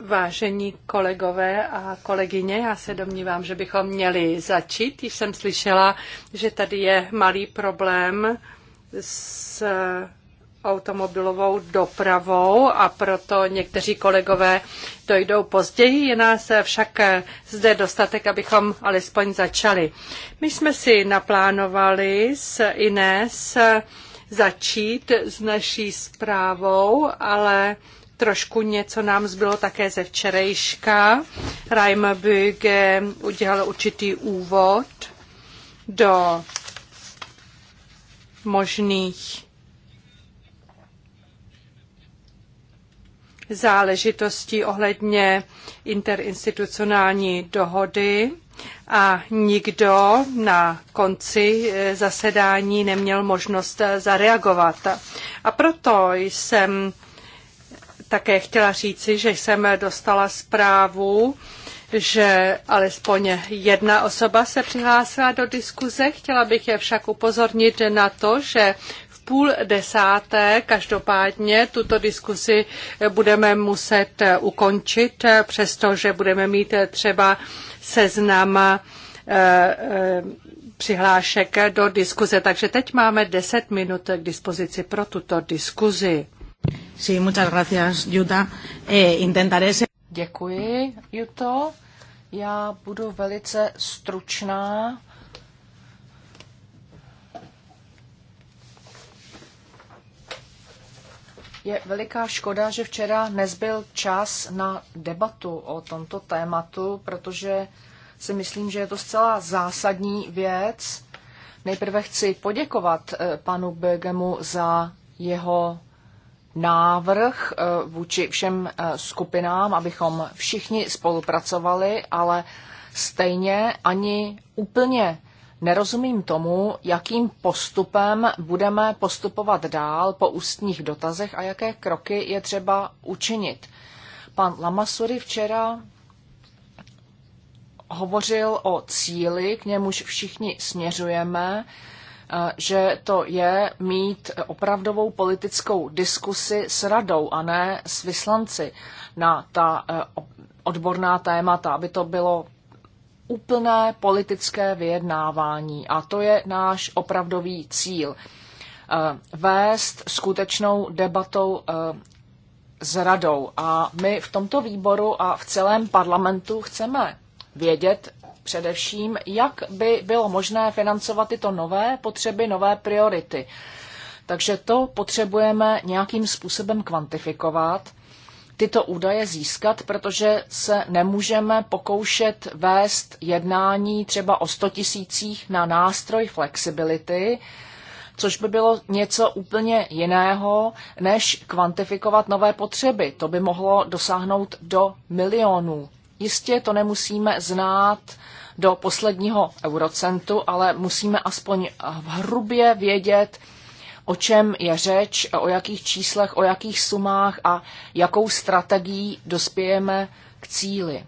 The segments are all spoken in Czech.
Vážení kolegové a kolegyně, já se domnívám, že bychom měli začít. Již jsem slyšela, že tady je malý problém s automobilovou dopravou a proto někteří kolegové dojdou později. Je nás však zde dostatek, abychom alespoň začali. My jsme si naplánovali s Ines začít s naší zprávou, ale Trošku něco nám zbylo také ze včerejška. Reimböge udělal určitý úvod do možných záležitostí ohledně interinstitucionální dohody a nikdo na konci eh, zasedání neměl možnost zareagovat. A proto jsem také chtěla říci, že jsem dostala zprávu, že alespoň jedna osoba se přihlásila do diskuze. Chtěla bych je však upozornit na to, že v půl desáté každopádně tuto diskusi budeme muset ukončit, přestože budeme mít třeba seznam eh, eh, přihlášek do diskuze. Takže teď máme 10 minut k dispozici pro tuto diskuzi. Sí, muchas gracias, Juta. Eh, intentaré se... Děkuji, Juto. Já budu velice stručná. Je veliká škoda, že včera nezbyl čas na debatu o tomto tématu, protože si myslím, že je to zcela zásadní věc. Nejprve chci poděkovat eh, panu Bergemu za jeho návrh eh, vůči všem eh, skupinám, abychom všichni spolupracovali, ale stejně ani úplně nerozumím tomu, jakým postupem budeme postupovat dál po ústních dotazech a jaké kroky je třeba učinit. Pan Lamasury včera hovořil o cíli, k němuž všichni směřujeme, že to je mít opravdovou politickou diskusi s radou a ne s vyslanci na ta e, odborná témata, aby to bylo úplné politické vyjednávání. A to je náš opravdový cíl. E, vést skutečnou debatou e, s radou. A my v tomto výboru a v celém parlamentu chceme vědět, Především, jak by bylo možné financovat tyto nové potřeby, nové priority. Takže to potřebujeme nějakým způsobem kvantifikovat, tyto údaje získat, protože se nemůžeme pokoušet vést jednání třeba o 100 tisících na nástroj flexibility, což by bylo něco úplně jiného, než kvantifikovat nové potřeby. To by mohlo dosáhnout do milionů Jistě to nemusíme znát do posledního eurocentu, ale musíme aspoň v hrubě vědět, o čem je řeč, o jakých číslech, o jakých sumách a jakou strategií dospějeme k cíli.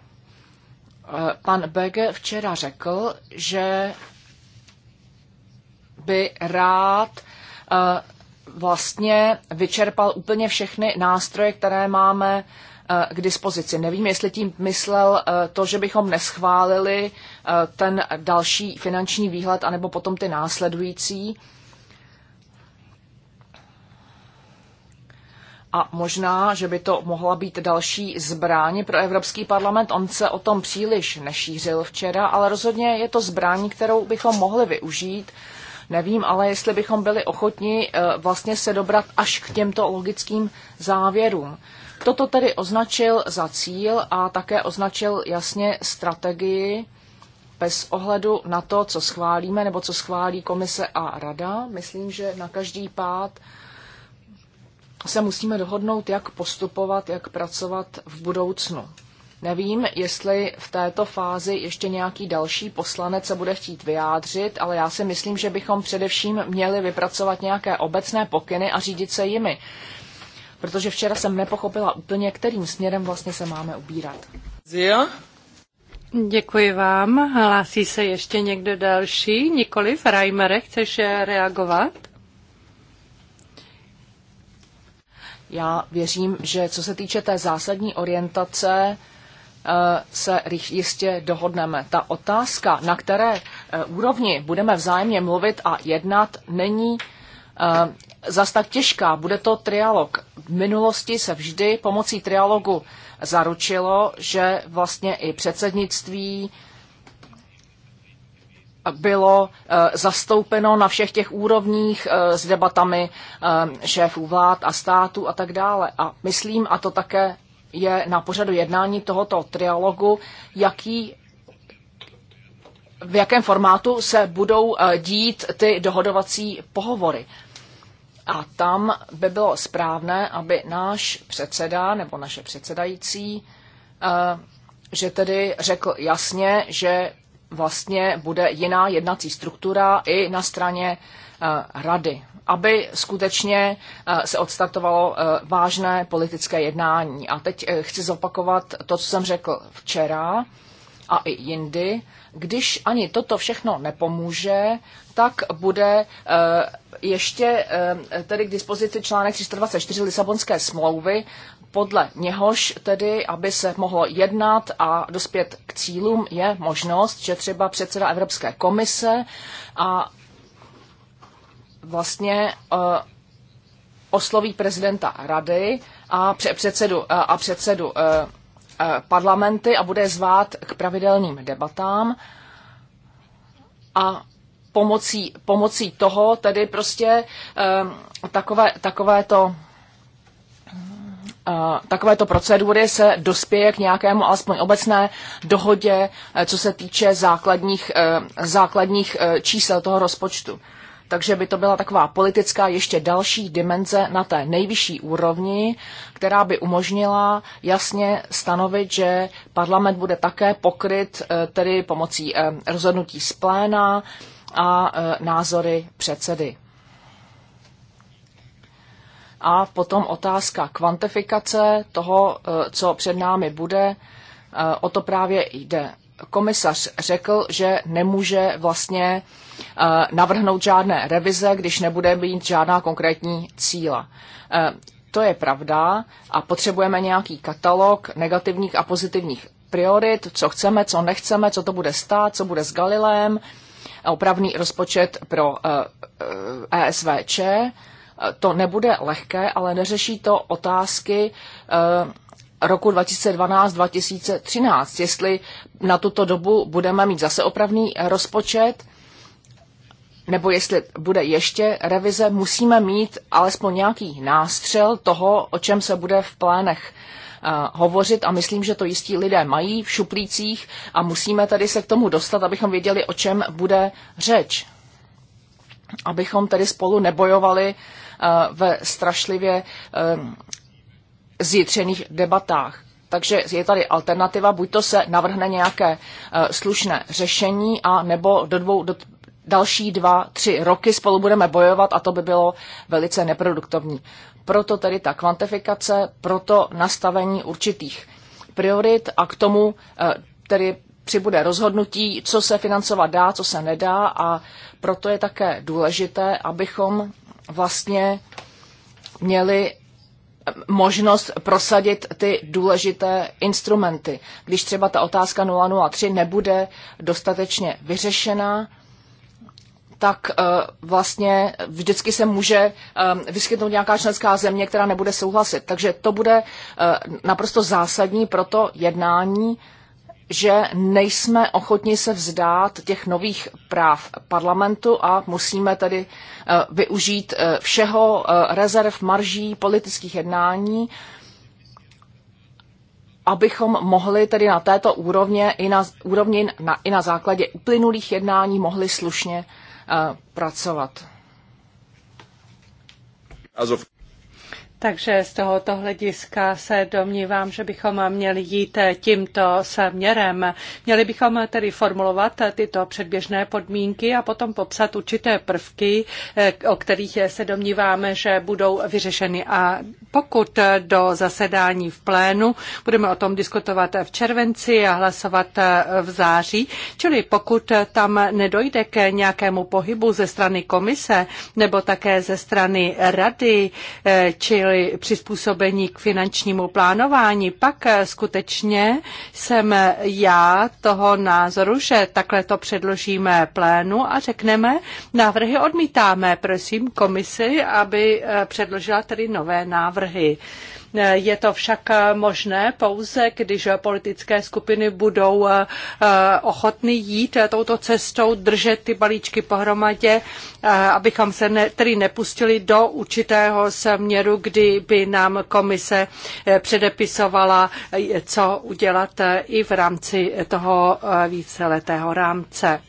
Pan Bege včera řekl, že by rád eh, vlastně vyčerpal úplně všechny nástroje, které máme Eh, k dispozici. Nevím, jestli tím myslel eh, to, že bychom neschválili eh, ten další finanční výhled, anebo potom ty následující. a možná, že by to mohla být další zbraň pro Evropský parlament. On se o tom příliš nešířil včera, ale rozhodně je to zbraň, kterou bychom mohli využít. Nevím ale, jestli bychom byli ochotni vlastně se dobrat až k těmto logickým závěrům. Toto tedy označil za cíl a také označil jasně strategii bez ohledu na to, co schválíme nebo co schválí komise a rada. Myslím, že na každý pád se musíme dohodnout, jak postupovat, jak pracovat v budoucnu. Nevím, jestli v této fázi ještě nějaký další poslanec se bude chtít vyjádřit, ale já si myslím, že bychom především měli vypracovat nějaké obecné pokyny a řídit se jimi protože včera jsem nepochopila úplně, kterým směrem vlastně se máme ubírat. Zia? Děkuji vám. Hlásí se ještě někdo další? Nikoliv, Reimere, chceš reagovat? Já věřím, že co se týče té zásadní orientace, eh, se jistě dohodneme. Ta otázka, na které eh, úrovni budeme vzájemně mluvit a jednat, není eh, zas tak těžká. Bude to trialog. V minulosti se vždy pomocí trialogu zaručilo, že vlastně i předsednictví bylo eh, zastoupeno na všech těch úrovních eh, s debatami eh, šéfů vlád a států a tak dále. A myslím, a to také je na pořadu jednání tohoto trialogu, jaký v jakém formátu se budou dít ty dohodovací pohovory. A tam by bylo správné, aby náš předseda nebo naše předsedající, eh, že tedy řekl jasně, že vlastně bude jiná jednací struktura i na straně eh, rady, aby skutečně eh, se odstartovalo vážné politické jednání. A teď chci zopakovat to, co jsem řekl včera a i jindy, když ani toto všechno nepomůže, tak bude eh, ještě eh, tedy k dispozici článek 324 Lisabonské smlouvy, podle něhož tedy, aby se mohlo jednat a dospět k cílům, je možnost, že třeba předseda Evropské komise a vlastně eh, osloví prezidenta rady a předsedu, a předsedu Eh, parlamenty a bude zvát k pravidelným debatám a pomocí, pomocí toho tedy prostě eh, takové, takové to eh, takovéto procedury se dospěje k nějakému alespoň obecné dohodě, co se týče základních, základních čísel toho rozpočtu. Takže by to byla taková politická ještě další dimenze na té nejvyšší úrovni, která by umožnila jasně stanovit, že parlament bude také pokryt eh, tedy pomocí eh, rozhodnutí z pléna a eh, názory předsedy. A potom otázka kvantifikace toho, co před námi bude, o to právě jde komisař řekl, že nemůže vlastně eh, navrhnout žádné revize, když nebude mít žádná konkrétní cíla. Eh, to je pravda a potřebujeme nějaký katalog negativních a pozitivních priorit, co chceme, co nechceme, co to bude stát, co bude s Galilem, opravný rozpočet pro ESVČ. Eh, e to nebude lehké, ale neřeší to otázky roku 2012-2013, jestli na tuto dobu budeme mít zase opravný rozpočet, nebo jestli bude ještě revize, musíme mít alespoň nějaký nástřel toho, o čem se bude v plánech eh, hovořit a myslím, že to jistí lidé mají v šuplících a musíme tady se k tomu dostat, abychom věděli, o čem bude řeč. Abychom tedy spolu nebojovali eh, ve strašlivě eh, zjitřených debatách. Takže je tady alternativa, buď to se navrhne nějaké e, slušné řešení, a nebo do dvou, do, další dva, tři roky spolu budeme bojovat a to by bylo velice neproduktovní. Proto tedy ta kvantifikace, proto nastavení určitých priorit a k tomu e, tedy přibude rozhodnutí, co se financovat dá, co se nedá a proto je také důležité, abychom vlastně měli možnost prosadit ty důležité instrumenty. Když třeba ta otázka 003 nebude dostatečně vyřešena, tak eh, vlastně vždycky se může eh, vyskytnout nějaká členská země, která nebude souhlasit. Takže to bude eh, naprosto zásadní pro to jednání že nejsme ochotni se vzdát těch nových práv parlamentu a musíme tedy eh, využít eh, všeho eh, rezerv, marží, politických jednání, abychom mohli tedy na této úrovně i na, úrovni na, i na základě uplynulých jednání mohli slušně pracovat. Takže z tohoto hlediska se domnívám, že bychom měli jít tímto směrem. Měli bychom tedy formulovat tyto předběžné podmínky a potom popsat určité prvky, o kterých se domníváme, že budou vyřešeny. A pokud do zasedání v plénu budeme o tom diskutovat v červenci a hlasovat v září, čili pokud tam nedojde k nějakému pohybu ze strany komise nebo také ze strany rady eh, či byli přizpůsobeni k finančnímu plánování, pak eh, skutečně jsem já toho názoru, že takhle to předložíme plénu a řekneme, návrhy odmítáme, prosím komisi, aby eh, předložila tedy nové návrhy. Je to však eh, možné pouze, když politické skupiny budou eh, eh, ochotny jít touto cestou, držet ty balíčky pohromadě, abychom se ne, tedy nepustili do určitého směru, kdy by nám komise předepisovala, co udělat i v rámci toho víceletého rámce.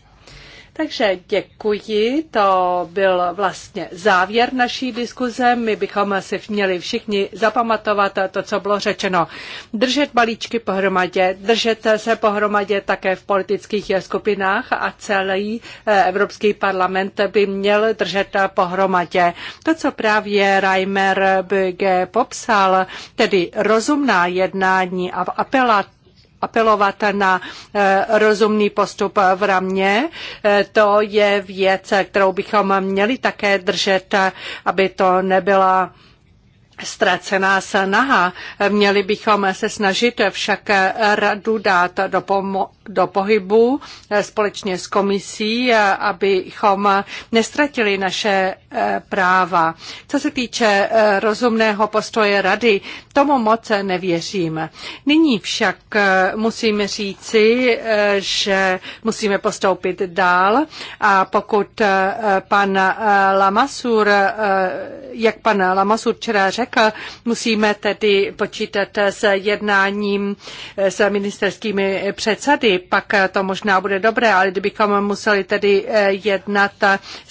Takže děkuji, to byl vlastně závěr naší diskuze. My bychom si měli všichni zapamatovat to, co bylo řečeno. Držet balíčky pohromadě, držet se pohromadě také v politických skupinách a celý eh, Evropský parlament by měl držet pohromadě. To, co právě Reimer Böge popsal, tedy rozumná jednání a apelat apelovat na eh, rozumný postup v ramě. Eh, to je věc, kterou bychom měli také držet, eh, aby to nebyla ztracená snaha. Měli bychom se snažit však radu dát do, pomo- do pohybu společně s komisí, abychom nestratili naše eh, práva. Co se týče eh, rozumného postoje rady, tomu moc nevěřím. Nyní však eh, musíme říci, že musíme postoupit dál a pokud pan Lamasur jak pan Lamasur včera řekl, musíme tedy počítat s jednáním s ministerskými předsady, pak to možná bude dobré, ale kdybychom museli tedy eh, jednat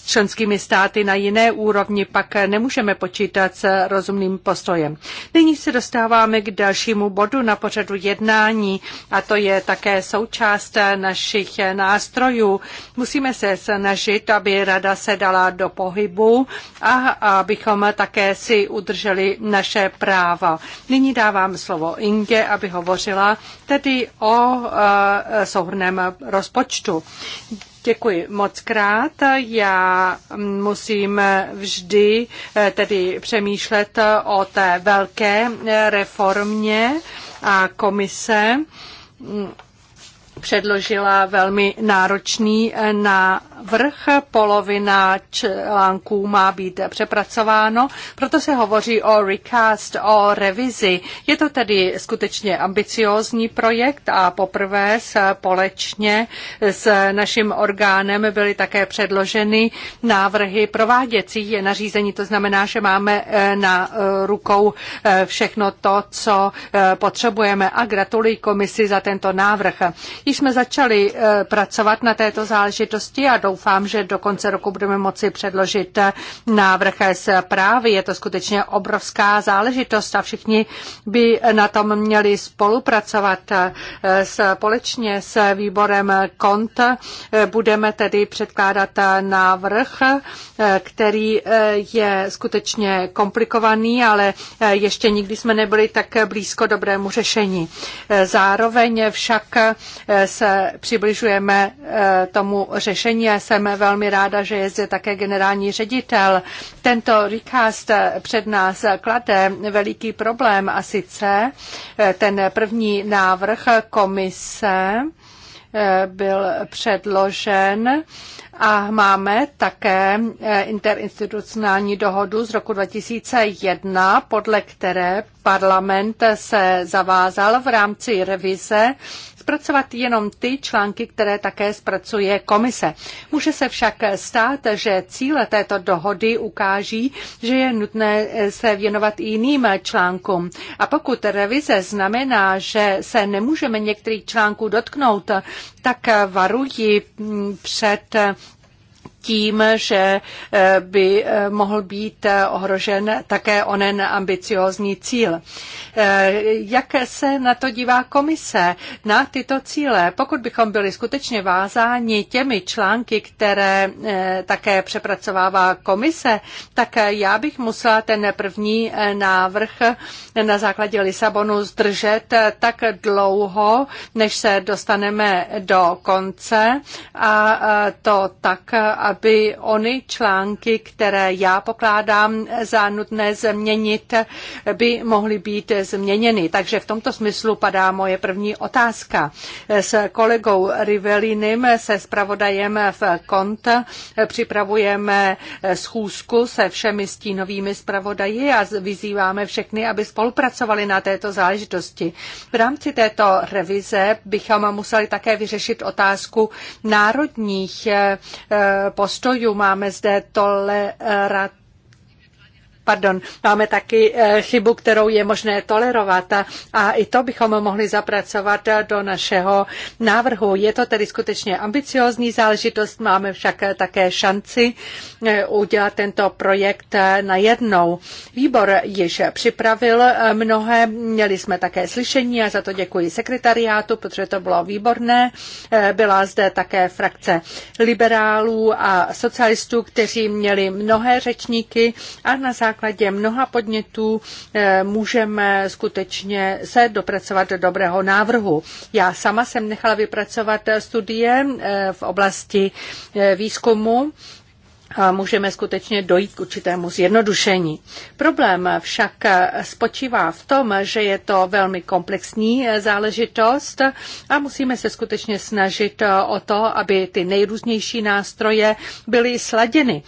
členskými státy na jiné úrovni, pak nemůžeme počítat s rozumným postojem. Nyní se dostáváme k dalšímu bodu na pořadu jednání a to je také součást našich nástrojů. Musíme se snažit, aby rada se dala do pohybu a abychom také si udrželi naše práva. Nyní dávám slovo Inge, aby hovořila tedy o eh, souhrném rozpočtu. Děkuji moc krát. Já musím vždy eh, tedy přemýšlet o té velké eh, reformě a komise mm, předložila velmi náročný eh, na vrch, polovina článků má být přepracováno, proto se hovoří o recast, o revizi. Je to tedy skutečně ambiciózní projekt a poprvé společně s naším orgánem byly také předloženy návrhy prováděcí nařízení. To znamená, že máme eh, na eh, rukou eh, všechno to, co potřebujeme a gratuluji komisi za tento návrh. Již jsme začali pracovat na této záležitosti a doufám, doufám, že do konce roku budeme moci předložit návrh z právy. Je to skutečně obrovská záležitost a všichni by na tom měli spolupracovat společně s výborem KONT. Budeme tedy předkládat návrh, který je skutečně komplikovaný, ale ještě nikdy jsme nebyli tak blízko dobrému řešení. Zároveň však se přibližujeme tomu řešení a jsem velmi ráda, že je zde také generální ředitel. Tento recast před nás klade veliký problém a sice eh, ten první návrh komise eh, byl předložen a máme také eh, interinstitucionální dohodu z roku 2001, podle které parlament se zavázal v rámci revize zpracovat jenom ty články, které také zpracuje komise. Může se však stát, že cíle této dohody ukáží, že je nutné se věnovat i jiným článkům. A pokud revize znamená, že se nemůžeme některých článků dotknout, tak varuji před tím, že eh, by eh, mohl být eh, ohrožen také onen ambiciózní cíl. Jak se na to dívá komise, na tyto cíle? Pokud bychom byli skutečně vázáni těmi články, které také přepracovává komise, tak já bych musela ten první návrh na základě Lisabonu zdržet tak dlouho, než se dostaneme do konce a to tak, aby aby ony články, které já pokládám za nutné změnit, by mohly být změněny. Takže v tomto smyslu padá moje první otázka. S kolegou Rivelinem, se spravodajem v KONT, připravujeme schůzku se všemi stínovými spravodaji a vyzýváme všechny, aby spolupracovali na této záležitosti. V rámci této revize bychom museli také vyřešit otázku národních eh, postojů. Máme zde tolerant pardon, máme taky eh, chybu, kterou je možné tolerovat a i to bychom mohli zapracovat do našeho návrhu. Je to tedy skutečně ambiciózní záležitost, máme však eh, také šanci eh, udělat tento projekt na jednou. Výbor již připravil mnohé, měli jsme také slyšení a za to děkuji sekretariátu, protože to bylo výborné. Byla zde také frakce liberálů a socialistů, kteří měli mnohé řečníky a na základě základě mnoha podnětů eh, můžeme skutečně se dopracovat do dobrého návrhu. Já sama jsem nechala vypracovat studie eh, v oblasti eh, výzkumu můžeme skutečně dojít k určitému zjednodušení. Problém však spočívá v tom, že je to velmi komplexní záležitost a musíme se skutečně snažit o to, aby ty nejrůznější nástroje byly sladěny.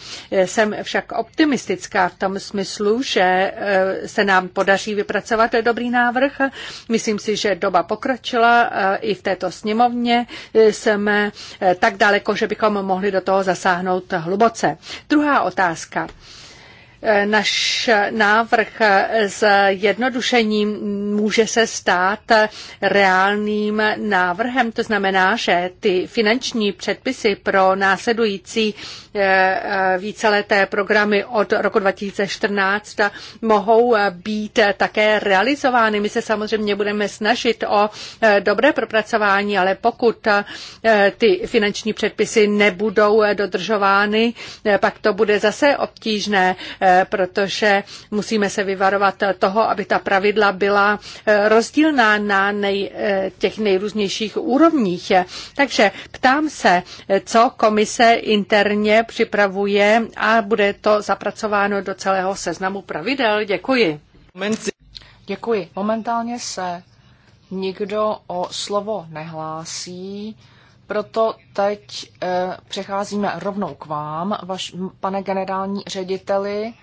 Jsem však optimistická v tom smyslu, že eh, se nám podaří vypracovat dobrý návrh. Myslím si, že doba pokročila eh, i v této sněmovně eh, jsme tak daleko, že bychom mohli do toho zasáhnout hluboce. Druhá otázka. Eh, Náš návrh s jednodušením může se stát reálným návrhem. To znamená, že ty finanční předpisy pro následující eh, eh, víceleté programy od roku 2014 mohou být také realizovány. My se samozřejmě budeme snažit o dobré propracování, ale pokud ty finanční předpisy nebudou dodržovány, pak to bude zase obtížné protože musíme se vyvarovat toho, aby ta pravidla byla eh, rozdílná na nej, eh, těch nejrůznějších úrovních. Takže ptám se, co komise interně připravuje a bude to zapracováno do celého seznamu pravidel. Děkuji. Děkuji. Momentálně se nikdo o slovo nehlásí, proto teď e, přecházíme rovnou k vám, vaš, pane generální řediteli.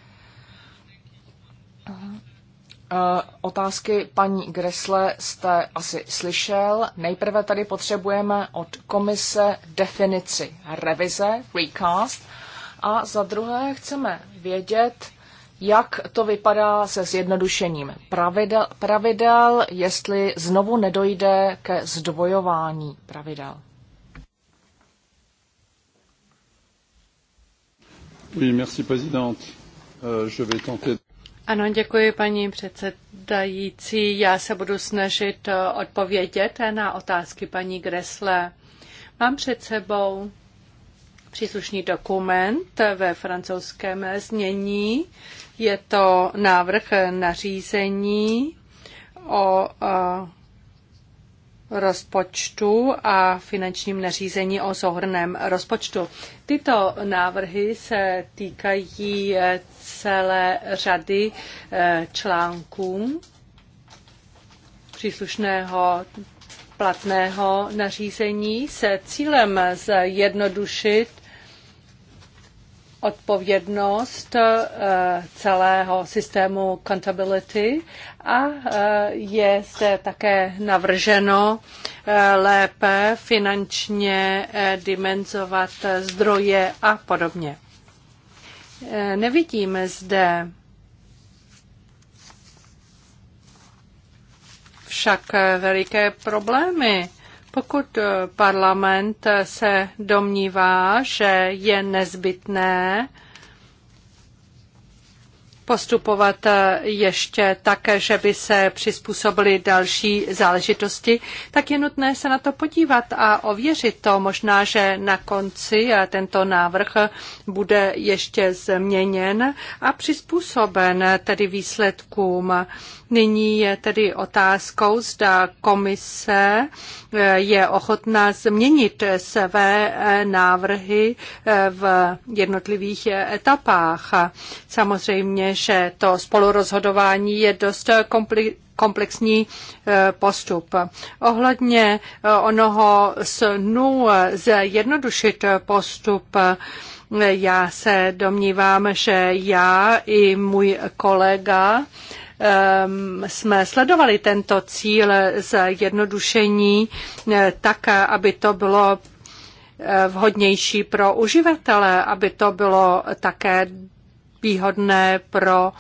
Eh, otázky paní Gresle jste asi slyšel. Nejprve tady potřebujeme od komise definici revize, recast. A za druhé chceme vědět, jak to vypadá se zjednodušením pravidel, pravidel jestli znovu nedojde ke zdvojování pravidel. Oui, merci, présidente. Euh, je vais tenter... Ano, děkuji paní předsedající. Já se budu snažit eh, odpovědět na otázky paní Gresle. Mám před sebou příslušný dokument ve francouzském znění. Je to návrh nařízení o eh, rozpočtu a finančním nařízení o souhrném rozpočtu. Tyto návrhy se týkají celé řady eh, článků příslušného platného nařízení se cílem zjednodušit odpovědnost eh, celého systému accountability a eh, je zde také navrženo lépe finančně dimenzovat zdroje a podobně. Eh, nevidíme zde však eh, veliké problémy. Pokud eh, parlament se domnívá, že je nezbytné postupovat eh, ještě tak, že by se přizpůsobily další záležitosti, tak je nutné se na to podívat a ověřit to. Možná, že na konci eh, tento návrh bude ještě změněn a přizpůsoben tedy výsledkům Nyní je tedy otázkou, zda komise eh, je ochotná změnit eh, své eh, návrhy v jednotlivých etapách. Samozřejmě, že to spolurozhodování je dost komplikované komplexní postup. Ohledně onoho snu zjednodušit postup, já se domnívám, že já i můj kolega Ehm, jsme sledovali tento cíl zjednodušení eh, tak, aby to bylo eh, vhodnější pro uživatele, aby to bylo také výhodné pro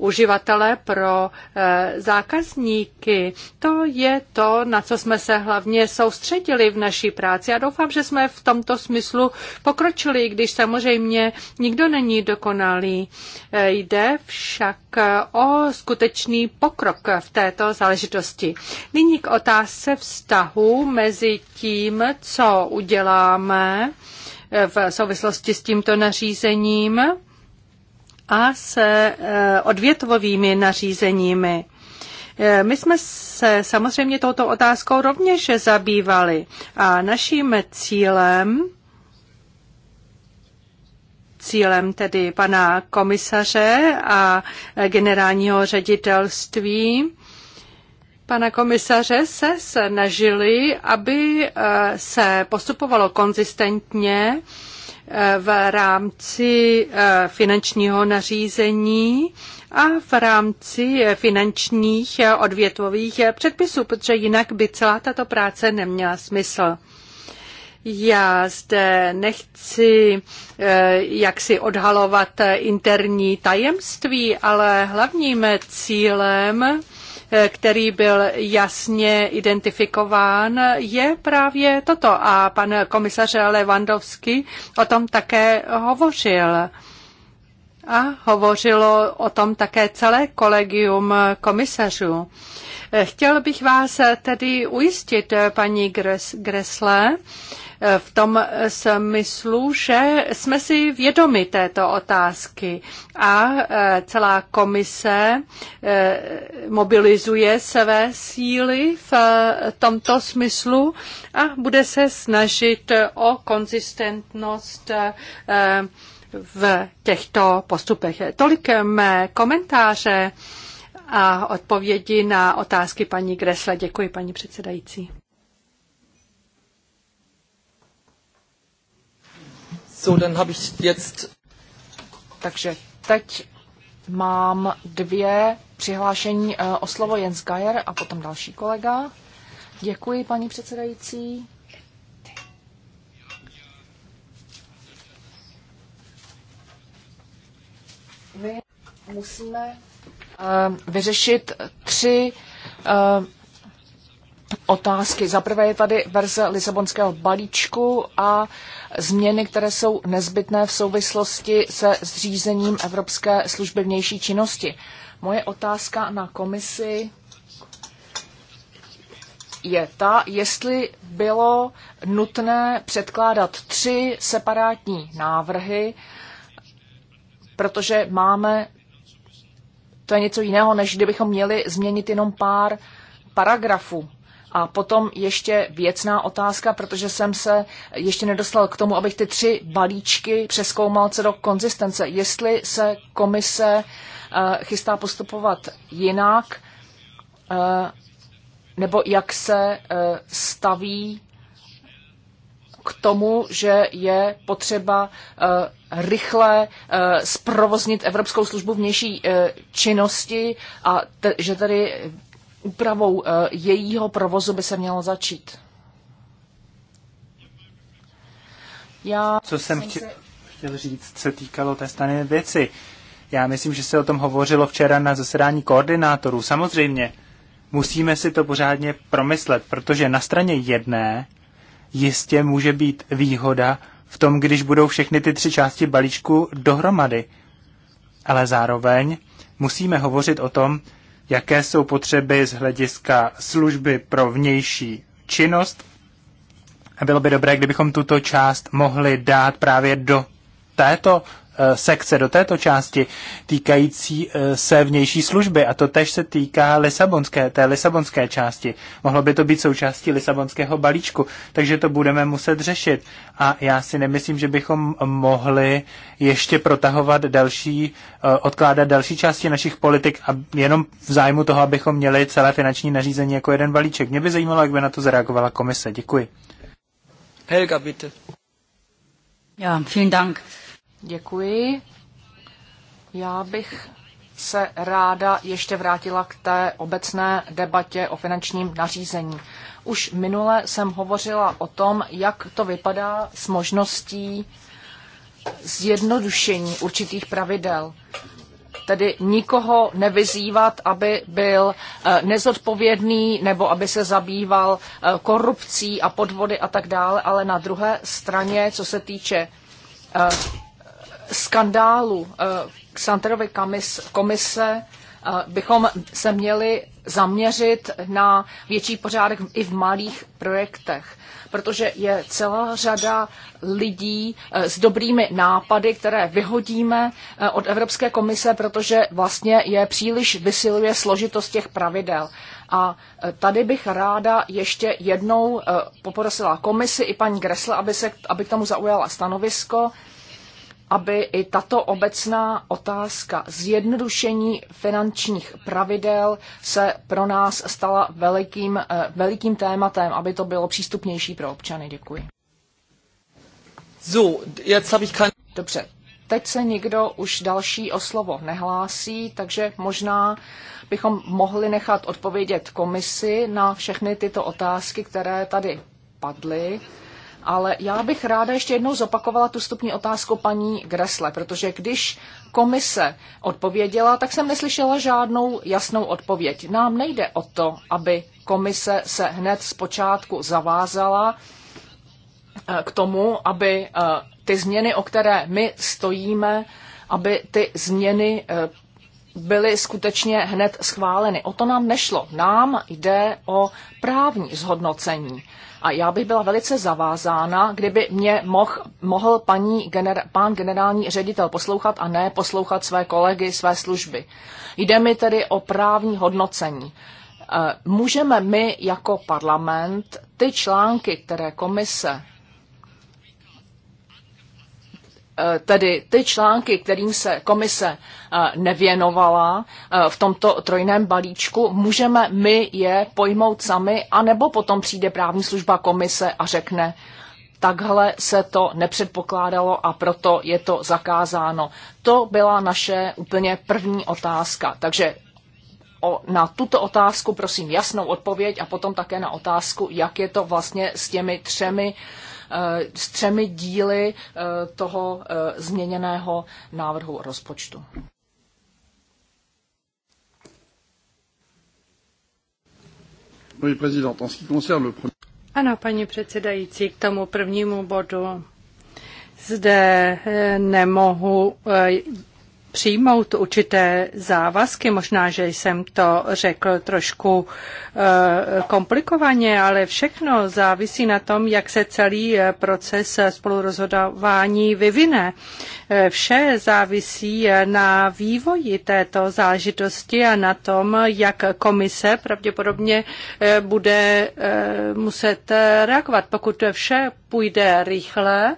uživatele, pro eh, zákazníky. To je to, na co jsme se hlavně soustředili v naší práci a doufám, že jsme v tomto smyslu pokročili, když samozřejmě nikdo není dokonalý. Eh, jde však eh, o skutečný pokrok v této záležitosti. Nyní k otázce vztahu mezi tím, co uděláme v souvislosti s tímto nařízením a se eh, odvětvovými nařízeními. Eh, my jsme se samozřejmě touto otázkou rovněž zabývali a naším cílem cílem tedy pana komisaře a generálního ředitelství pana komisaře se snažili, aby eh, se postupovalo konzistentně v rámci eh, finančního nařízení a v rámci eh, finančních eh, odvětvových předpisů, protože jinak by celá tato práce neměla smysl. Já zde nechci jaksi odhalovat interní tajemství, ale hlavním cílem který byl jasně identifikován, je právě toto. A pan komisař Lewandowski o tom také hovořil. A hovořilo o tom také celé kolegium komisařů. Chtěl bych vás tedy ujistit, paní Gres, Gresle, v tom smyslu, že jsme si vědomi této otázky a e, celá komise e, mobilizuje své síly v e, tomto smyslu a bude se snažit o konzistentnost v těchto postupech. Tolik mé komentáře a odpovědi na otázky paní Gresle. Děkuji, paní předsedající. So, dann habe ich jetzt... Takže teď mám dvě přihlášení eh, o slovo Jens Geier a potom další kolega. Děkuji, paní předsedající. My musíme eh, vyřešit tři eh, otázky. Za prvé je tady verze Lisabonského balíčku a změny, které jsou nezbytné v souvislosti se zřízením Evropské služby vnější činnosti. Moje otázka na komisi je ta, jestli bylo nutné předkládat tři separátní návrhy, protože máme, to je něco jiného, než kdybychom měli změnit jenom pár paragrafů a potom ještě věcná otázka, protože jsem se ještě nedostal k tomu, abych ty tři balíčky přeskoumal co do konzistence. Jestli se komise eh, chystá postupovat jinak, eh, nebo jak se eh, staví k tomu, že je potřeba rychle zprovoznit Evropskou službu vnější činnosti a te, že tedy úpravou eh, jejího provozu by se mělo začít. Já Co jsem, chtěl, se... chtěl říct, se týkalo té stany věci. Já myslím, že se o tom hovořilo včera na zasedání koordinátorů. Samozřejmě, musíme si to pořádně promyslet, protože na straně jedné jistě může být výhoda v tom, když budou všechny ty tři části balíčku dohromady. Ale zároveň musíme hovořit o tom, jaké jsou potřeby z hlediska služby pro vnější činnost. A bylo by dobré, kdybychom tuto část mohli dát právě do této Eh, sekce do této části týkající eh, se vnější služby a to tež se týká Lisabonské, té Lisabonské části. Mohlo by to být součástí Lisabonského balíčku, takže to budeme muset řešit. A já si nemyslím, že bychom mohli ještě protahovat další, eh, odkládat další části našich politik a jenom v zájmu toho, abychom měli celé finanční nařízení jako jeden balíček. Mě by zajímalo, jak by na to zareagovala komise. Děkuji. Helga, bitte. Ja, vielen Dank. Děkuji. Já bych se ráda ještě vrátila k té obecné debatě o finančním nařízení. Už minule jsem hovořila o tom, jak to vypadá s možností zjednodušení určitých pravidel. Tedy nikoho nevyzývat, aby byl eh, nezodpovědný nebo aby se zabýval eh, korupcí a podvody a tak dále, ale na druhé straně, co se týče eh, skandálu eh, Xanterovy komise eh, bychom se měli zaměřit na větší pořádek i v malých projektech, protože je celá řada lidí eh, s dobrými nápady, které vyhodíme od Evropské komise, protože vlastně je příliš vysiluje složitost těch pravidel. A tady bych ráda ještě jednou poprosila komisi i paní Gresle, aby, se, aby k tomu zaujala stanovisko aby i tato obecná otázka zjednodušení finančních pravidel se pro nás stala velikým, eh, velikým tématem, aby to bylo přístupnější pro občany. Děkuji. So, jetzt habe ich kein... Dobře, teď se nikdo už další o slovo nehlásí, takže možná bychom mohli nechat odpovědět komisi na všechny tyto otázky, které tady padly. Ale já bych ráda ještě jednou zopakovala tu stupní otázku paní Gresle, protože když komise odpověděla, tak jsem neslyšela žádnou jasnou odpověď. Nám nejde o to, aby komise se hned z počátku zavázala eh, k tomu, aby eh, ty změny, o které my stojíme, aby ty změny eh, byly skutečně hned schváleny. O to nám nešlo. Nám jde o právní zhodnocení. A já bych byla velice zavázána, kdyby mě moh, mohl paní gener, pán generální ředitel poslouchat a ne poslouchat své kolegy, své služby. Jde mi tedy o právní hodnocení. Eh, můžeme my jako parlament ty články, které komise Eh, tedy ty články, kterým se komise eh, nevěnovala eh, v tomto trojném balíčku, můžeme my je pojmout sami, anebo potom přijde právní služba komise a řekne, takhle se to nepředpokládalo a proto je to zakázáno. To byla naše úplně první otázka. Takže o, na tuto otázku prosím jasnou odpověď a potom také na otázku, jak je to vlastně s těmi třemi uh, s třemi díly eh, toho eh, změněného návrhu rozpočtu. Ano, paní předsedající, k tomu prvnímu bodu zde eh, nemohu přijmout určité závazky. Možná, že jsem to řekl trošku eh, komplikovaně, ale všechno závisí na tom, jak se celý eh, proces spolurozhodování vyvine. Eh, vše závisí na vývoji této zážitosti a na tom, jak komise pravděpodobně bude muset reagovat. Pokud vše půjde rychle,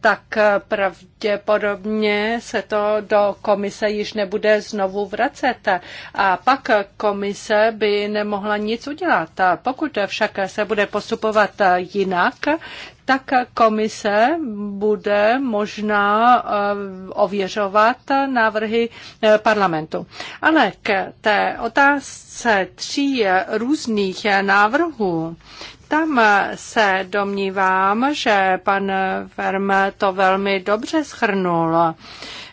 tak pravděpodobně se to do komise již nebude znovu vracet. A pak komise by nemohla nic udělat. Pokud však se bude postupovat jinak, tak komise bude možná eh, ověřovat návrhy eh, parlamentu. Ale k té otázce tří různých návrhů, tam eh, se domnívám, že pan Verm to velmi dobře schrnul.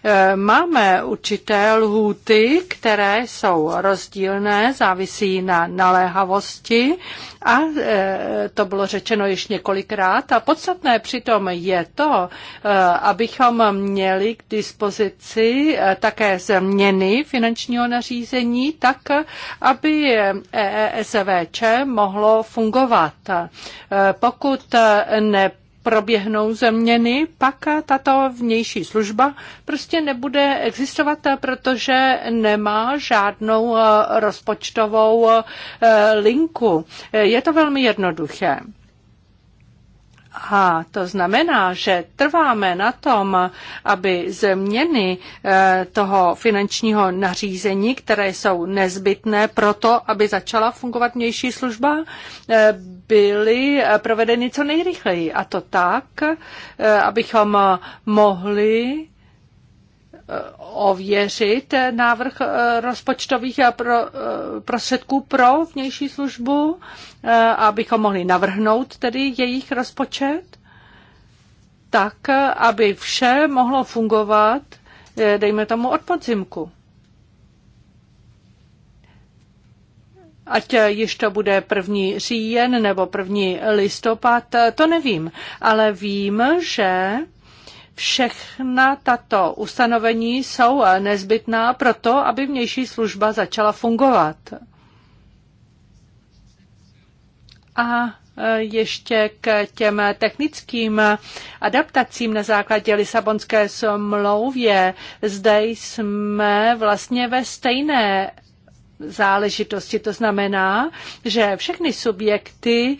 Eh, máme určité lhůty, které jsou rozdílné, závisí na naléhavosti a eh, to bylo řečeno již několikrát. A podstatné přitom je to, eh, abychom měli k dispozici také změny finančního nařízení, tak aby ESVČ e mohlo fungovat. Pokud ne proběhnou změny, pak tato vnější služba prostě nebude existovat, protože nemá žádnou eh, rozpočtovou eh, linku. Je to velmi jednoduché. A to znamená, že trváme na tom, aby změny eh, toho finančního nařízení, které jsou nezbytné pro to, aby začala fungovat vnější služba, eh, byly eh, provedeny co nejrychleji. A to tak, abychom mohli ověřit návrh eh, rozpočtových eh, eh, prostředků pro vnější službu, abychom mohli navrhnout tedy jejich rozpočet, tak, aby vše mohlo fungovat, dejme tomu, od podzimku. Ať již to bude první říjen nebo první listopad, to nevím, ale vím, že Všechna tato ustanovení jsou eh, nezbytná proto, aby vnější služba začala fungovat. A eh, ještě k těm technickým adaptacím na základě Lisabonské smlouvě. Zde jsme vlastně ve stejné záležitosti. To znamená, že všechny subjekty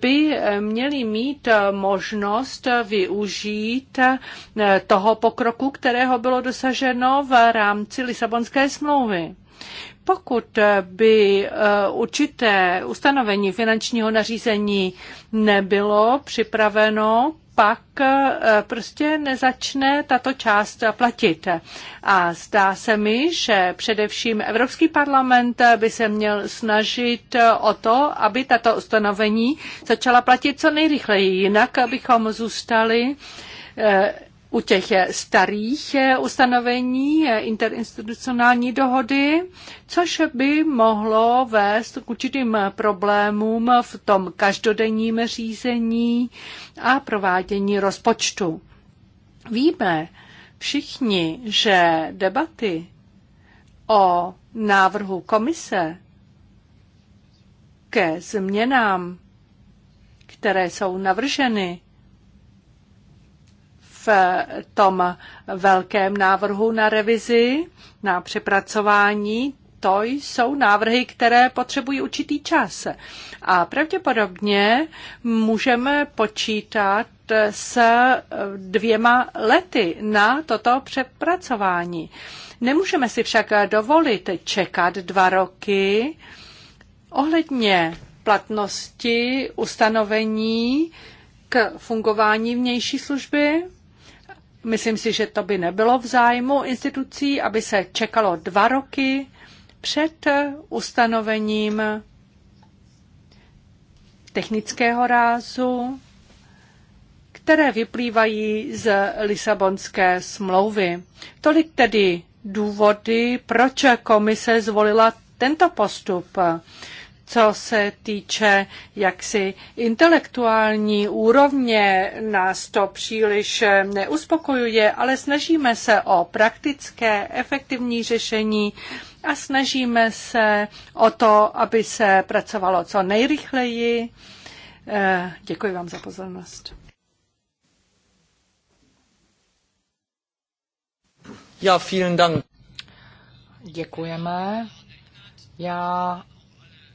by měly mít možnost využít eh, toho pokroku, kterého bylo dosaženo v rámci Lisabonské smlouvy. Pokud by eh, určité ustanovení finančního nařízení nebylo připraveno, pak eh, prostě nezačne tato část platit. A zdá se mi, že především Evropský parlament by se měl snažit eh, o to, aby tato ustanovení začala platit co nejrychleji, jinak bychom zůstali eh, u těch starých ustanovení interinstitucionální dohody, což by mohlo vést k určitým problémům v tom každodenním řízení a provádění rozpočtu. Víme všichni, že debaty o návrhu komise ke změnám, které jsou navrženy, v tom velkém návrhu na revizi, na přepracování, to jsou návrhy, které potřebují určitý čas. A pravděpodobně můžeme počítat s dvěma lety na toto přepracování. Nemůžeme si však dovolit čekat dva roky ohledně platnosti ustanovení k fungování vnější služby Myslím si, že to by nebylo v zájmu institucí, aby se čekalo dva roky před ustanovením technického rázu, které vyplývají z Lisabonské smlouvy. Tolik tedy důvody, proč komise zvolila tento postup co se týče jaksi intelektuální úrovně, nás to příliš neuspokojuje, ale snažíme se o praktické, efektivní řešení a snažíme se o to, aby se pracovalo co nejrychleji. Eh, děkuji vám za pozornost. Ja, vielen Dank. Děkujeme. Já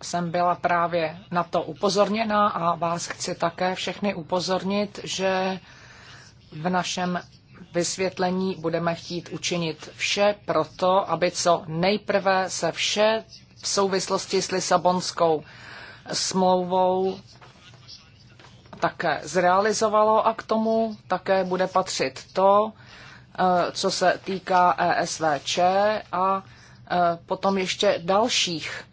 jsem byla právě na to upozorněna a vás chci také všechny upozornit, že v našem vysvětlení budeme chtít učinit vše proto, aby co nejprve se vše v souvislosti s Lisabonskou smlouvou také zrealizovalo a k tomu také bude patřit to, eh, co se týká ESVČ a eh, potom ještě dalších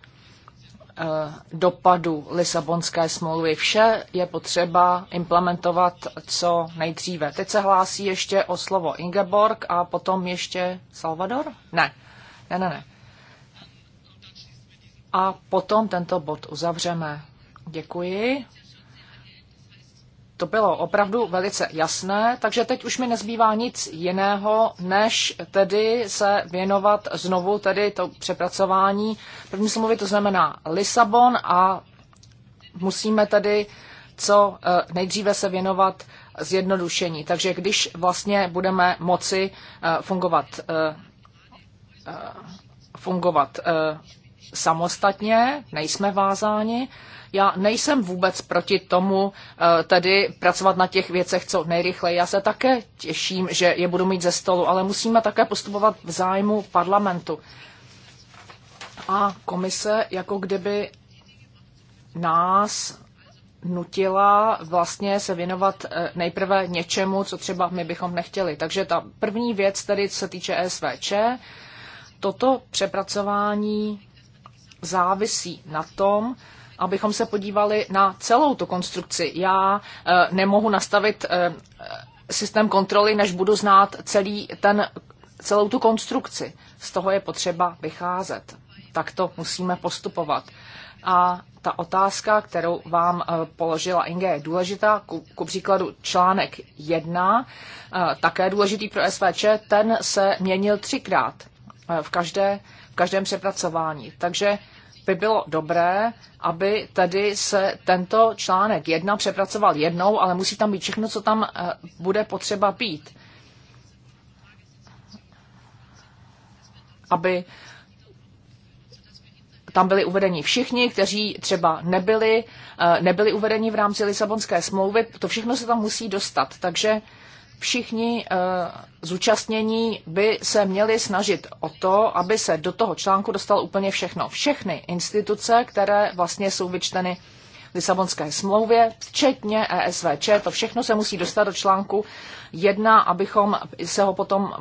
Eh, dopadu Lisabonské smlouvy. Vše je potřeba implementovat co nejdříve. Teď se hlásí ještě o slovo Ingeborg a potom ještě Salvador? Ne, ne, ne, ne. A potom tento bod uzavřeme. Děkuji. To bylo opravdu velice jasné, takže teď už mi nezbývá nic jiného, než tedy se věnovat znovu tedy to přepracování. První smlouvy to znamená Lisabon a musíme tedy co eh, nejdříve se věnovat zjednodušení. Takže když vlastně budeme moci eh, fungovat eh, fungovat samostatně, nejsme vázáni. Já nejsem vůbec proti tomu eh, tedy pracovat na těch věcech co nejrychleji. Já se také těším, že je budu mít ze stolu, ale musíme také postupovat v zájmu parlamentu. A komise jako kdyby nás nutila vlastně se věnovat eh, nejprve něčemu, co třeba my bychom nechtěli. Takže ta první věc tedy, co se týče SVČ, toto přepracování závisí na tom, abychom se podívali na celou tu konstrukci. Já eh, nemohu nastavit eh, systém kontroly, než budu znát celý ten, celou tu konstrukci. Z toho je potřeba vycházet. Tak to musíme postupovat. A ta otázka, kterou vám eh, položila Inge, je důležitá. Ku, ku příkladu článek 1, také důležitý pro SVČ, ten se měnil třikrát v, každé, v každém přepracování. Takže by bylo dobré, aby tedy se tento článek jedna přepracoval jednou, ale musí tam být všechno, co tam eh, bude potřeba pít. Aby tam byli uvedeni všichni, kteří třeba nebyli, eh, nebyli uvedeni v rámci Lisabonské smlouvy. To všechno se tam musí dostat. Takže všichni eh, zúčastnění by se měli snažit o to, aby se do toho článku dostalo úplně všechno. Všechny instituce, které vlastně jsou vyčteny Lisabonské smlouvě, včetně ESVČ, to všechno se musí dostat do článku 1, abychom se ho potom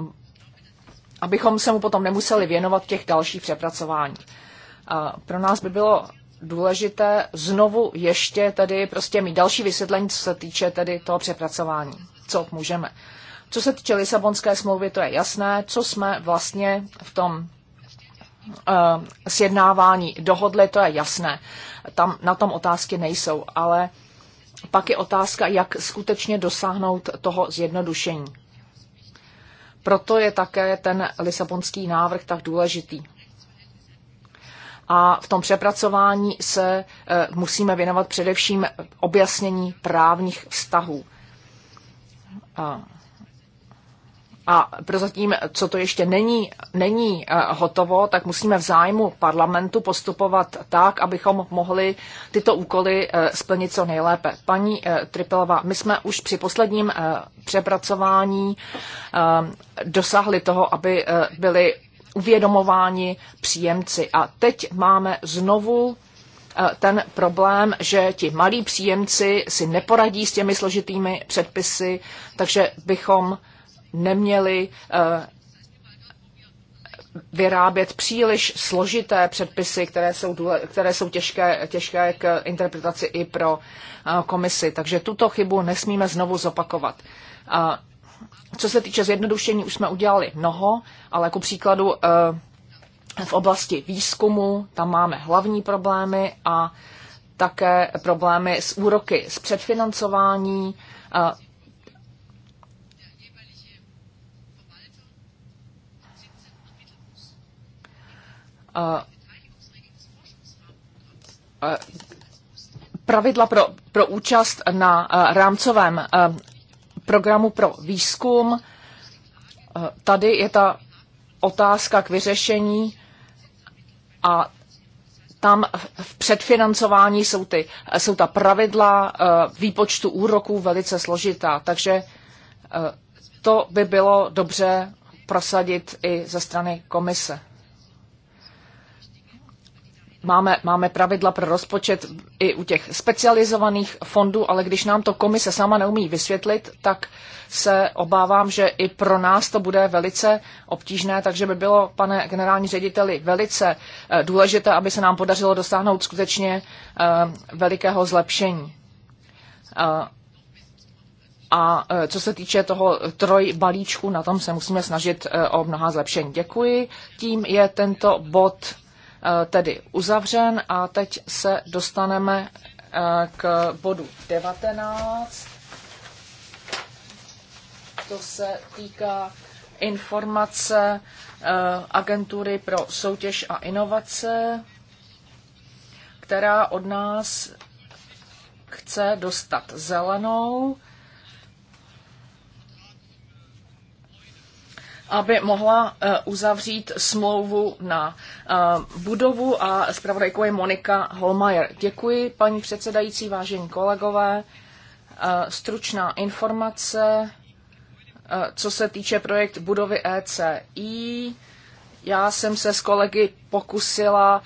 abychom se mu potom nemuseli věnovat těch dalších přepracování. Eh, pro nás by bylo důležité znovu ještě tedy prostě mít další vysvětlení, co se týče tedy toho přepracování co můžeme. Co se týče Lisabonské smlouvy, to je jasné, co jsme vlastně v tom uh, sjednávání dohodli, to je jasné. Tam, na tom otázky nejsou, ale pak je otázka, jak skutečně dosáhnout toho zjednodušení. Proto je také ten lisabonský návrh tak důležitý. A v tom přepracování se eh, musíme věnovat především objasnění právních vztahů. A a prozatím, co to ještě není, není eh, hotovo, tak musíme v zájmu parlamentu postupovat tak, abychom mohli tyto úkoly eh, splnit co nejlépe. Paní eh, Tripelová, my jsme už při posledním přepracování dosáhli toho, aby byli uvědomováni příjemci. A teď máme znovu ten problém, že ti malí příjemci si neporadí s těmi složitými předpisy, takže bychom neměli eh, vyrábět příliš složité předpisy, které jsou, důle, které jsou těžké, těžké k interpretaci i pro eh, komisi. Takže tuto chybu nesmíme znovu zopakovat. Co se týče zjednodušení, už jsme udělali mnoho, ale ku příkladu eh, v oblasti výzkumu tam máme hlavní problémy a také problémy s úroky z předfinancování. Pravidla pro, pro účast na rámcovém programu pro výzkum. Tady je ta otázka k vyřešení a tam v předfinancování jsou, ty, jsou ta pravidla eh, výpočtu úroků velice složitá, takže eh, to by bylo dobře prosadit i ze strany komise máme, máme pravidla pro rozpočet i u těch specializovaných fondů, ale když nám to komise sama neumí vysvětlit, tak se obávám, že i pro nás to bude velice obtížné, takže by bylo, pane generální řediteli, velice eh, důležité, aby se nám podařilo dosáhnout skutečně eh, velikého zlepšení. Eh, a co se týče toho troj balíčku, na tom se musíme snažit o mnoha zlepšení. Děkuji. Tím je tento bod Eh, tedy uzavřen a teď se dostaneme eh, k bodu 19. To se týká informace eh, agentury pro soutěž a inovace, která od nás chce dostat zelenou aby mohla eh, uzavřít smlouvu na eh, budovu a zpravodajkou je Monika Holmajer. Děkuji, paní předsedající, vážení kolegové. Eh, stručná informace, co se týče projekt budovy ECI. Já jsem se s kolegy pokusila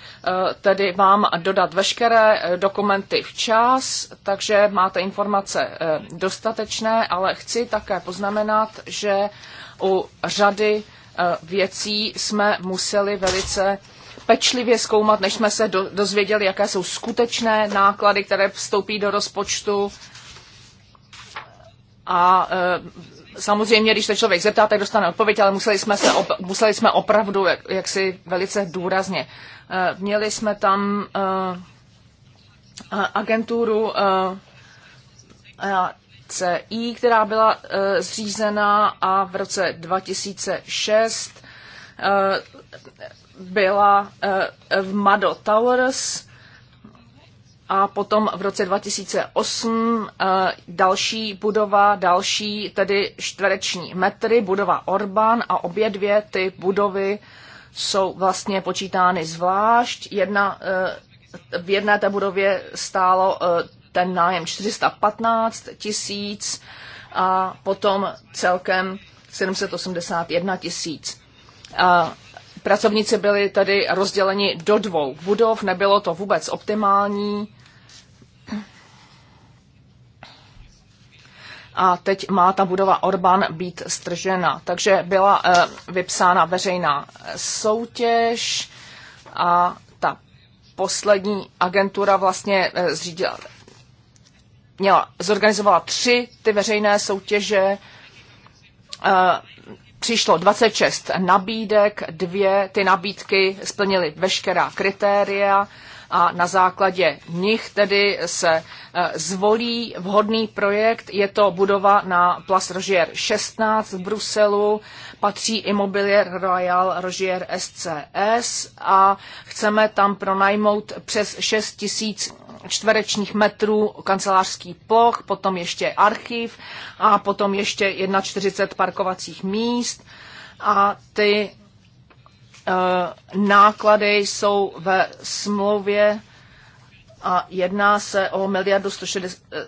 tedy vám dodat veškeré dokumenty včas, takže máte informace dostatečné, ale chci také poznamenat, že u řady eh, věcí jsme museli velice pečlivě zkoumat, než jsme se do, dozvěděli, jaké jsou skutečné náklady, které vstoupí do rozpočtu. A e, samozřejmě, když se člověk zeptá, tak dostane odpověď, ale museli jsme, se op, museli jsme opravdu jak, jaksi velice důrazně. E, měli jsme tam e, agenturu e, CI, která byla e, zřízena a v roce 2006 e, byla e, v Mado Towers a potom v roce 2008 další budova, další tedy čtvereční metry, budova Orbán a obě dvě ty budovy jsou vlastně počítány zvlášť. Jedna, v jedné té budově stálo ten nájem 415 tisíc a potom celkem 781 tisíc. Pracovníci byli tedy rozděleni do dvou budov, nebylo to vůbec optimální. A teď má ta budova Orbán být stržena. Takže byla eh, vypsána veřejná eh, soutěž a ta poslední agentura vlastně eh, zřídila měla, zorganizovala tři ty veřejné soutěže, eh, přišlo 26 nabídek, dvě ty nabídky splnily veškerá kritéria a na základě nich tedy se eh, zvolí vhodný projekt. Je to budova na Place Rogier 16 v Bruselu, patří Immobilier Royal Rogier SCS a chceme tam pronajmout přes 6 tisíc čtverečních metrů kancelářský ploch, potom ještě archiv a potom ještě 1,40 parkovacích míst a ty eh, náklady jsou ve smlouvě a jedná se o miliardu 160, eh,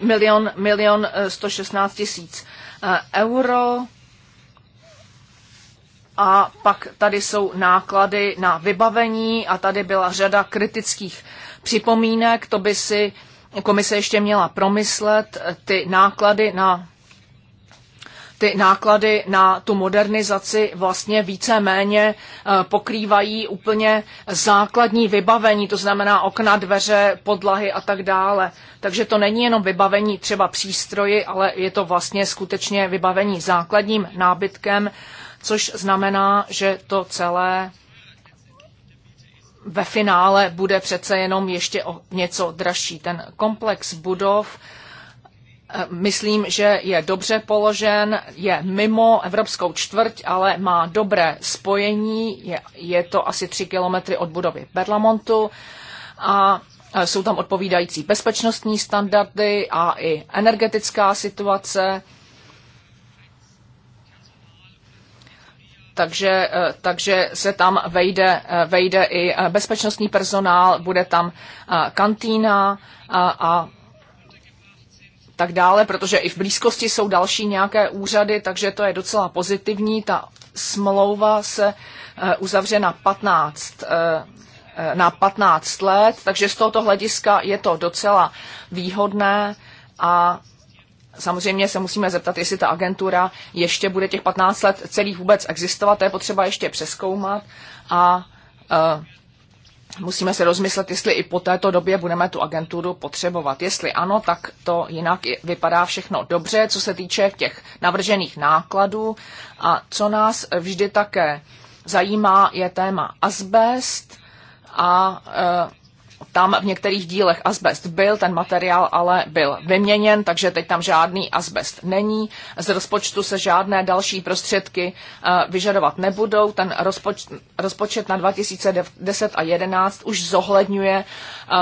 milion, milion 116 eh, tisíc euro a pak tady jsou náklady na vybavení a tady byla řada kritických připomínek, to by si komise ještě měla promyslet, eh, ty náklady na ty náklady na tu modernizaci vlastně více-méně eh, pokrývají úplně základní vybavení, to znamená okna, dveře, podlahy a tak dále. Takže to není jenom vybavení třeba přístroji, ale je to vlastně skutečně vybavení základním nábytkem což znamená, že to celé ve finále bude přece jenom ještě o něco dražší. Ten komplex budov eh, Myslím, že je dobře položen, je mimo Evropskou čtvrť, ale má dobré spojení. Je, je to asi tři kilometry od budovy Berlamontu a eh, jsou tam odpovídající bezpečnostní standardy a i energetická situace. takže, eh, takže se tam vejde, eh, vejde i eh, bezpečnostní personál, bude tam kantýna a, a tak dále, protože i v blízkosti jsou další nějaké úřady, takže to je docela pozitivní. Ta smlouva se uzavře na 15 na 15 let, takže z tohoto hlediska je to docela výhodné a samozřejmě se musíme zeptat, jestli ta agentura ještě bude těch 15 let celých vůbec existovat, to je potřeba ještě přeskoumat a eh, musíme se rozmyslet, jestli i po této době budeme tu agenturu potřebovat. Jestli ano, tak to jinak vypadá všechno dobře, co se týče těch navržených nákladů. A co nás vždy také zajímá, je téma asbest a uh, tam v některých dílech asbest byl, ten materiál ale byl vyměněn, takže teď tam žádný asbest není. Z rozpočtu se žádné další prostředky eh, vyžadovat nebudou. Ten rozpoč, rozpočet na 2010 a 2011 už zohledňuje eh,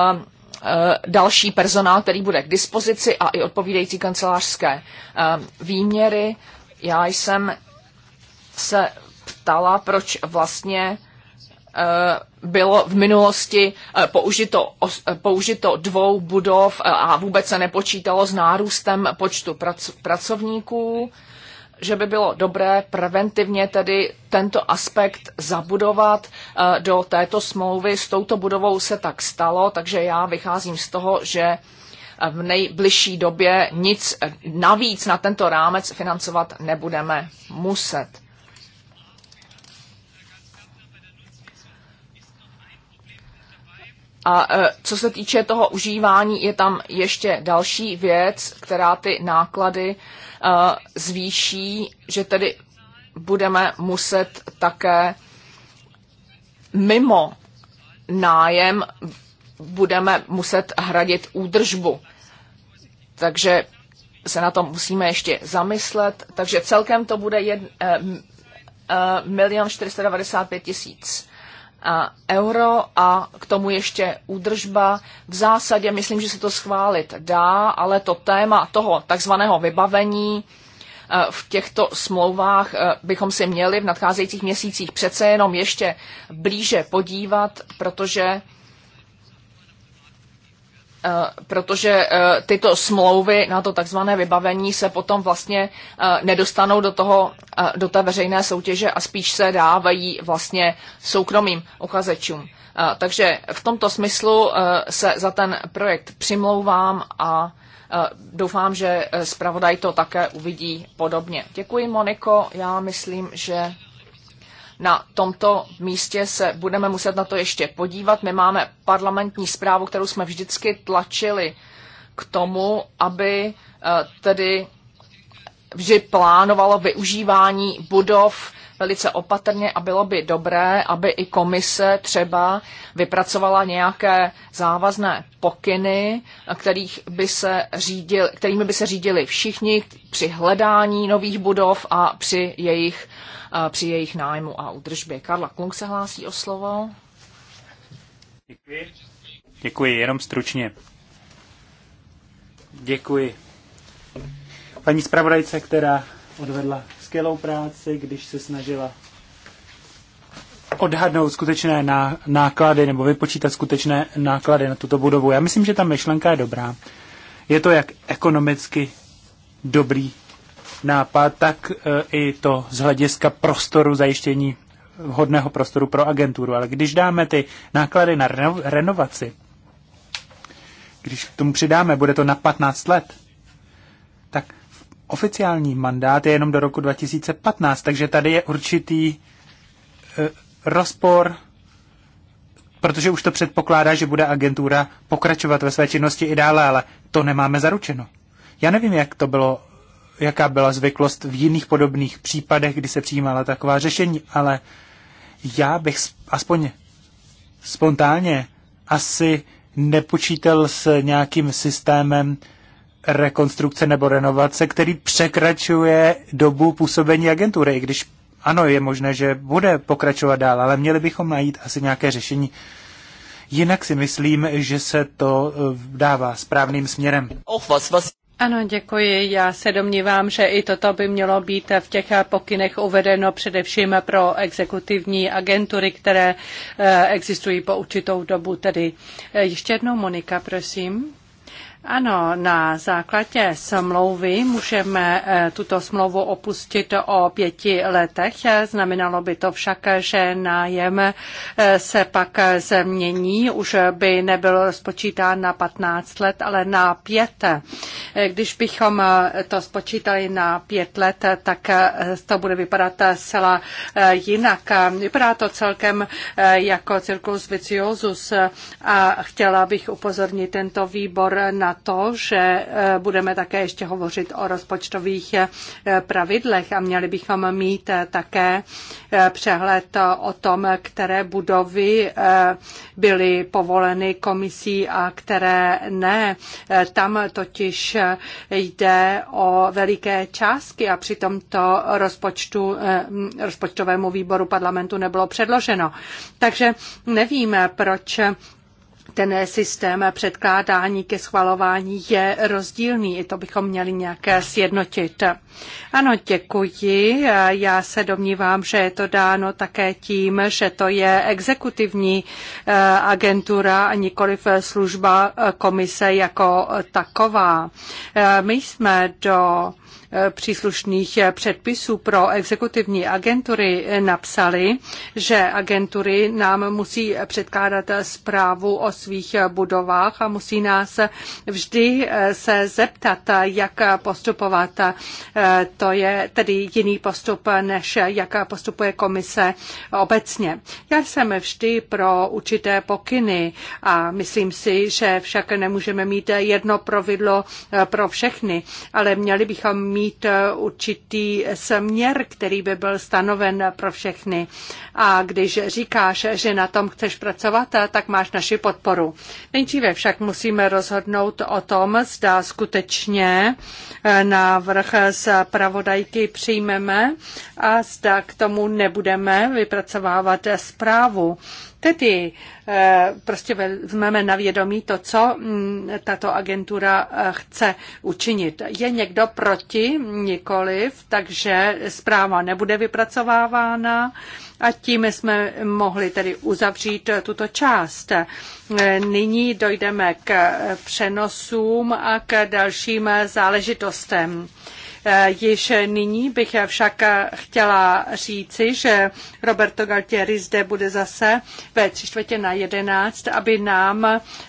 eh, další personál, který bude k dispozici a i odpovídající kancelářské výměry. Já jsem se ptala, proč vlastně bylo v minulosti eh, použito, eh, použito dvou budov eh, a vůbec se nepočítalo s nárůstem počtu pracovníků, že by bylo dobré preventivně tedy tento aspekt zabudovat do této smlouvy. S touto budovou se tak stalo, takže já vycházím z toho, že v nejbližší době nic navíc na tento rámec financovat nebudeme muset. A e, co se týče toho užívání, je tam ještě další věc, která ty náklady e, zvýší, že tedy budeme muset také mimo nájem budeme muset hradit údržbu. Takže se na tom musíme ještě zamyslet. Takže celkem to bude 1 e, milion 495 tisíc euro a k tomu ještě údržba. V zásadě myslím, že se to schválit dá, ale to téma toho takzvaného vybavení eh, v těchto smlouvách eh, bychom si měli v nadcházejících měsících přece jenom ještě blíže podívat, protože Eh, protože eh, tyto smlouvy na to takzvané vybavení se potom vlastně eh, nedostanou do, toho, do té veřejné soutěže a spíš se dávají vlastně soukromým uchazečům. Takže v tomto smyslu se za ten projekt přimlouvám a doufám, že zpravodaj to také uvidí podobně. Děkuji, Moniko. Já myslím, že na tomto místě se budeme muset na to ještě podívat. My máme parlamentní zprávu, kterou jsme vždycky tlačili k tomu, aby eh, tedy vždy plánovalo využívání budov velice opatrně a bylo by dobré, aby i komise třeba vypracovala nějaké závazné pokyny, kterých by se řídil, kterými by se řídili všichni při hledání nových budov a při jejich, při jejich nájmu a údržbě. Karla Klung se hlásí o slovo. Děkuji. Děkuji, jenom stručně. Děkuji. Paní zpravodajce, která odvedla skvělou práci, když se snažila odhadnout skutečné náklady nebo vypočítat skutečné náklady na tuto budovu. Já myslím, že ta myšlenka je dobrá. Je to jak ekonomicky dobrý nápad, tak eh, i to z hlediska prostoru zajištění vhodného prostoru pro agenturu. Ale když dáme ty náklady na renovaci, když k tomu přidáme, bude to na 15 let, oficiální mandát je jenom do roku 2015, takže tady je určitý e, rozpor, protože už to předpokládá, že bude agentura pokračovat ve své činnosti i dále, ale to nemáme zaručeno. Já nevím, jak to bylo, jaká byla zvyklost v jiných podobných případech, kdy se přijímala taková řešení, ale já bych aspoň spontánně asi nepočítal s nějakým systémem, rekonstrukce nebo renovace, který překračuje dobu působení agentury, i když ano, je možné, že bude pokračovat dál, ale měli bychom najít asi nějaké řešení. Jinak si myslím, že se to eh, dává správným směrem. Ano, děkuji. Já se domnívám, že i toto by mělo být v těch pokynech uvedeno především pro exekutivní agentury, které eh, existují po určitou dobu. Tedy eh, ještě jednou Monika, prosím. Ano, na základě smlouvy můžeme eh, tuto smlouvu opustit o pěti letech. Znamenalo by to však, že nájem eh, se pak změní. Už by nebyl spočítán na 15 let, ale na pět. Eh, když bychom to spočítali na pět let, tak to bude vypadat zcela jinak. Vypadá to celkem jako cirkus viciosus a chtěla bych upozornit tento výbor na to, že eh, budeme také ještě hovořit o rozpočtových eh, pravidlech a měli bychom mít eh, také přehled o tom, které budovy byly povoleny komisí a které ne. Tam totiž jde o veliké částky a při tomto rozpočtu, rozpočtovému výboru parlamentu nebylo předloženo. Takže nevím, proč ten systém předkládání ke schvalování je rozdílný. I to bychom měli nějak sjednotit. Ano, děkuji. Já se domnívám, že je to dáno také tím, že to je exekutivní eh, agentura a nikoliv služba eh, komise jako taková. Eh, my jsme do příslušných předpisů pro exekutivní agentury napsali, že agentury nám musí předkládat zprávu o svých budovách a musí nás vždy se zeptat, jak postupovat. Eh, to je tedy jiný postup, než jak postupuje komise obecně. Já jsem vždy pro určité pokyny a myslím si, že však nemůžeme mít jedno pravidlo eh, pro všechny, ale měli bychom mít eh, určitý směr, který by byl stanoven pro všechny. A když říkáš, že na tom chceš pracovat, tak máš naši podporu. Nejdříve však musíme rozhodnout o tom, zda skutečně návrh se zpravodajky přijmeme a zda k tomu nebudeme vypracovávat zprávu. Tedy eh, prostě vezmeme na vědomí to, co mm, tato agentura eh, chce učinit. Je někdo proti? Nikoliv, takže zpráva nebude vypracovávána a tím jsme mohli tedy uzavřít tuto část. Eh, nyní dojdeme k přenosům a k dalším záležitostem. Eh, již nyní bych však chtěla říci, že Roberto Galtieri zde bude zase ve tři čtvrtě na jedenáct, aby nám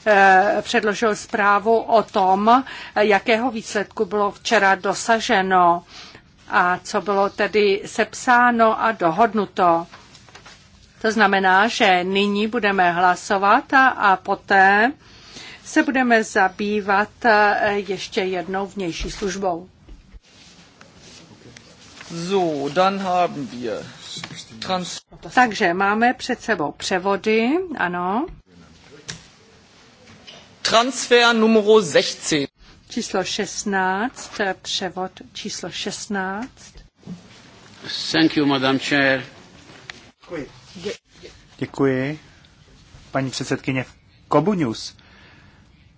eh, předložil zprávu o tom, jakého výsledku bylo včera dosaženo a co bylo tedy sepsáno a dohodnuto. To znamená, že nyní budeme hlasovat a, a poté se budeme zabývat eh, ještě jednou vnější službou. So, dann haben wir Trans Takže máme před sebou převody, ano. Transfer numero 16. Číslo 16, převod číslo 16. Thank you, Madam Chair. Děkuji. Děkuji. Paní předsedkyně, v Kobu News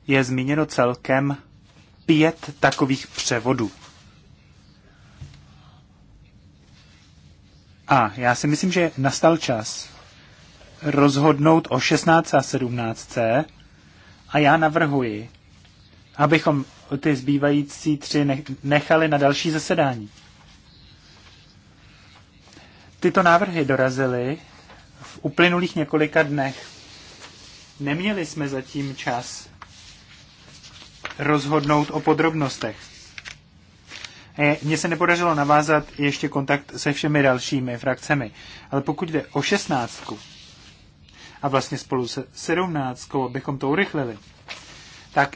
je zmíněno celkem pět takových převodů. A já si myslím, že nastal čas rozhodnout o 16 a 17 a já navrhuji, abychom ty zbývající tři nechali na další zasedání. Tyto návrhy dorazily v uplynulých několika dnech. Neměli jsme zatím čas rozhodnout o podrobnostech. E, mně se nepodařilo navázat ještě kontakt se všemi dalšími frakcemi, ale pokud jde o šestnáctku a vlastně spolu se sedmnáctkou, abychom to urychlili, tak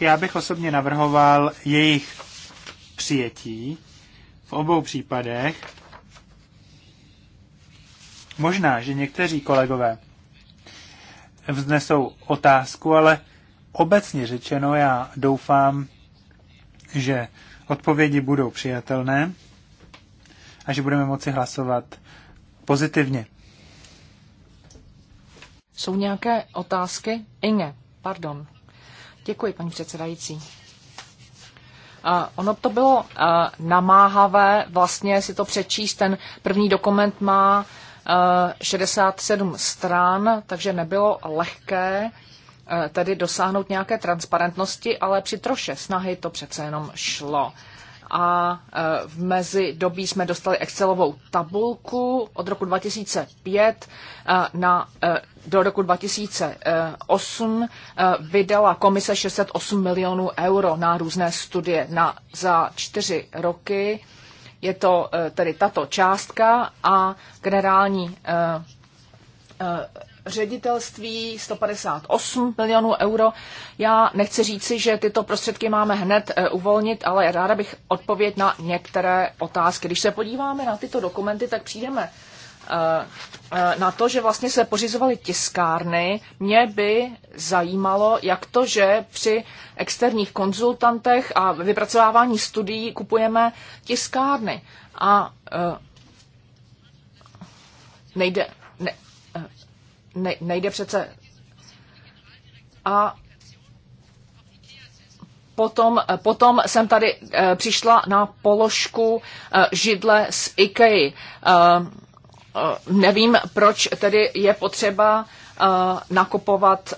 já bych osobně navrhoval jejich přijetí v obou případech. Možná, že někteří kolegové vznesou otázku, ale obecně řečeno já doufám, že odpovědi budou přijatelné a že budeme moci hlasovat pozitivně. Jsou nějaké otázky? Inge, pardon. Děkuji, paní předsedající. Uh, ono to bylo uh, namáhavé vlastně si to přečíst. Ten první dokument má uh, 67 stran, takže nebylo lehké Eh, tedy dosáhnout nějaké transparentnosti, ale při troše snahy to přece jenom šlo. A eh, v mezi dobí jsme dostali Excelovou tabulku od roku 2005 eh, na, do roku 2008 vydala komise 608 milionů euro na různé studie na, za čtyři roky. Je to tedy tato částka a generální ředitelství 158 milionů euro. Já nechci říci, že tyto prostředky máme hned eh, uvolnit, ale ráda bych odpověď na některé otázky. Když se podíváme na tyto dokumenty, tak přijdeme eh, eh, na to, že vlastně se pořizovaly tiskárny, mě by zajímalo, jak to, že při externích konzultantech a vypracovávání studií kupujeme tiskárny. A nejde, ne, nejde přece. A potom, potom jsem tady eh, přišla na položku eh, židle z IKEA. Eh, nevím, proč tedy je potřeba nakupovat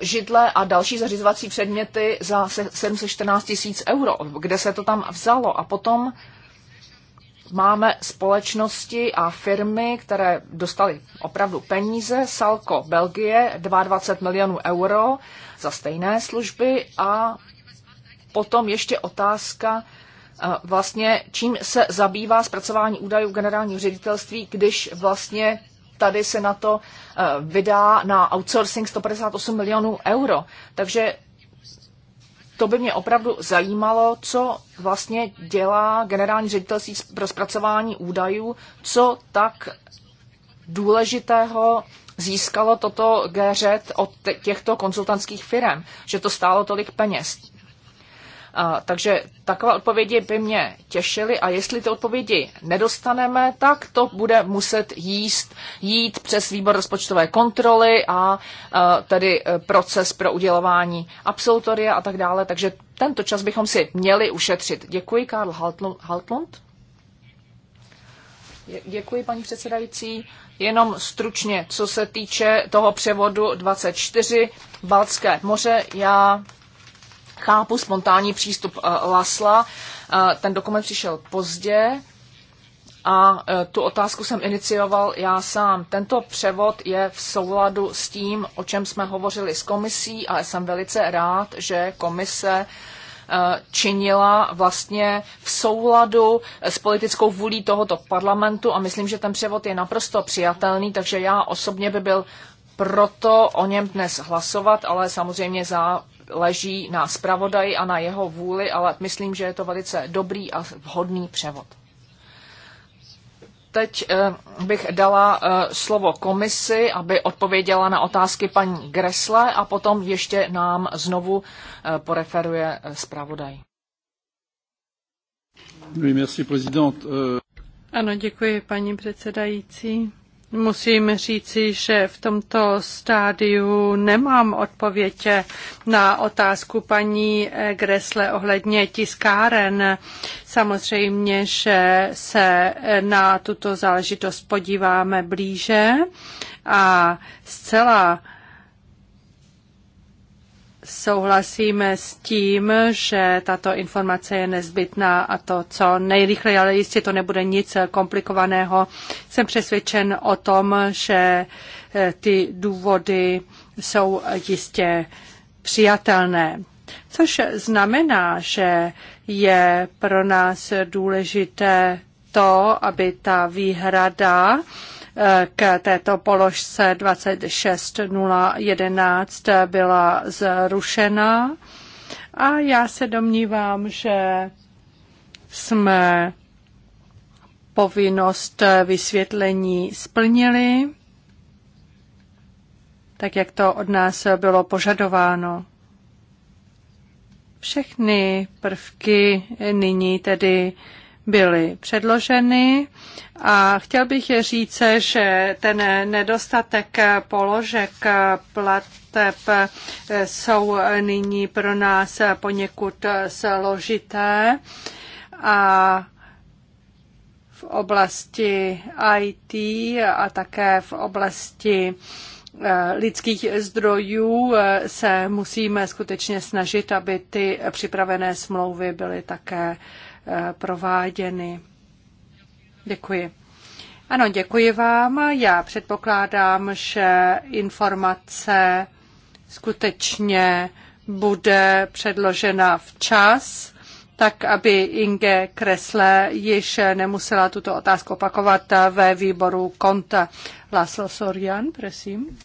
židle a další zařizovací předměty za 714 tisíc euro. Kde se to tam vzalo? A potom máme společnosti a firmy, které dostaly opravdu peníze. Salko Belgie 22 milionů euro za stejné služby a potom ještě otázka, eh, vlastně čím se zabývá zpracování údajů generálního ředitelství, když vlastně tady se na to eh, vydá na outsourcing 158 milionů euro. Takže to by mě opravdu zajímalo, co vlastně dělá generální ředitelství pro zpracování údajů, co tak důležitého získalo toto GŘ od těchto konzultantských firm, že to stálo tolik peněz. A, takže takové odpovědi by mě těšily a jestli ty odpovědi nedostaneme, tak to bude muset jíst, jít přes výbor rozpočtové kontroly a, a e, tedy e, proces pro udělování absolutoria a tak dále. Takže tento čas bychom si měli ušetřit. Děkuji, Karl Haltlund. Děkuji, paní předsedající. Jenom stručně, co se týče toho převodu 24 Balcké moře, já Chápu spontánní přístup eh, Lasla. Eh, ten dokument přišel pozdě a eh, tu otázku jsem inicioval já sám. Tento převod je v souladu s tím, o čem jsme hovořili s komisí a jsem velice rád, že komise činila vlastně v souladu s politickou vůlí tohoto parlamentu a myslím, že ten převod je naprosto přijatelný, takže já osobně by byl proto o něm dnes hlasovat, ale samozřejmě za leží na zpravodaji a na jeho vůli, ale myslím, že je to velice dobrý a vhodný převod. Teď eh, bych dala eh, slovo komisi, aby odpověděla na otázky paní Gresle a potom ještě nám znovu eh, poreferuje zpravodaj. Euh, ano, děkuji, paní předsedající. Musím říci, že v tomto stádiu nemám odpověď na otázku paní Gresle ohledně tiskáren. Samozřejmě, že se na tuto záležitost podíváme blíže a zcela Souhlasíme s tím, že tato informace je nezbytná a to, co nejrychleji, ale jistě to nebude nic komplikovaného. Jsem přesvědčen o tom, že eh, ty důvody jsou jistě přijatelné. Což znamená, že je pro nás důležité to, aby ta výhrada k této položce 26011 byla zrušena a já se domnívám, že jsme povinnost vysvětlení splnili, tak jak to od nás bylo požadováno. Všechny prvky nyní tedy byly předloženy a chtěl bych je říct, že ten nedostatek položek plateb jsou nyní pro nás poněkud složité a v oblasti IT a také v oblasti eh, lidských zdrojů eh, se musíme skutečně snažit, aby ty připravené smlouvy byly také prováděny. Děkuji. Ano, děkuji vám. Já předpokládám, že informace skutečně bude předložena včas, tak aby Inge Kresle již nemusela tuto otázku opakovat ve výboru konta. Laslo Sorian, prosím.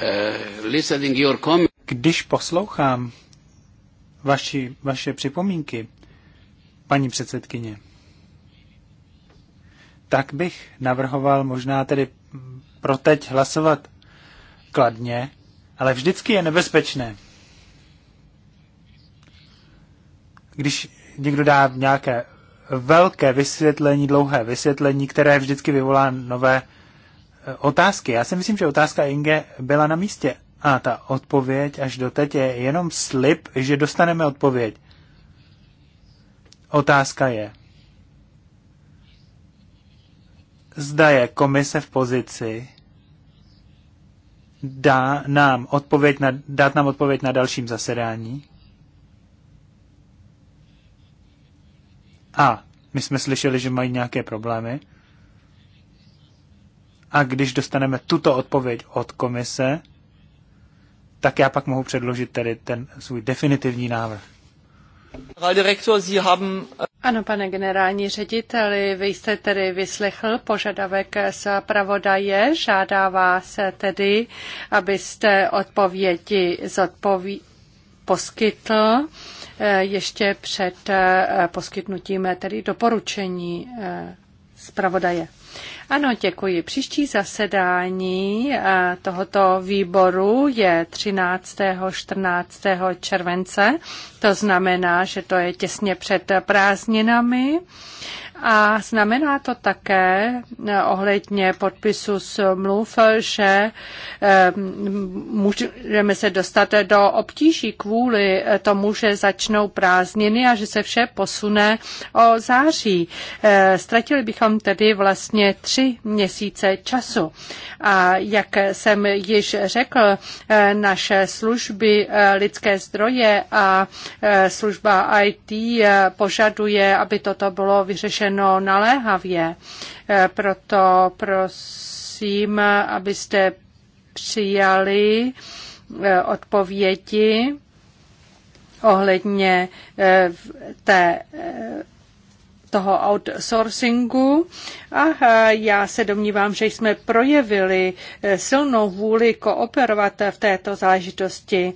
Eh, Když poslouchám vaši, vaše připomínky, paní předsedkyně, tak bych navrhoval možná tedy pro teď hlasovat kladně, ale vždycky je nebezpečné. Když někdo dá nějaké velké vysvětlení, dlouhé vysvětlení, které vždycky vyvolá nové eh, otázky. Já si myslím, že otázka Inge byla na místě, a ta odpověď až do teď je jenom slib, že dostaneme odpověď. Otázka je, zda je komise v pozici dá nám odpověď na, dát nám odpověď na dalším zasedání. A my jsme slyšeli, že mají nějaké problémy. A když dostaneme tuto odpověď od komise, tak já pak mohu předložit tedy ten svůj definitivní návrh. Ano, pane generální řediteli, vy jste tedy vyslechl požadavek z pravodaje, žádá vás tedy, abyste odpovědi zodpoví, poskytl eh, ještě před eh, poskytnutím tedy doporučení eh, zpravodaje. Ano, děkuji. Příští zasedání eh, tohoto výboru je 13. 14. července. To znamená, že to je těsně před prázdninami. A znamená to také eh, ohledně podpisu smluv, že eh, můžeme se dostat do obtíží kvůli eh, tomu, že začnou prázdniny a že se vše posune o září. Ztratili bychom tedy vlastně tři měsíce času. A jak jsem již řekl, naše služby lidské zdroje a služba IT požaduje, aby toto bylo vyřešeno řečeno naléhavě. Eh, proto prosím, abyste přijali eh, odpovědi ohledně eh, té toho outsourcingu a já se domnívám, že jsme projevili silnou vůli kooperovat v této záležitosti.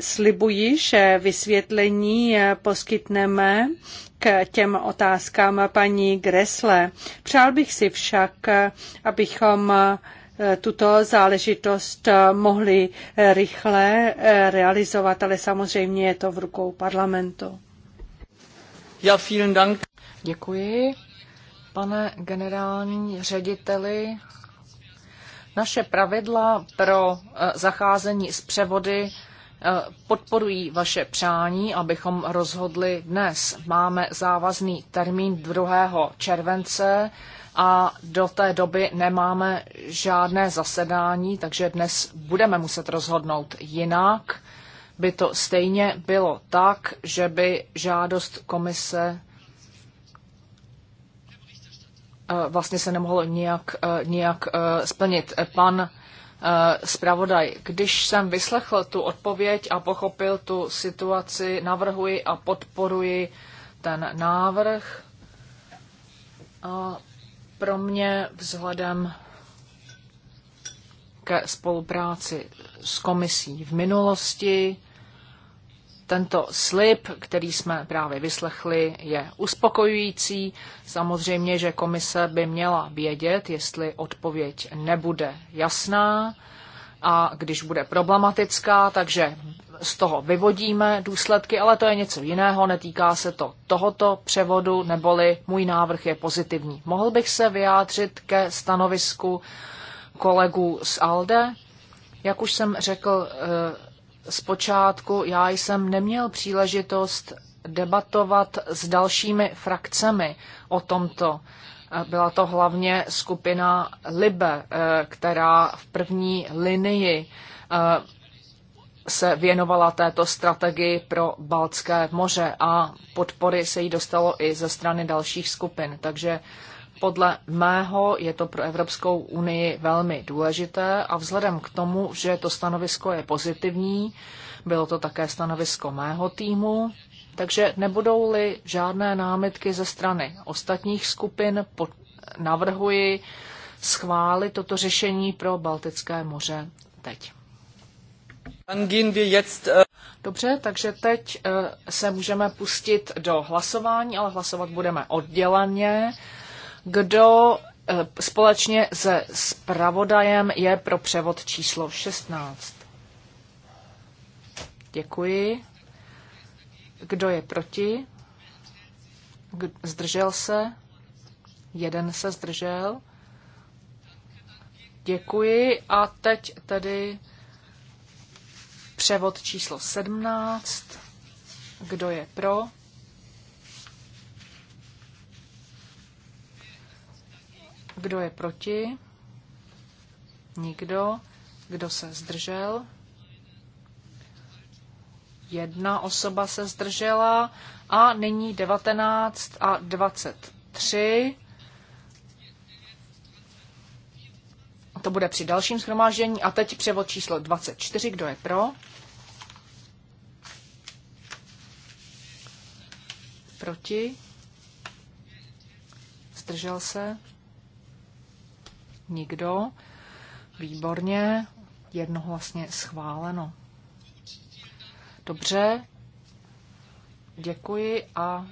Slibuji, že vysvětlení poskytneme k těm otázkám paní Gresle. Přál bych si však, abychom tuto záležitost mohli rychle realizovat, ale samozřejmě je to v rukou parlamentu. Já vielen Dank. Děkuji, pane generální řediteli. Naše pravidla pro eh, zacházení s převody Eh, podporují vaše přání, abychom rozhodli dnes. Máme závazný termín 2. července a do té doby nemáme žádné zasedání, takže dnes budeme muset rozhodnout jinak. By to stejně bylo tak, že by žádost komise eh, vlastně se nemohlo nijak, eh, nijak splnit. Pan Eh, zpravodaj. Když jsem vyslechl tu odpověď a pochopil tu situaci, navrhuji a podporuji ten návrh. A pro mě vzhledem ke spolupráci s komisí v minulosti tento slib, který jsme právě vyslechli, je uspokojující. Samozřejmě, že komise by měla vědět, jestli odpověď nebude jasná a když bude problematická, takže z toho vyvodíme důsledky, ale to je něco jiného, netýká se to tohoto převodu, neboli můj návrh je pozitivní. Mohl bych se vyjádřit ke stanovisku kolegů z ALDE? Jak už jsem řekl, eh, zpočátku já jsem neměl příležitost debatovat s dalšími frakcemi o tomto. Byla to hlavně skupina Libe, eh, která v první linii eh, se věnovala této strategii pro Baltské moře a podpory se jí dostalo i ze strany dalších skupin. Takže podle mého je to pro Evropskou unii velmi důležité a vzhledem k tomu, že to stanovisko je pozitivní, bylo to také stanovisko mého týmu, takže nebudou-li žádné námitky ze strany ostatních skupin, navrhuji schválit toto řešení pro Baltické moře teď. Äh, Dobře, takže teď äh, se můžeme pustit do hlasování, ale hlasovat budeme odděleně kdo eh, společně se spravodajem je pro převod číslo 16. Děkuji. Kdo je proti? Zdržel se? Jeden se zdržel. Děkuji. A teď tedy převod číslo 17. Kdo je pro? Kdo je proti? Nikdo. Kdo se zdržel? Jedna osoba se zdržela. A nyní 19 a 23. To bude při dalším schromáždění. A teď převod číslo 24. Kdo je pro? Proti? Zdržel se? Nikdo. Výborně. Jednohlasně schváleno. Dobře. Děkuji a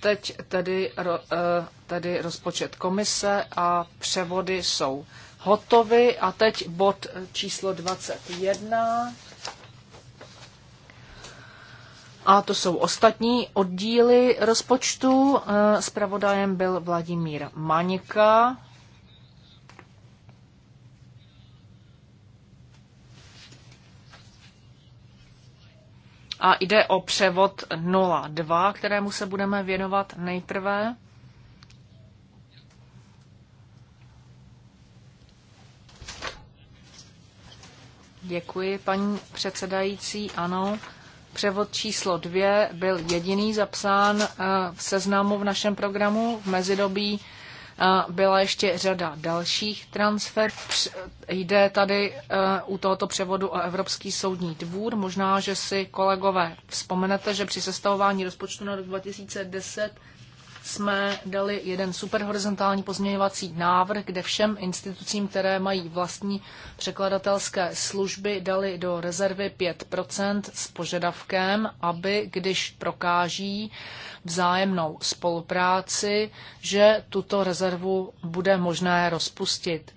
teď tedy, eh, tedy rozpočet komise a převody jsou hotovy. A teď bod číslo 21. A to jsou ostatní oddíly rozpočtu. Spravodajem eh, byl Vladimír Manika. A jde o převod 02, kterému se budeme věnovat nejprve. Děkuji, paní předsedající. Ano, Převod číslo dvě byl jediný zapsán eh, v seznamu v našem programu. V mezidobí eh, byla ještě řada dalších transferů. Jde tady eh, u tohoto převodu o Evropský soudní dvůr. Možná, že si kolegové vzpomenete, že při sestavování rozpočtu na rok 2010 jsme dali jeden super horizontální pozměňovací návrh, kde všem institucím, které mají vlastní překladatelské služby, dali do rezervy 5% s požadavkem, aby když prokáží vzájemnou spolupráci, že tuto rezervu bude možné rozpustit.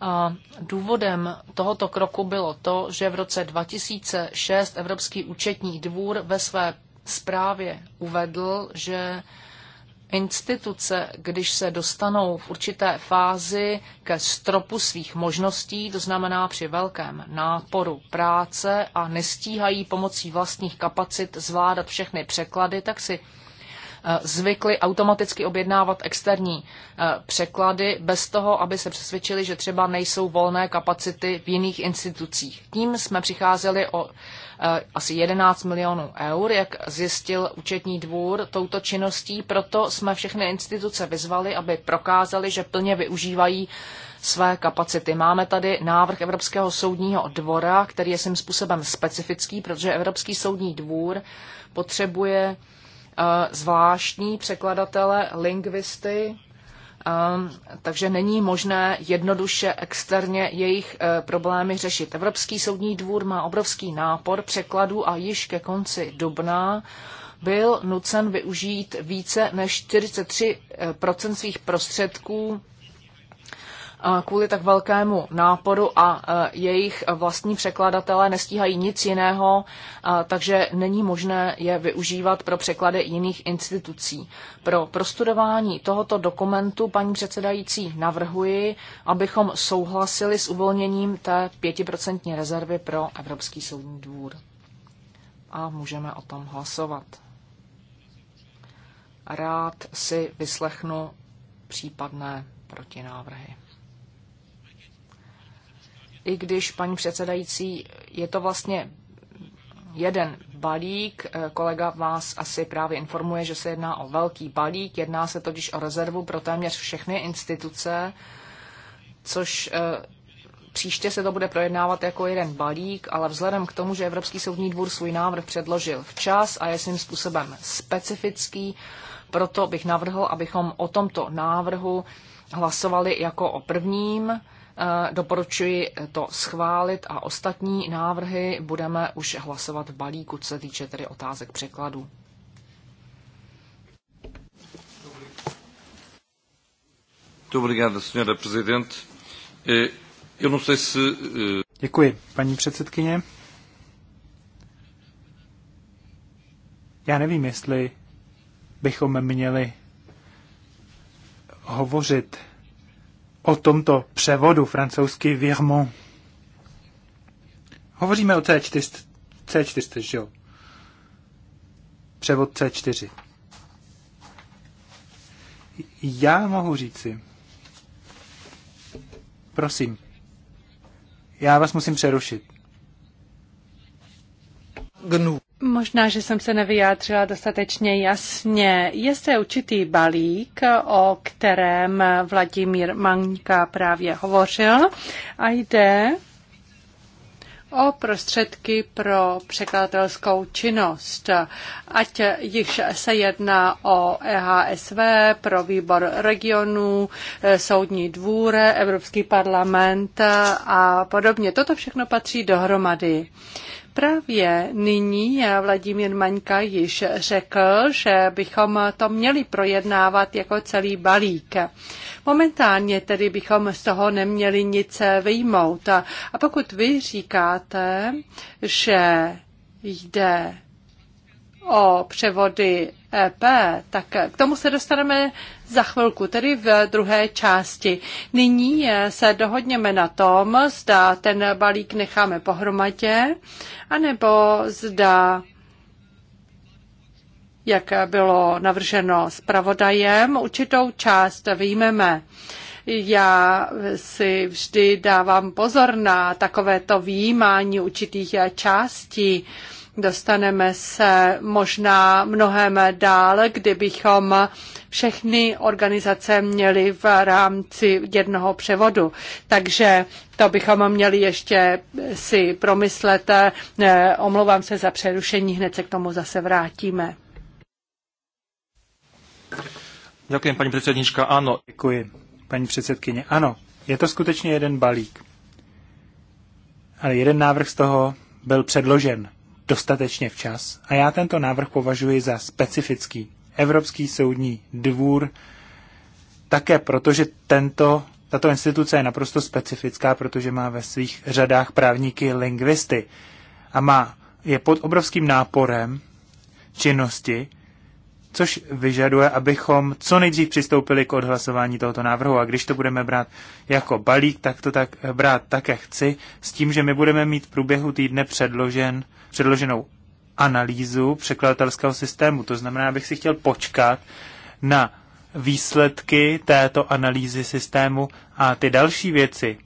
A důvodem tohoto kroku bylo to, že v roce 2006 Evropský účetní dvůr ve své zprávě uvedl, že instituce, když se dostanou v určité fázi ke stropu svých možností, to znamená při velkém náporu práce a nestíhají pomocí vlastních kapacit zvládat všechny překlady, tak si eh, zvykli automaticky objednávat externí eh, překlady bez toho, aby se přesvědčili, že třeba nejsou volné kapacity v jiných institucích. Tím jsme přicházeli o Eh, asi 11 milionů eur, jak zjistil účetní dvůr touto činností. Proto jsme všechny instituce vyzvali, aby prokázali, že plně využívají své kapacity. Máme tady návrh Evropského soudního dvora, který je svým způsobem specifický, protože Evropský soudní dvůr potřebuje eh, zvláštní překladatele, lingvisty, takže není možné jednoduše externě jejich e, problémy řešit. Evropský soudní dvůr má obrovský nápor překladů a již ke konci dubna byl nucen využít více než 43 e, svých prostředků kvůli tak velkému náporu a e, jejich vlastní překladatelé nestíhají nic jiného, takže není možné je využívat pro překlady jiných institucí. Pro prostudování tohoto dokumentu, paní předsedající, navrhuji, abychom souhlasili s uvolněním té 5% rezervy pro Evropský soudní dvůr. A můžeme o tom hlasovat. Rád si vyslechnu případné protinávrhy i když, paní předsedající, je to vlastně jeden balík. Eh, kolega vás asi právě informuje, že se jedná o velký balík. Jedná se totiž o rezervu pro téměř všechny instituce, což eh, Příště se to bude projednávat jako jeden balík, ale vzhledem k tomu, že Evropský soudní dvůr svůj návrh předložil včas a je svým způsobem specifický, proto bych navrhl, abychom o tomto návrhu hlasovali jako o prvním Eh, doporučuji to schválit a ostatní návrhy budeme už hlasovat v balíku, co se týče tedy otázek překladu. Eh, eh, Děkuji, paní předsedkyně. Já nevím, jestli bychom měli hovořit o tomto převodu francouzsky Virmont. Hovoříme o C4, C4 že jo? Převod C4. Já mohu říci. Prosím. Já vás musím přerušit. Gnu. Možná, že jsem se nevyjádřila dostatečně jasně. Je zde určitý balík, o kterém Vladimír Maňka právě hovořil a jde o prostředky pro překladatelskou činnost. Ať již se jedná o EHSV, pro výbor regionů, soudní dvůr, Evropský parlament a podobně. Toto všechno patří dohromady. Právě nyní Vladimír Maňka již řekl, že bychom to měli projednávat jako celý balík. Momentálně tedy bychom z toho neměli nic vyjmout. A pokud vy říkáte, že jde o převody EP, tak k tomu se dostaneme za chvilku, tedy v druhé části. Nyní eh, se dohodněme na tom, zda ten balík necháme pohromadě, anebo zda jak bylo navrženo zpravodajem, určitou část vyjmeme. Já si vždy dávám pozor na takovéto výjímání určitých částí Dostaneme se možná mnohem dál, kdybychom všechny organizace měli v rámci jednoho převodu. Takže to bychom měli ještě si promyslet. Eh, omlouvám se za přerušení, hned se k tomu zase vrátíme. Děkuji, paní předsednička, ano. Děkuji, paní předsedkyně. Ano, je to skutečně jeden balík. Ale jeden návrh z toho byl předložen dostatečně včas a já tento návrh považuji za specifický. Evropský soudní dvůr také proto, že tento, tato instituce je naprosto specifická, protože má ve svých řadách právníky lingvisty a má, je pod obrovským náporem činnosti, což vyžaduje, abychom co nejdřív přistoupili k odhlasování tohoto návrhu. A když to budeme brát jako balík, tak to tak brát také chci, s tím, že my budeme mít v průběhu týdne předložen, předloženou analýzu překladatelského systému. To znamená, abych si chtěl počkat na výsledky této analýzy systému a ty další věci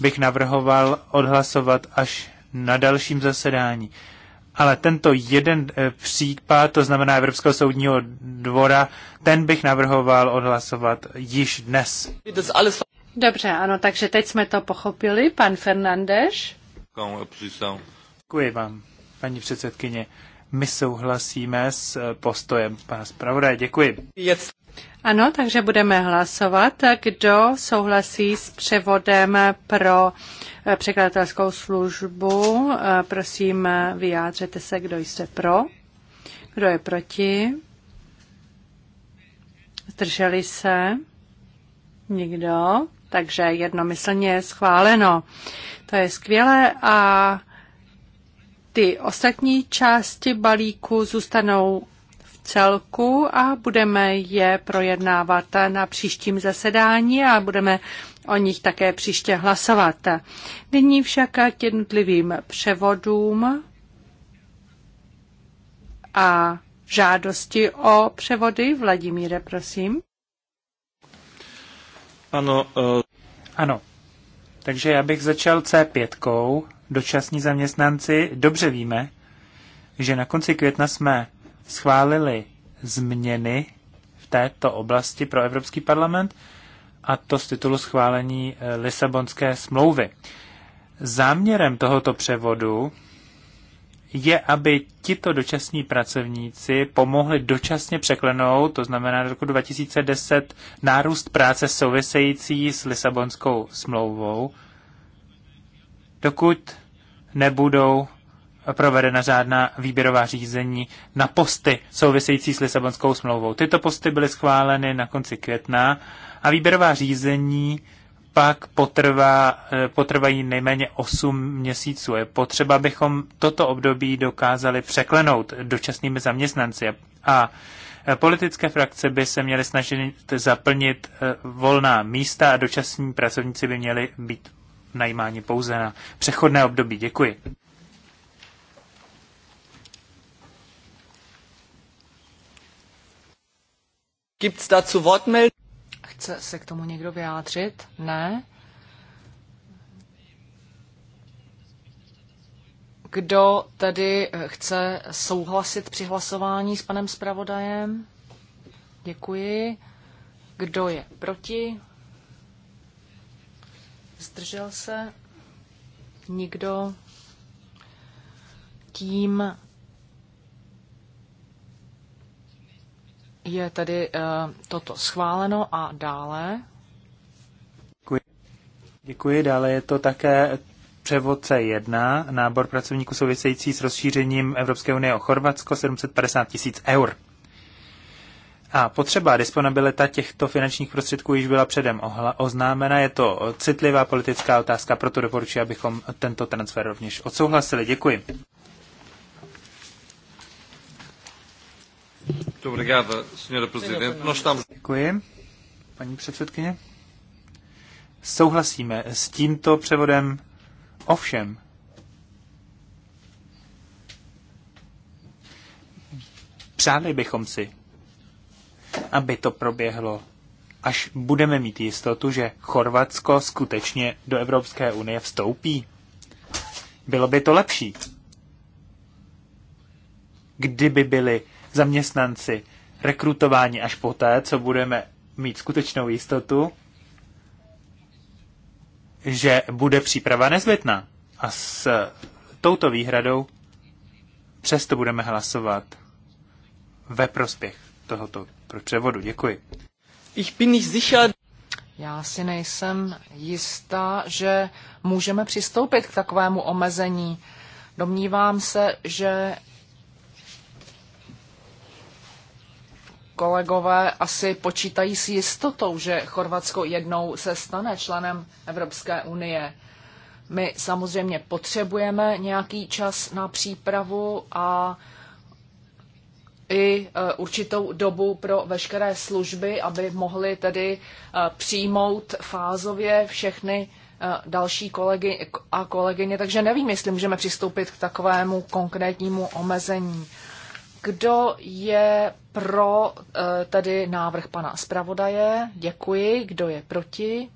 bych navrhoval odhlasovat až na dalším zasedání ale tento jeden e, případ, to znamená Evropského soudního dvora, ten bych navrhoval odhlasovat již dnes. Dobře, ano, takže teď jsme to pochopili. Pan Fernandeš? Děkuji vám, paní předsedkyně. My souhlasíme s e, postojem pana zpravodaje. Děkuji. Ano, takže budeme hlasovat, kdo souhlasí s převodem pro eh, překladatelskou službu. Eh, prosím, eh, vyjádřete se, kdo jste pro, kdo je proti. Zdrželi se? Nikdo? Takže jednomyslně je schváleno. To je skvělé a ty ostatní části balíku zůstanou celku a budeme je projednávat na příštím zasedání a budeme o nich také příště hlasovat. Nyní však k jednotlivým převodům a žádosti o převody. Vladimíre, prosím. Ano. Uh... Ano. Takže já bych začal C5. -kou. Dočasní zaměstnanci. Dobře víme, že na konci května jsme schválili změny v této oblasti pro Evropský parlament a to z titulu schválení eh, Lisabonské smlouvy. Záměrem tohoto převodu je, aby tito dočasní pracovníci pomohli dočasně překlenout, to znamená do roku 2010, nárůst práce související s Lisabonskou smlouvou, dokud nebudou provedena řádná výběrová řízení na posty související s Lisabonskou smlouvou. Tyto posty byly schváleny na konci května a výběrová řízení pak potrvá, eh, potrvají nejméně 8 měsíců. Je potřeba, abychom toto období dokázali překlenout dočasnými zaměstnanci. A eh, politické frakce by se měly snažit zaplnit eh, volná místa a dočasní pracovníci by měli být najímáni pouze na přechodné období. Děkuji. Gibt's dazu Chce se k tomu někdo vyjádřit? Ne. Kdo tedy eh, chce souhlasit při hlasování s panem zpravodajem? Děkuji. Kdo je proti? Zdržel se? Nikdo? Tím je tedy eh, toto schváleno a dále. Děkuji. Děkuji. Dále je to také převod C1, nábor pracovníků související s rozšířením Evropské unie o Chorvatsko 750 tisíc eur. A potřeba disponibilita těchto finančních prostředků již byla předem oznámena. Je to citlivá politická otázka, proto doporučuji, abychom tento transfer rovněž odsouhlasili. Děkuji. Děkuji, paní předsedkyně. Souhlasíme s tímto převodem ovšem. Přáli bychom si, aby to proběhlo, až budeme mít jistotu, že Chorvatsko skutečně do Evropské unie vstoupí. Bylo by to lepší, kdyby byly zaměstnanci rekrutování až poté, co budeme mít skutečnou jistotu, že bude příprava nezbytná. A s touto výhradou přesto budeme hlasovat ve prospěch tohoto převodu. Děkuji. Ich bin nicht sicher. Já si nejsem jistá, že můžeme přistoupit k takovému omezení. Domnívám se, že kolegové asi počítají s jistotou, že Chorvatsko jednou se stane členem Evropské unie. My samozřejmě potřebujeme nějaký čas na přípravu a i e, určitou dobu pro veškeré služby, aby mohli tedy e, přijmout fázově všechny e, další kolegy a kolegyně. Takže nevím, jestli můžeme přistoupit k takovému konkrétnímu omezení. Kdo je pro eh, tedy návrh pana zpravodaje? Děkuji. Kdo je proti?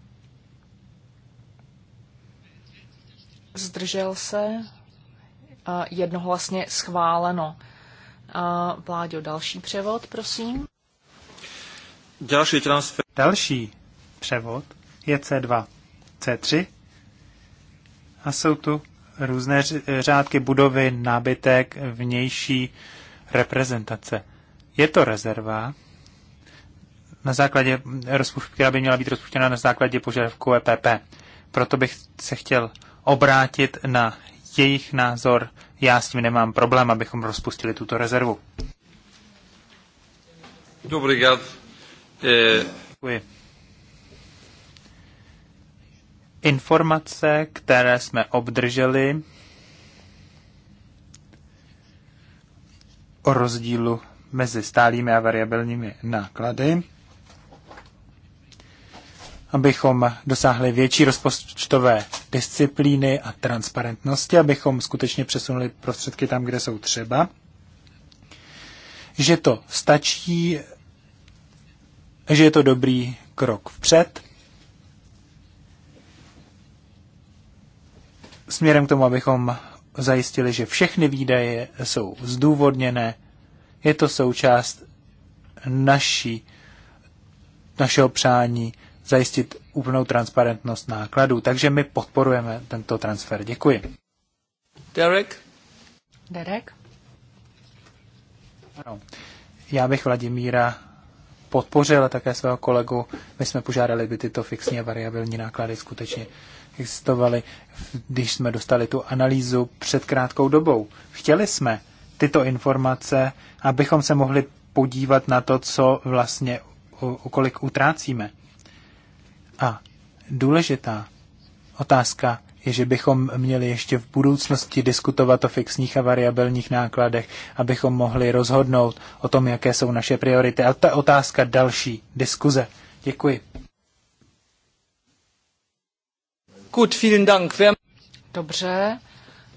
Zdržel se? Eh, jednohlasně schváleno. Eh, Vláďo, další převod, prosím. Další transfer. Další převod je C2, C3 a jsou tu různé řádky budovy, nábytek, vnější reprezentace. Je to rezerva na základě rozpuště, která by měla být rozpuštěna na základě požadavku EPP. Proto bych se chtěl obrátit na jejich názor. Já s tím nemám problém, abychom rozpustili tuto rezervu. Dobrý eh, Děkuji. Informace, které jsme obdrželi, o rozdílu mezi stálými a variabilními náklady, abychom dosáhli větší rozpočtové disciplíny a transparentnosti, abychom skutečně přesunuli prostředky tam, kde jsou třeba, že to stačí, že je to dobrý krok vpřed, směrem k tomu, abychom zajistili, že všechny výdaje jsou zdůvodněné. Je to součást naší, našeho přání zajistit úplnou transparentnost nákladů. Takže my podporujeme tento transfer. Děkuji. Derek? Derek? Ano. Já bych Vladimíra podpořil a také svého kolegu. My jsme požádali, by tyto fixní a variabilní náklady skutečně existovaly, když jsme dostali tu analýzu před krátkou dobou. Chtěli jsme tyto informace, abychom se mohli podívat na to, co vlastně okolik utrácíme. A důležitá otázka je, že bychom měli ještě v budoucnosti diskutovat o fixních a variabilních nákladech, abychom mohli rozhodnout o tom, jaké jsou naše priority. A to je otázka další diskuze. Děkuji. Gut, vielen Dank. Dobře,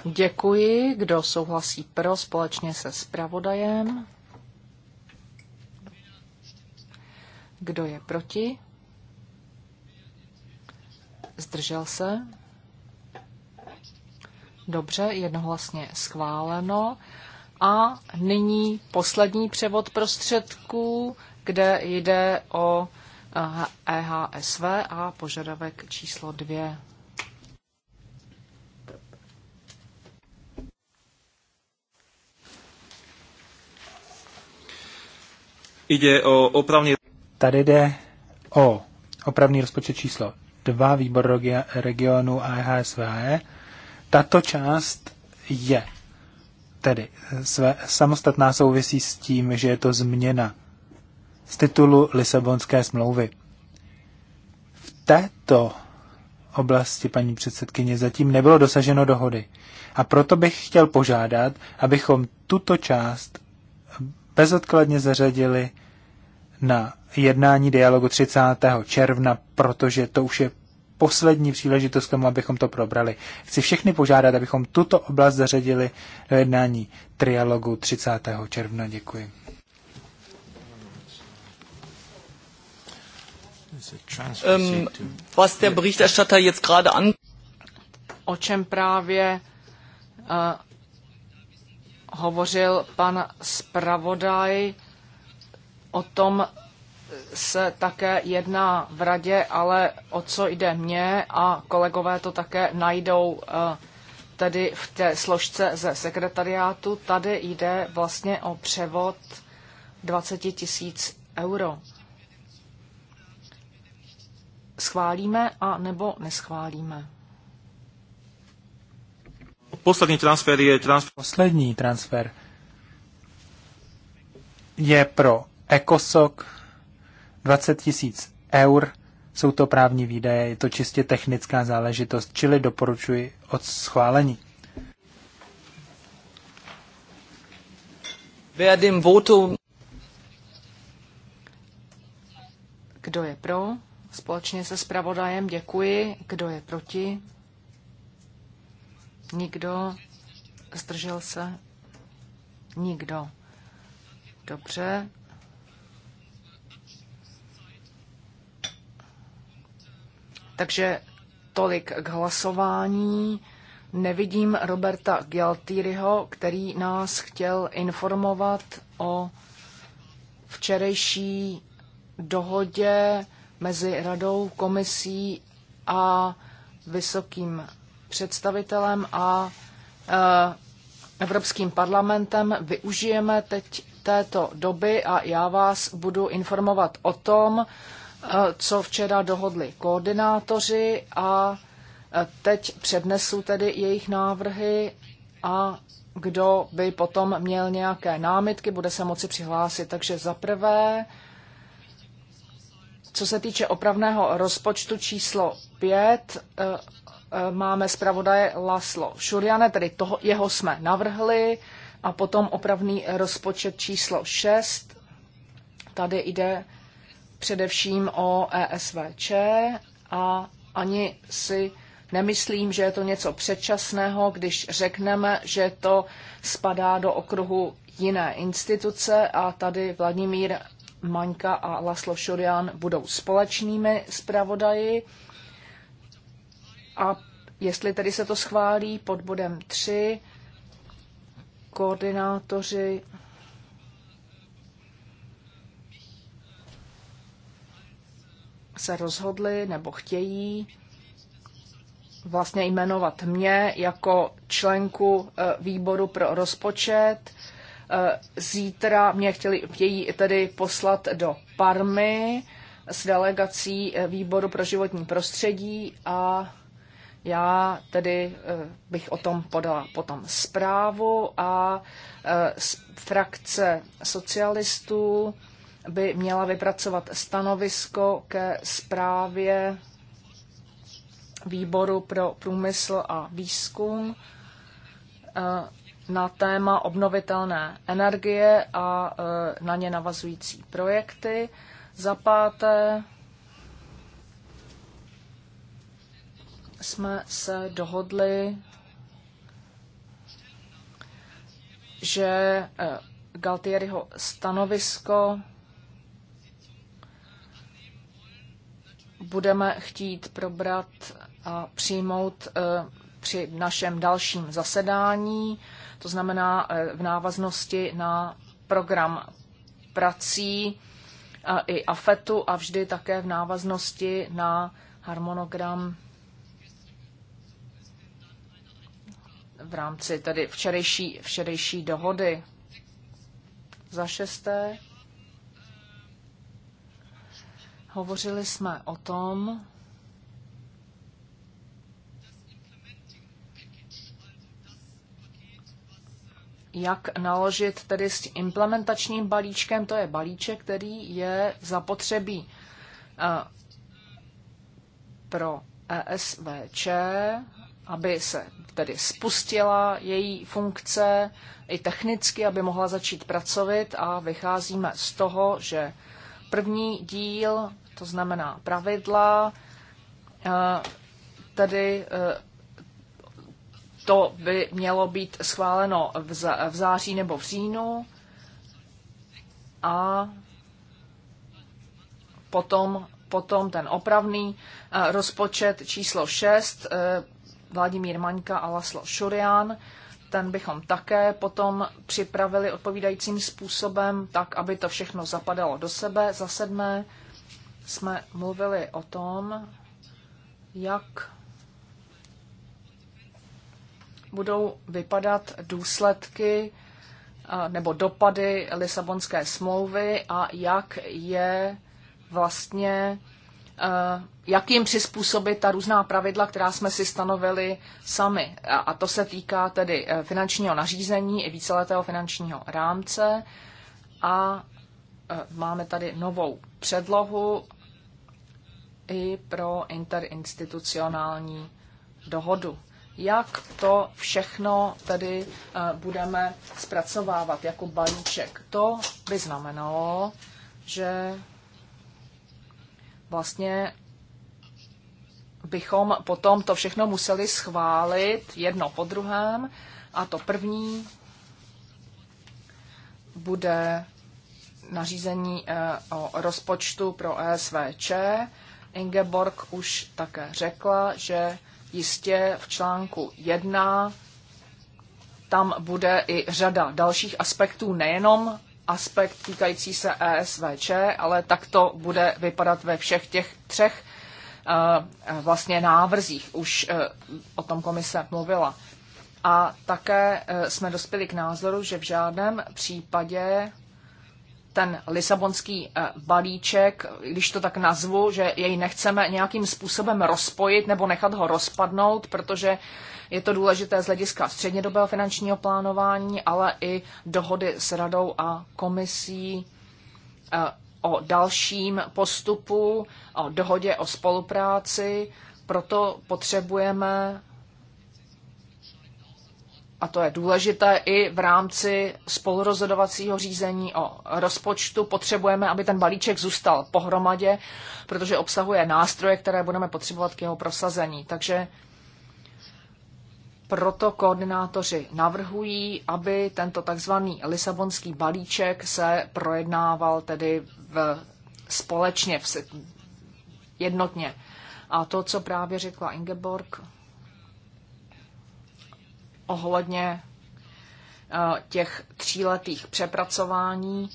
děkuji. Kdo souhlasí pro společně se zpravodajem? Kdo je proti? Zdržel se? Dobře, jednohlasně schváleno. A nyní poslední převod prostředků, kde jde o EHSV e a požadavek číslo dvě. Jde o opravný... Tady jde o opravný rozpočet číslo 2 výbor regionu a e. Tato část je tedy své, samostatná souvisí s tím, že je to změna z titulu Lisabonské smlouvy. V této oblasti, paní předsedkyně, zatím nebylo dosaženo dohody. A proto bych chtěl požádat, abychom tuto část bezodkladně zařadili na jednání dialogu 30. června, protože to už je poslední příležitost k tomu, abychom to probrali. Chci všechny požádat, abychom tuto oblast zařadili do jednání trialogu 30. června. Děkuji. Um, was der Berichterstatter jetzt gerade an o čem právě uh, hovořil pan zpravodaj, O tom se také jedná v radě, ale o co jde mně a kolegové to také najdou eh, tedy v té složce ze sekretariátu. Tady jde vlastně o převod 20 tisíc euro. Schválíme a nebo neschválíme? Poslední transfer je transfer. Poslední transfer je pro ECOSOC 20 tisíc eur. Jsou to právní výdaje, je to čistě technická záležitost, čili doporučuji od schválení. Wer votum... Kdo je pro? Společně se zpravodajem děkuji. Kdo je proti? Nikdo. Zdržel se? Nikdo. Dobře, Takže tolik k hlasování. Nevidím Roberta Gialtýryho, který nás chtěl informovat o včerejší dohodě mezi radou, komisí a vysokým představitelem a e, Evropským parlamentem. Využijeme teď této doby a já vás budu informovat o tom, Eh, co včera dohodli koordinátoři a eh, teď přednesu tedy jejich návrhy a kdo by potom měl nějaké námitky, bude se moci přihlásit. Takže za prvé, co se týče opravného rozpočtu číslo 5, eh, máme zpravodaje Laslo Šuriane, tedy toho, jeho jsme navrhli, a potom opravný rozpočet číslo 6. Tady jde především o ESVČ a ani si nemyslím, že je to něco předčasného, když řekneme, že to spadá do okruhu jiné instituce a tady Vladimír Maňka a Laslo Šurian budou společnými zpravodaji. A jestli tedy se to schválí pod bodem 3, koordinátoři se rozhodli nebo chtějí vlastně jmenovat mě jako členku e, výboru pro rozpočet. E, zítra mě chtěli, chtějí tedy poslat do Parmy s delegací e, výboru pro životní prostředí a já tedy bych o tom podala potom zprávu a z frakce socialistů by měla vypracovat stanovisko ke zprávě výboru pro průmysl a výzkum eh, na téma obnovitelné energie a eh, na ně navazující projekty. Za páté jsme se dohodli, že eh, Galtieriho stanovisko budeme chtít probrat a přijmout e, při našem dalším zasedání, to znamená e, v návaznosti na program prací i AFETu a vždy také v návaznosti na harmonogram v rámci tedy včerejší, včerejší dohody. Za šesté Hovořili jsme o tom, jak naložit tedy s implementačním balíčkem. To je balíček, který je zapotřebí eh, pro ESVČ, aby se tedy spustila její funkce i technicky, aby mohla začít pracovat a vycházíme z toho, že první díl to znamená pravidla, eh, tedy eh, to by mělo být schváleno v září nebo v říjnu a potom, potom ten opravný eh, rozpočet číslo 6, Vladimír Maňka a Laslo Šurian, ten bychom také potom připravili odpovídajícím způsobem, tak, aby to všechno zapadalo do sebe. Za sedmé, jsme mluvili o tom, jak budou vypadat důsledky nebo dopady Lisabonské smlouvy a jak je vlastně, jak jim přizpůsobit ta různá pravidla, která jsme si stanovili sami. A to se týká tedy e, finančního nařízení i víceletého finančního rámce a Eh, máme tady novou předlohu i pro interinstitucionální dohodu. Jak to všechno tedy eh, budeme zpracovávat jako balíček? To by znamenalo, že vlastně bychom potom to všechno museli schválit jedno po druhém a to první bude nařízení eh, o rozpočtu pro ESVČ. Ingeborg už také řekla, že jistě v článku 1 tam bude i řada dalších aspektů, nejenom aspekt týkající se ESVČ, ale tak to bude vypadat ve všech těch třech eh, vlastně návrzích. Už eh, o tom komise mluvila. A také jsme dospěli k názoru, že v žádném případě ten lisabonský eh, balíček, když to tak nazvu, že jej nechceme nějakým způsobem rozpojit nebo nechat ho rozpadnout, protože je to důležité z hlediska střednědobého finančního plánování, ale i dohody s radou a komisí eh, o dalším postupu, o dohodě o spolupráci. Proto potřebujeme a to je důležité i v rámci spolurozhodovacího řízení o rozpočtu, potřebujeme, aby ten balíček zůstal pohromadě, protože obsahuje nástroje, které budeme potřebovat k jeho prosazení. Takže proto koordinátoři navrhují, aby tento takzvaný Lisabonský balíček se projednával tedy v, společně, v, jednotně. A to, co právě řekla Ingeborg, ohledně eh, těch tříletých přepracování.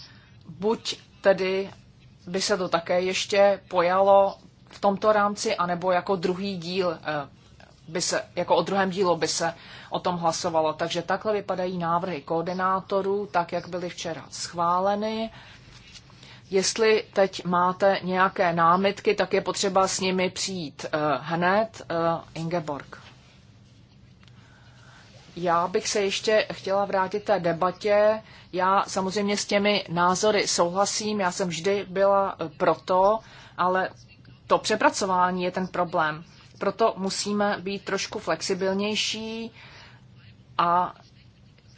Buď tedy by se to také ještě pojalo v tomto rámci, anebo jako druhý díl eh, by se, jako o druhém dílu by se o tom hlasovalo. Takže takhle vypadají návrhy koordinátorů, tak jak byly včera schváleny. Jestli teď máte nějaké námitky, tak je potřeba s nimi přijít eh, hned. Ingeborg. Já bych se ještě chtěla vrátit té debatě. Já samozřejmě s těmi názory souhlasím, já jsem vždy byla e, proto, ale to přepracování je ten problém. Proto musíme být trošku flexibilnější a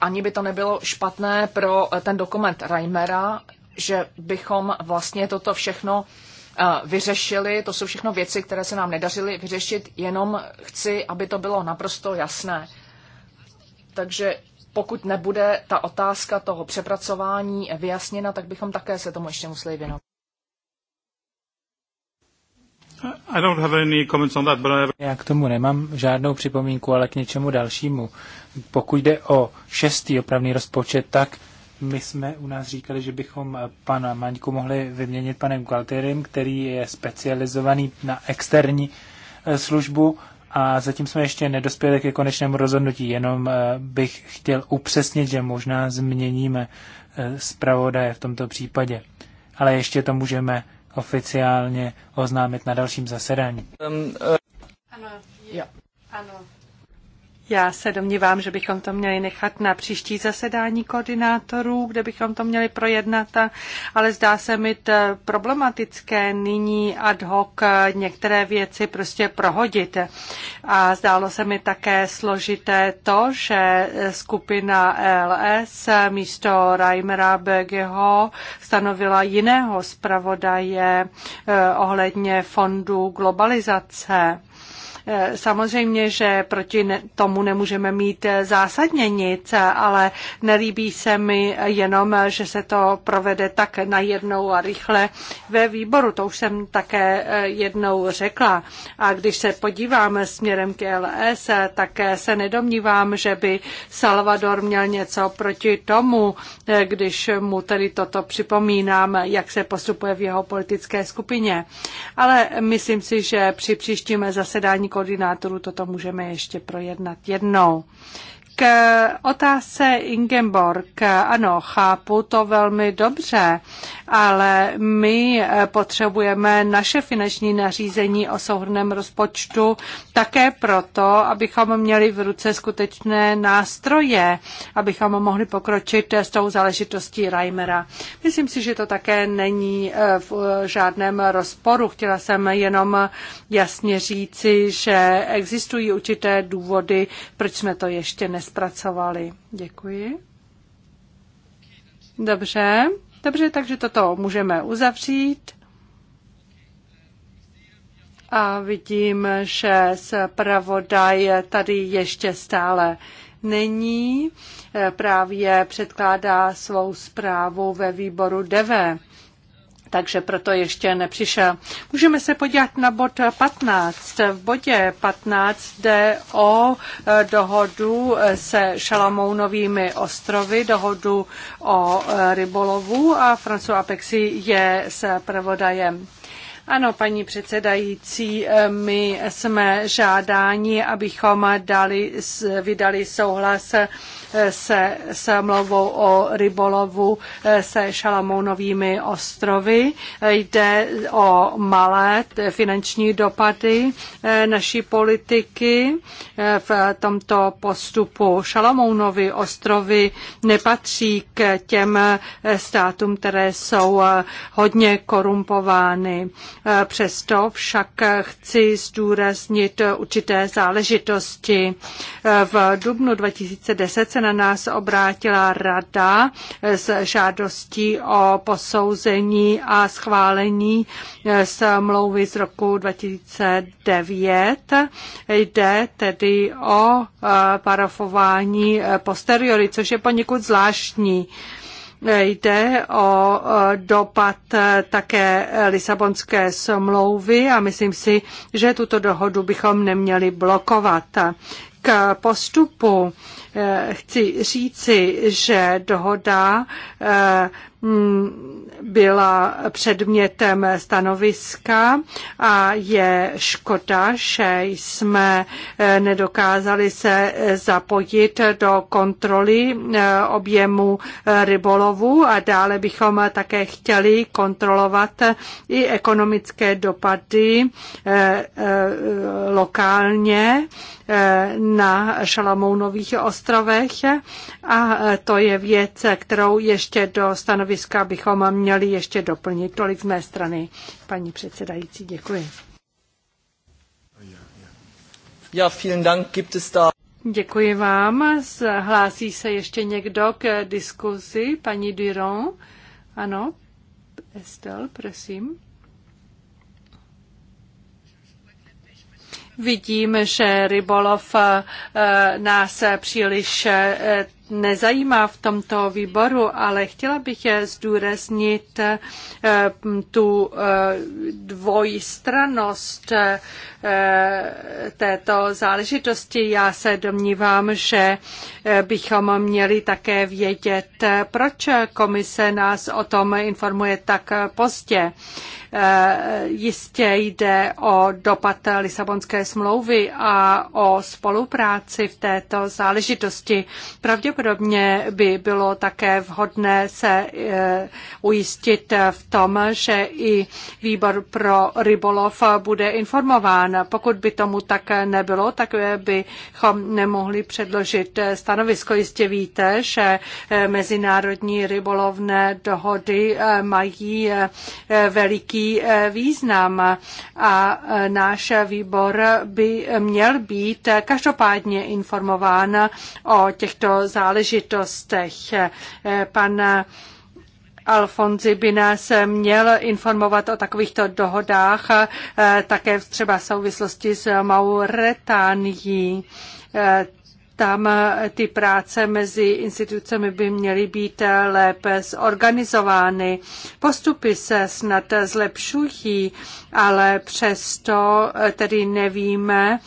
ani by to nebylo špatné pro e, ten dokument Reimera, že bychom vlastně toto všechno e, vyřešili. To jsou všechno věci, které se nám nedařily vyřešit, jenom chci, aby to bylo naprosto jasné. Takže pokud nebude ta otázka toho přepracování vyjasněna, tak bychom také se tomu ještě museli věnovat. I don't have any comments on that, but I have... Já k tomu nemám žádnou připomínku, ale k něčemu dalšímu. Pokud jde o šestý opravný rozpočet, tak my jsme u nás říkali, že bychom pana Maňku mohli vyměnit panem Gualtierem, který je specializovaný na externí eh, službu a zatím jsme ještě nedospěli ke konečnému rozhodnutí, jenom eh, bych chtěl upřesnit, že možná změníme eh, zpravodaje v tomto případě. Ale ještě to můžeme oficiálně oznámit na dalším zasedání. Um, uh... Ano, je, ano, já se domnívám, že bychom to měli nechat na příští zasedání koordinátorů, kde bychom to měli projednat, ale zdá se mi to problematické nyní ad hoc eh, některé věci prostě prohodit. A zdálo se mi také složité to, že eh, skupina LS eh, místo Reimera Bergeho stanovila jiného zpravodaje ohledně fondu globalizace. Samozřejmě, že proti tomu nemůžeme mít zásadně nic, ale nelíbí se mi jenom, že se to provede tak najednou a rychle ve výboru. To už jsem také eh, jednou řekla. A když se podíváme směrem k LS, tak eh, se nedomnívám, že by Salvador měl něco proti tomu, eh, když mu tedy toto připomínám, jak se postupuje v jeho politické skupině. Ale myslím si, že při příštím zasedání koordinátorů toto můžeme ještě projednat jednou. K otázce Ingeborg, ano, chápu to velmi dobře, ale my potřebujeme naše finanční nařízení o souhrném rozpočtu také proto, abychom měli v ruce skutečné nástroje, abychom mohli pokročit s tou záležitostí Reimera. Myslím si, že to také není eh, v eh, žádném rozporu. Chtěla jsem jenom jasně říci, že existují určité důvody, proč jsme to ještě nesli zpracovali. Děkuji. Dobře, dobře, takže toto můžeme uzavřít. A vidím, že zpravodaj tady ještě stále není. Právě předkládá svou zprávu ve výboru DEVE takže proto ještě nepřišel. Můžeme se podívat na bod 15. V bodě 15 jde o e, dohodu e, se Šalamounovými ostrovy, dohodu o e, rybolovu a Francu Apexi je s prvodajem. Ano, paní předsedající, my jsme žádáni, abychom dali, vydali souhlas se smlouvou o rybolovu eh, se Šalamounovými ostrovy. Eh, jde o malé finanční dopady eh, naší politiky v tomto postupu. Šalamounovy ostrovy nepatří k těm státům, které jsou hodně korumpovány. Přesto však chci zdůraznit určité záležitosti. V dubnu 2010 se na nás obrátila rada s žádostí o posouzení a schválení eh, smlouvy z roku 2009. Jde tedy o eh, parafování eh, posteriory, což je poněkud zvláštní. Jde o dopad také Lisabonské smlouvy a myslím si, že tuto dohodu bychom neměli blokovat. K postupu Eh, chci říci, že dohoda eh, mm, byla předmětem stanoviska a je škoda, že jsme eh, nedokázali se zapojit do kontroly objemu rybolovu a dále bychom také chtěli kontrolovat i ekonomické dopady lokálně na Šalamounových ostrovech a to je věc, kterou ještě do stanoviska bychom měli ještě doplnit. Tolik z mé strany, paní předsedající, děkuji. Ja, vielen Dank. Gibt es da Děkuji vám. Hlásí se ještě někdo k diskuzi? Paní Duron? Ano, Estel, prosím. Vidím, že rybolov eh, eh, nás příliš eh, nezajímá v tomto výboru, ale chtěla bych je zdůraznit tu dvojstranost této záležitosti. Já se domnívám, že bychom měli také vědět, proč komise nás o tom informuje tak pozdě. Eh, jistě jde o dopad Lisabonské smlouvy a o spolupráci v této záležitosti. Pravděpodobně by bylo také vhodné se eh, ujistit v tom, že i výbor pro rybolov bude informován. Pokud by tomu tak nebylo, tak bychom nemohli předložit stanovisko. Jistě víte, že eh, mezinárodní rybolovné dohody mají veliký velký eh, význam a eh, náš výbor by měl být eh, každopádně informován o těchto záležitostech. Pan Alfonzi by nás měl informovat o takovýchto dohodách, také třeba v souvislosti s Mauretánií tam eh, ty práce mezi institucemi by měly být eh, lépe zorganizovány. Postupy se snad zlepšují, ale přesto eh, tedy nevíme,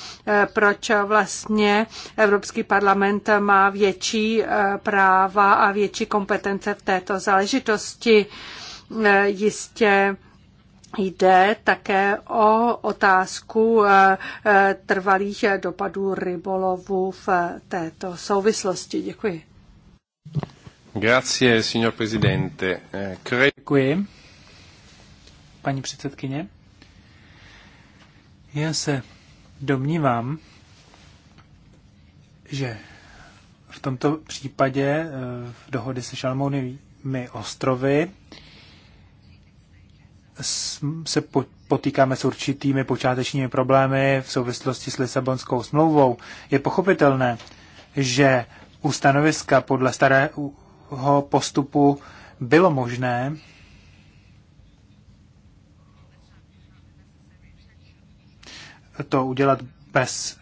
proč vlastně Evropský parlament má větší práva a větší kompetence v této záležitosti. Jistě Jde také o otázku eh, eh, trvalých dopadů rybolovu v této souvislosti. Děkuji. Grazie, signor presidente. Eh, cre... Děkuji, paní předsedkyně. Já se domnívám, že v tomto případě v dohody se Šalmounými ostrovy se potýkáme s určitými počátečními problémy v souvislosti s Lisabonskou smlouvou, je pochopitelné, že u stanoviska podle starého postupu bylo možné to udělat bez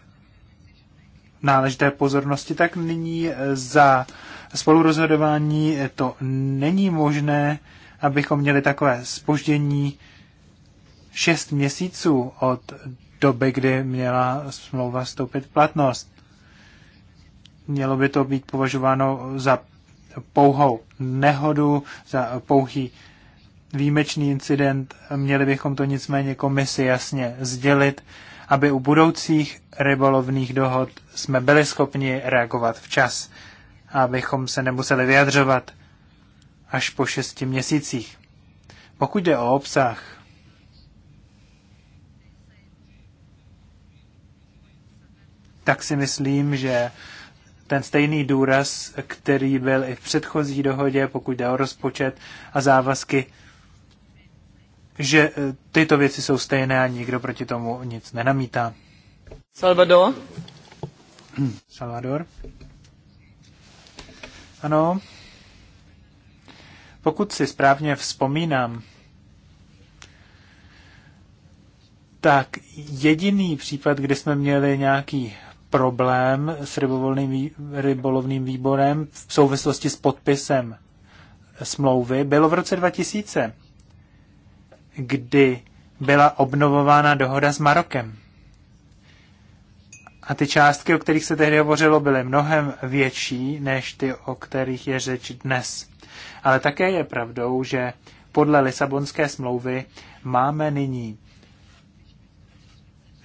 náležité pozornosti, tak nyní za spolurozhodování to není možné abychom měli takové spoždění 6 měsíců od doby, kdy měla smlouva vstoupit platnost. Mělo by to být považováno za pouhou nehodu, za pouhý výjimečný incident. Měli bychom to nicméně komisi jasně sdělit, aby u budoucích rybolovných dohod jsme byli schopni reagovat včas, abychom se nemuseli vyjadřovat až po šesti měsících. Pokud jde o obsah, tak si myslím, že ten stejný důraz, který byl i v předchozí dohodě, pokud jde o rozpočet a závazky, že e, tyto věci jsou stejné a nikdo proti tomu nic nenamítá. Salvador. Salvador. Ano, pokud si správně vzpomínám, tak jediný případ, kdy jsme měli nějaký problém s rybovolným, rybolovným výborem v souvislosti s podpisem smlouvy, bylo v roce 2000, kdy byla obnovována dohoda s Marokem. A ty částky, o kterých se tehdy hovořilo, byly mnohem větší než ty, o kterých je řeč dnes. Ale také je pravdou, že podle Lisabonské smlouvy máme nyní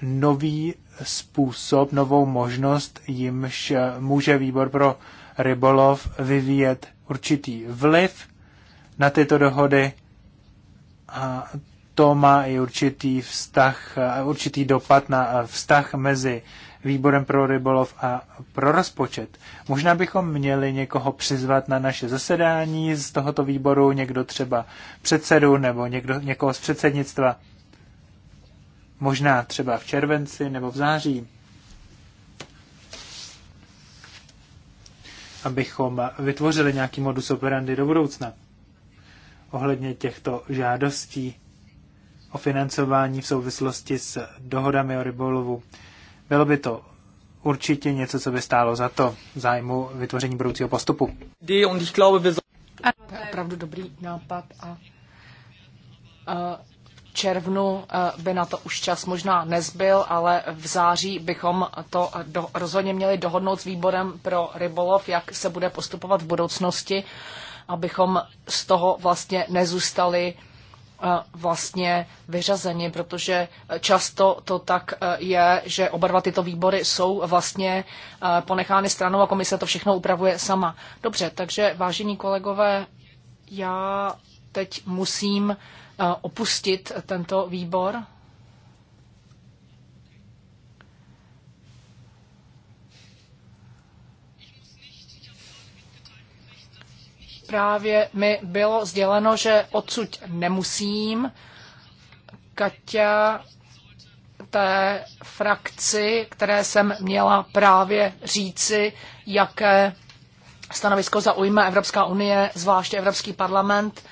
nový způsob, novou možnost, jimž může výbor pro rybolov vyvíjet určitý vliv na tyto dohody a to má i určitý vztah, určitý dopad na vztah mezi výborem pro rybolov a pro rozpočet. Možná bychom měli někoho přizvat na naše zasedání z tohoto výboru, někdo třeba předsedu nebo někdo, někoho z předsednictva. Možná třeba v červenci nebo v září. Abychom vytvořili nějaký modus operandi do budoucna ohledně těchto žádostí o financování v souvislosti s dohodami o rybolovu. Bylo by to určitě něco, co by stálo za to zájmu vytvoření budoucího postupu. To je opravdu dobrý nápad a, a červnu by na to už čas možná nezbyl, ale v září bychom to do, rozhodně měli dohodnout s výborem pro rybolov, jak se bude postupovat v budoucnosti, abychom z toho vlastně nezůstali vlastně vyřazeni, protože často to tak e, je, že oba dva tyto výbory jsou vlastně e, ponechány stranou a komise to všechno upravuje sama. Dobře, takže vážení kolegové, já teď musím e, opustit tento výbor. právě mi bylo sděleno, že odsud nemusím. Katia té frakci, které jsem měla právě říci, jaké stanovisko zaujme Evropská unie, zvláště Evropský parlament.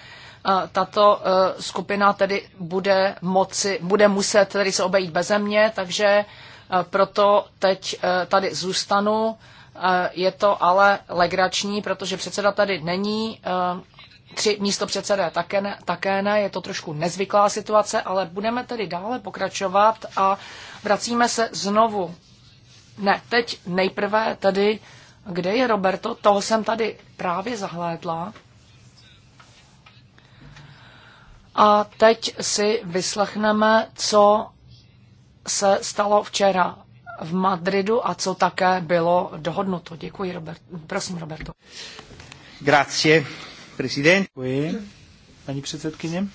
Tato e, skupina tedy bude moci, bude muset tedy se obejít bez mě, takže e, proto teď e, tady zůstanu je to ale legrační, protože předseda tady není, eh, tři místo předsedé také ne, také ne, je to trošku nezvyklá situace, ale budeme tedy dále pokračovat a vracíme se znovu. Ne, teď nejprve tedy, kde je Roberto, toho jsem tady právě zahlédla. A teď si vyslechneme, co se stalo včera v Madridu a co také bylo dohodnuto. Děkuji, Robert. Prosím, Roberto. Grazie, prezident. Děkuji, paní předsedkyně.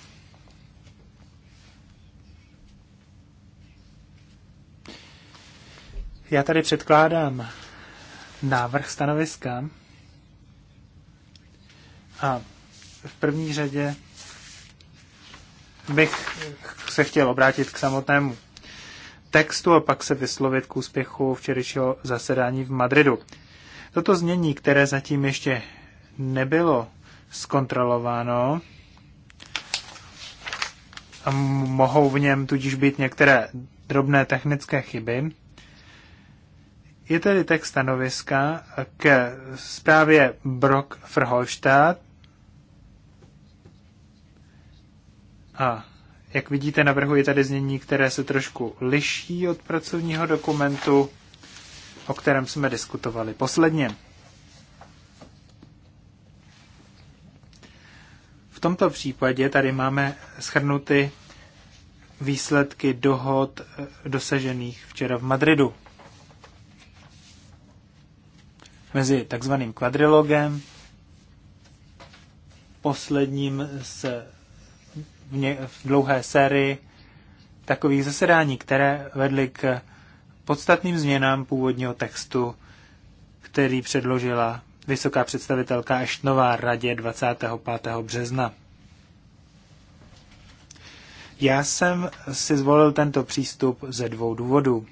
Já tady předkládám návrh stanoviska a v první řadě bych se chtěl obrátit k samotnému textu a pak se vyslovit k úspěchu včerejšího zasedání v Madridu. Toto znění, které zatím ještě nebylo zkontrolováno, a mohou v něm tudíž být některé drobné technické chyby, je tedy text stanoviska k zprávě Brock Frholstadt. a jak vidíte, navrhuji tady znění, které se trošku liší od pracovního dokumentu, o kterém jsme diskutovali posledně. V tomto případě tady máme schrnuty výsledky dohod eh, dosažených včera v Madridu. Mezi takzvaným kvadrilogem, posledním se v, ně, v dlouhé sérii takových zasedání, které vedly k podstatným změnám původního textu, který předložila vysoká představitelka Eštnová radě 25. března. Já jsem si zvolil tento přístup ze dvou důvodů.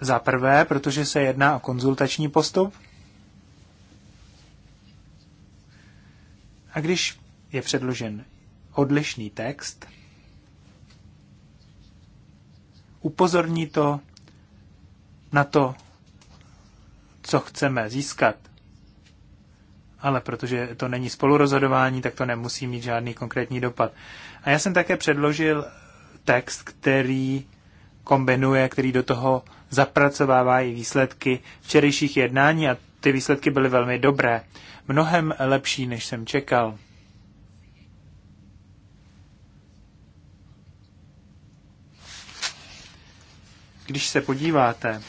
Za prvé, protože se jedná o konzultační postup, A když je předložen odlišný text, upozorní to na to, co chceme získat. Ale protože to není spolurozhodování, tak to nemusí mít žádný konkrétní dopad. A já jsem také předložil text, který kombinuje, který do toho zapracovává i výsledky včerejších jednání a ty výsledky byly velmi dobré. Mnohem lepší, než jsem čekal. Když se podíváte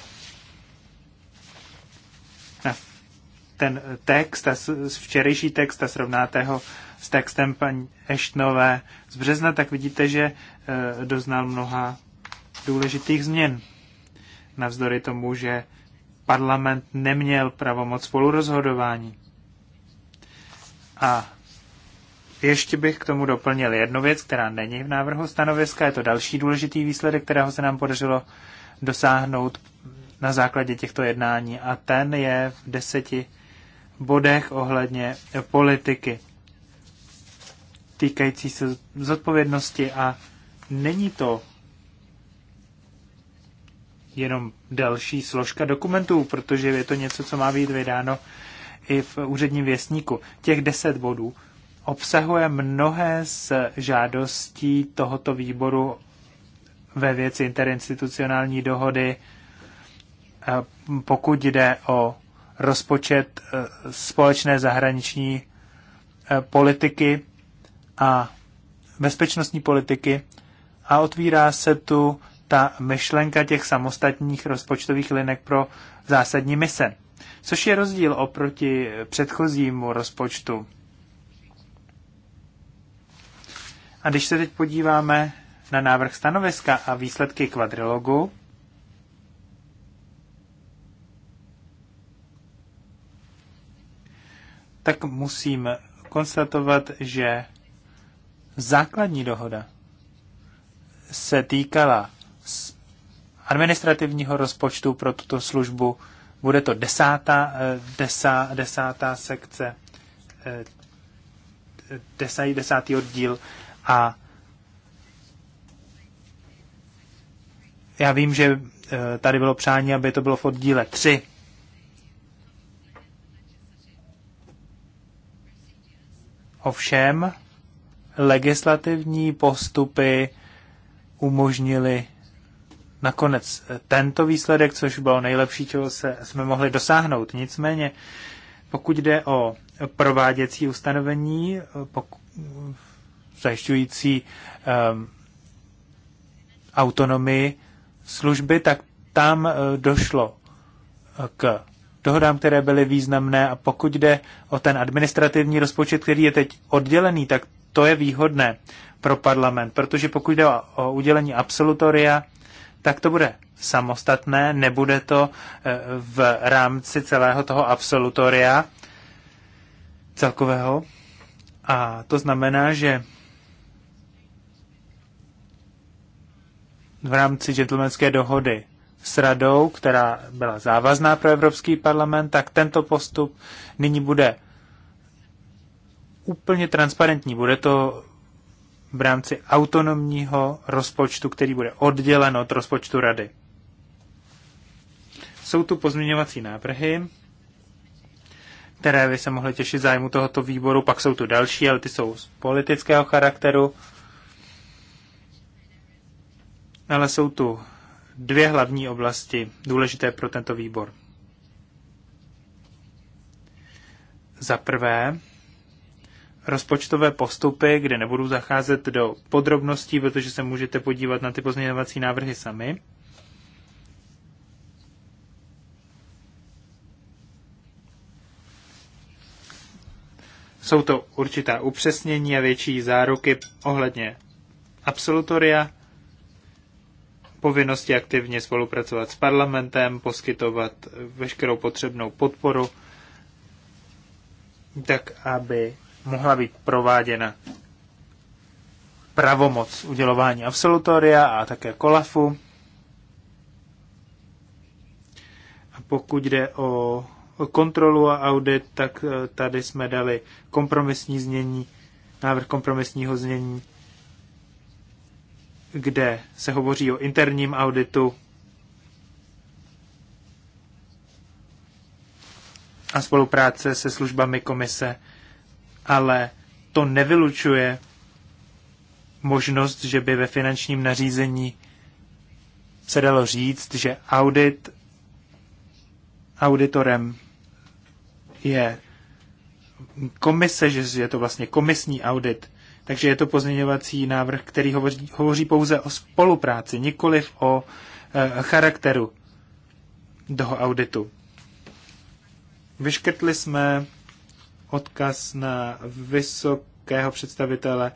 na ten text, včerejší text a srovnáte ho s textem paní Eštnové z března, tak vidíte, že eh, doznal mnoha důležitých změn. Navzdory tomu, že parlament neměl pravomoc spolurozhodování. A ještě bych k tomu doplnil jednu věc, která není v návrhu stanoviska. Je to další důležitý výsledek, kterého se nám podařilo dosáhnout na základě těchto jednání. A ten je v deseti bodech ohledně politiky týkající se zodpovědnosti a není to jenom další složka dokumentů, protože je to něco, co má být vydáno i v úředním věstníku. Těch deset bodů obsahuje mnohé z žádostí tohoto výboru ve věci interinstitucionální dohody, e, pokud jde o rozpočet e, společné zahraniční e, politiky a bezpečnostní politiky a otvírá se tu ta myšlenka těch samostatních rozpočtových linek pro zásadní mise, což je rozdíl oproti předchozímu rozpočtu. A když se teď podíváme na návrh stanoviska a výsledky kvadrilogu, tak musím konstatovat, že základní dohoda se týkala administrativního rozpočtu pro tuto službu. Bude to desátá, eh, desá, desátá sekce, eh, desátý, desátý oddíl a já vím, že eh, tady bylo přání, aby to bylo v oddíle 3. Ovšem, legislativní postupy umožnili nakonec eh, tento výsledek, což bylo nejlepší, čeho se, jsme mohli dosáhnout. Nicméně, pokud jde o prováděcí ustanovení, eh, poku, zajišťující um, autonomii služby, tak tam eh, došlo k dohodám, které byly významné a pokud jde o ten administrativní rozpočet, který je teď oddělený, tak to je výhodné pro parlament, protože pokud jde o udělení absolutoria, tak to bude samostatné, nebude to e, v rámci celého toho absolutoria celkového. A to znamená, že v rámci gentlemanské dohody s radou, která byla závazná pro Evropský parlament, tak tento postup nyní bude úplně transparentní. Bude to v rámci autonomního rozpočtu, který bude oddělen od rozpočtu rady. Jsou tu pozměňovací návrhy, které by se mohly těšit zájmu tohoto výboru, pak jsou tu další, ale ty jsou z politického charakteru. Ale jsou tu dvě hlavní oblasti důležité pro tento výbor. Za prvé, rozpočtové postupy, kde nebudu zacházet do podrobností, protože se můžete podívat na ty pozměňovací návrhy sami. Jsou to určitá upřesnění a větší záruky ohledně absolutoria, povinnosti aktivně spolupracovat s parlamentem, poskytovat veškerou potřebnou podporu, tak aby mohla být prováděna pravomoc udělování absolutoria a také kolafu. A pokud jde o kontrolu a audit, tak eh, tady jsme dali kompromisní znění, návrh kompromisního znění, kde se hovoří o interním auditu a spolupráce se službami komise ale to nevylučuje možnost, že by ve finančním nařízení se dalo říct, že audit auditorem je komise, že je to vlastně komisní audit. Takže je to pozměňovací návrh, který hovoří, hovoří pouze o spolupráci, nikoliv o e, charakteru toho auditu. Vyškrtli jsme odkaz na vysokého představitele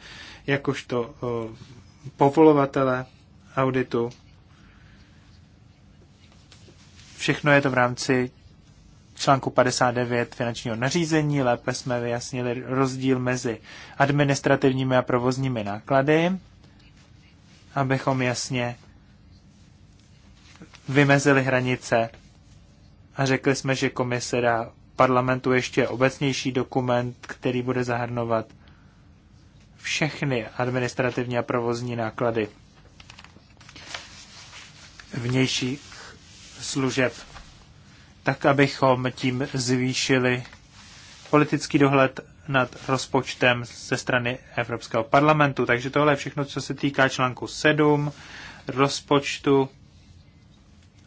jakožto povolovatele auditu. Všechno je to v rámci článku 59 finančního nařízení. Lépe jsme vyjasnili rozdíl mezi administrativními a provozními náklady, abychom jasně vymezili hranice a řekli jsme, že komise dá parlamentu ještě obecnější dokument, který bude zahrnovat všechny administrativní a provozní náklady vnějších služeb, tak abychom tím zvýšili politický dohled nad rozpočtem ze strany Evropského parlamentu. Takže tohle je všechno, co se týká článku 7, rozpočtu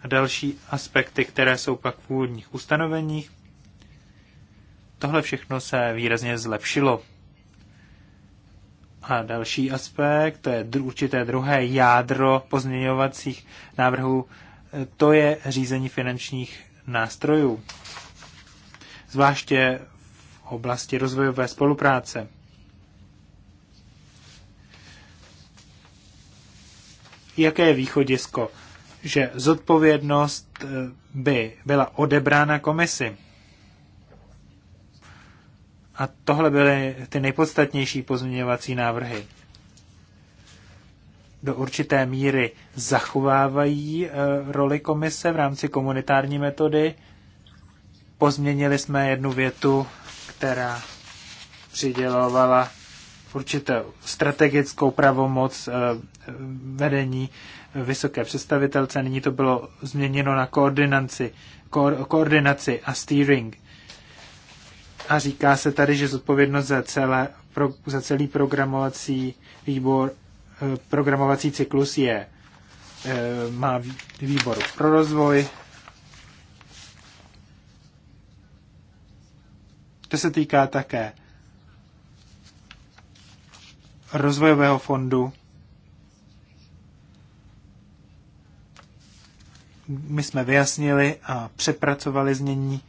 a další aspekty, které jsou pak v původních ustanoveních. Tohle všechno se výrazně zlepšilo. A další aspekt, to je určité druhé jádro pozměňovacích návrhů, to je řízení finančních nástrojů, zvláště v oblasti rozvojové spolupráce. Jaké je východisko? Že zodpovědnost eh, by byla odebrána komisi. A tohle byly ty nejpodstatnější pozměňovací návrhy. Do určité míry zachovávají e, roli komise v rámci komunitární metody. Pozměnili jsme jednu větu, která přidělovala určitě strategickou pravomoc e, vedení vysoké představitelce. Nyní to bylo změněno na koordinaci, ko- koordinaci a steering. A říká se tady, že zodpovědnost za, celé, pro, za celý programovací výbor, eh, programovací cyklus je, eh, má výbor pro rozvoj. To se týká také rozvojového fondu. My jsme vyjasnili a přepracovali znění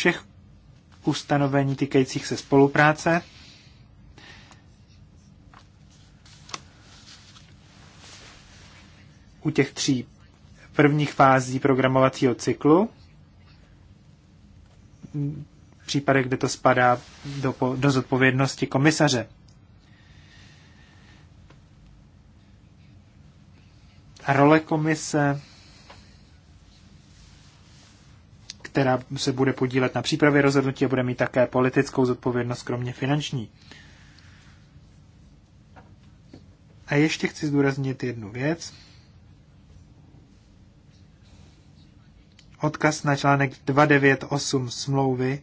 všech ustanovení týkajících se spolupráce. U těch tří prvních fází programovacího cyklu, v případech, kde to spadá do, do zodpovědnosti komisaře. Role komise která se bude podílet na přípravě rozhodnutí a bude mít také politickou zodpovědnost, kromě finanční. A ještě chci zdůraznit jednu věc. Odkaz na článek 298 smlouvy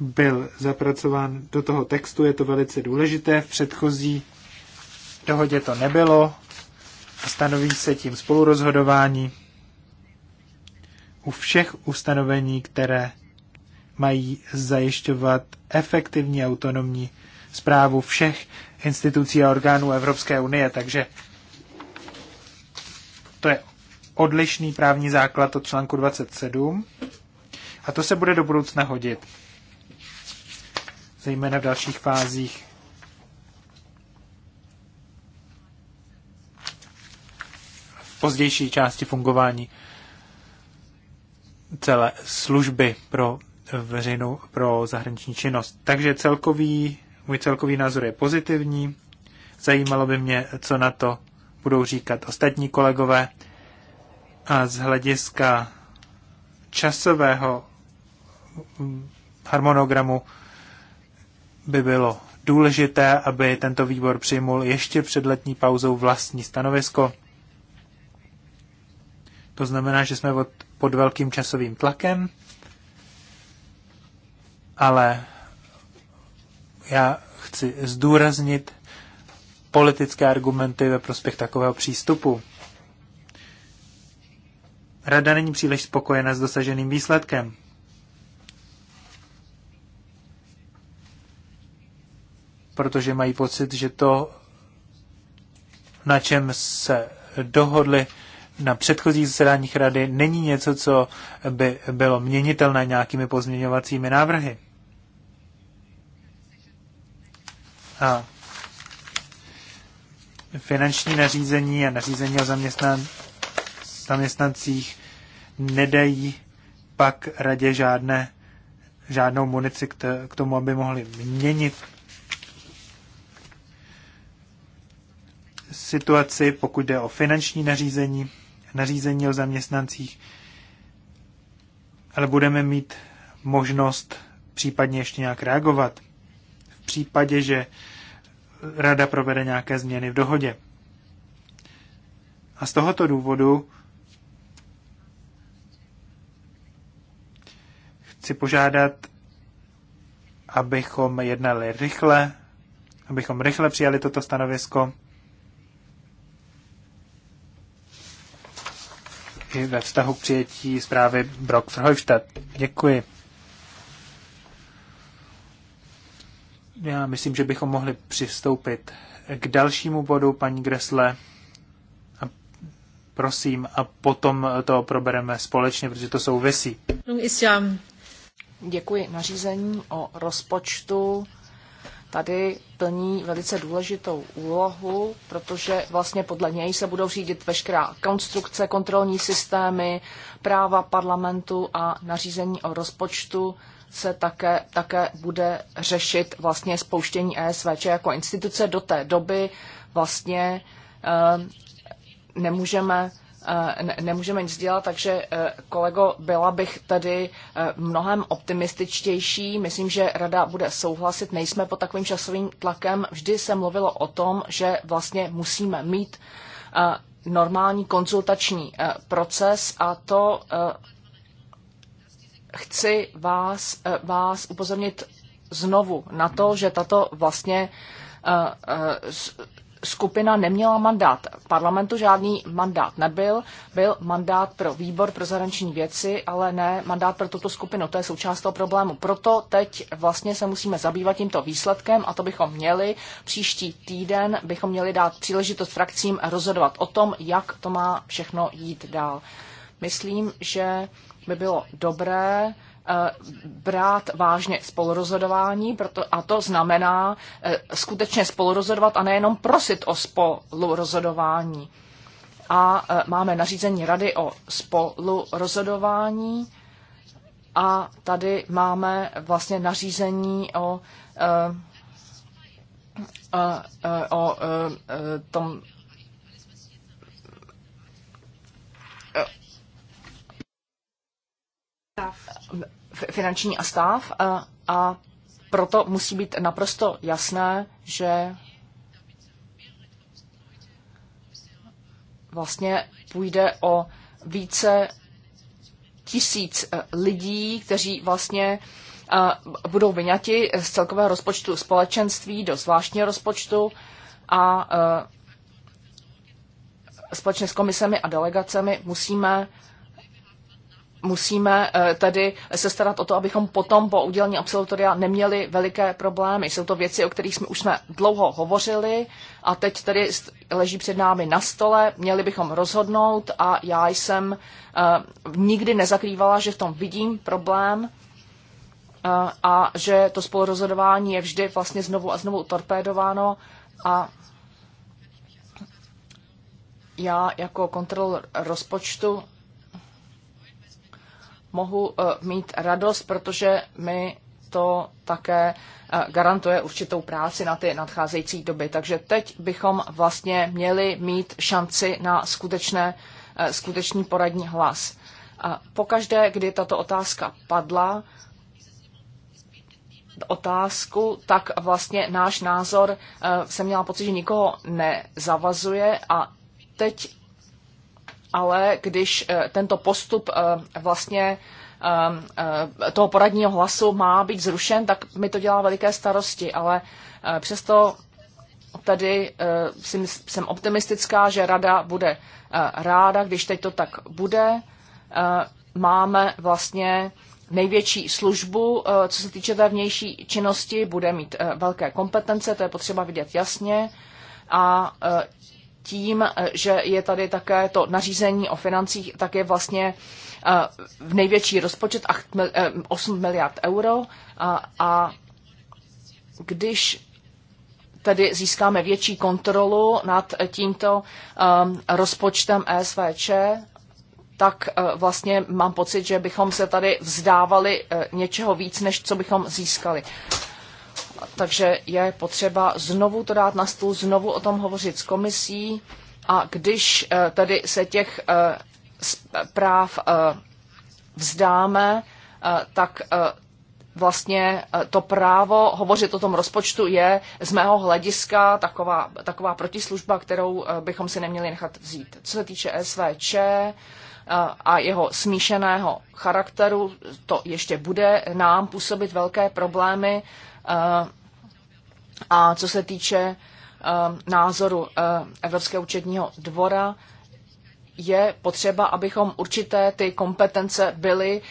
byl zapracován do toho textu, je to velice důležité. V předchozí dohodě to nebylo stanoví se tím spolurozhodování u všech ustanovení, které mají zajišťovat efektivní autonomní zprávu všech institucí a orgánů Evropské unie. Takže to je odlišný právní základ od článku 27 a to se bude do budoucna hodit, zejména v dalších fázích. pozdější části fungování celé služby pro veřejnou, pro zahraniční činnost. Takže celkový, můj celkový názor je pozitivní. Zajímalo by mě, co na to budou říkat ostatní kolegové. A z hlediska časového harmonogramu by bylo důležité, aby tento výbor přijmul ještě před letní pauzou vlastní stanovisko. To znamená, že jsme od pod velkým časovým tlakem, ale já chci zdůraznit politické argumenty ve prospěch takového přístupu. Rada není příliš spokojena s dosaženým výsledkem. Protože mají pocit, že to, na čem se dohodli, na předchozích zasedáních rady není něco, co by bylo měnitelné nějakými pozměňovacími návrhy. A finanční nařízení a nařízení o zaměstnan- zaměstnancích nedají pak radě žádné, žádnou munici k, t- k tomu, aby mohli měnit situaci, pokud jde o finanční nařízení nařízení o zaměstnancích, ale budeme mít možnost případně ještě nějak reagovat v případě, že rada provede nějaké změny v dohodě. A z tohoto důvodu chci požádat, abychom jednali rychle, abychom rychle přijali toto stanovisko i ve vztahu k přijetí zprávy Brock Verhofstadt. Děkuji. Já myslím, že bychom mohli přistoupit k dalšímu bodu, paní Gresle. A prosím, a potom to probereme společně, protože to souvisí. Děkuji. Nařízení o rozpočtu tady plní velice důležitou úlohu, protože vlastně podle něj se budou řídit veškerá konstrukce, kontrolní systémy, práva parlamentu a nařízení o rozpočtu se také, také bude řešit vlastně spouštění ESVČ jako instituce. Do té doby vlastně e, nemůžeme Eh, ne, nemůžeme nic dělat, takže eh, kolego, byla bych tady eh, mnohem optimističtější. Myslím, že rada bude souhlasit. Nejsme pod takovým časovým tlakem. Vždy se mluvilo o tom, že vlastně musíme mít normální konzultační proces a to chci vás, vás upozornit znovu na to, že tato vlastně skupina neměla mandát. Parlamentu žádný mandát nebyl, byl mandát pro výbor pro zahraniční věci, ale ne mandát pro tuto skupinu. To je součást toho problému. Proto teď vlastně se musíme zabývat tímto výsledkem a to bychom měli. Příští týden bychom měli dát příležitost frakcím rozhodovat o tom, jak to má všechno jít dál. Myslím, že by bylo dobré Eh, brát vážně spolurozhodování, proto, a to znamená eh, skutečně spolurozhodovat a nejenom prosit o spolurozhodování. A eh, máme nařízení rady o spolurozhodování a tady máme vlastně nařízení o, o, o, o tom finanční a stav a, a proto musí být naprosto jasné, že vlastně půjde o více tisíc e, lidí, kteří vlastně e, budou vyňati z celkového rozpočtu společenství do zvláštního rozpočtu a e, společně s komisemi a delegacemi musíme musíme eh, tedy se starat o to, abychom potom po udělení absolutoria neměli veliké problémy. Jsou to věci, o kterých jsme už jsme dlouho hovořili a teď tedy leží před námi na stole, měli bychom rozhodnout a já jsem uh, nikdy nezakrývala, že v tom vidím problém uh, a že to spolurozhodování je vždy vlastně znovu a znovu torpédováno a já jako kontrol rozpočtu mohu eh, mít radost, protože mi to také eh, garantuje určitou práci na ty nadcházející doby. Takže teď bychom vlastně měli mít šanci na skutečné, eh, skutečný poradní hlas. A pokaždé, kdy tato otázka padla, otázku, tak vlastně náš názor jsem měla pocit, že nikoho nezavazuje a teď ale když eh, tento postup eh, vlastně eh, toho poradního hlasu má být zrušen, tak mi to dělá veliké starosti, ale přesto tady jsem, jsem optimistická, že rada bude ráda, když teď to tak bude. Máme vlastně největší službu, co se týče té vnější činnosti, bude mít velké kompetence, to je potřeba vidět jasně. A tím, eh, že je tady také to nařízení o financích, tak je vlastně eh, v největší rozpočet 8 eh, miliard euro a, a když tedy získáme větší kontrolu nad tímto rozpočtem ESVČ, tak vlastně mám pocit, že bychom se tady vzdávali něčeho víc, než co bychom získali takže je potřeba znovu to dát na stůl, znovu o tom hovořit s komisí a když eh, tady se těch eh, práv eh, vzdáme, tak vlastně to právo hovořit o tom rozpočtu je z mého hlediska taková, taková protislužba, kterou bychom si neměli nechat vzít. Co se týče SVČ a jeho smíšeného charakteru, to ještě bude nám působit velké problémy Eh, a co se týče eh, názoru eh, Evropského účetního dvora, je potřeba, abychom určité ty kompetence byly,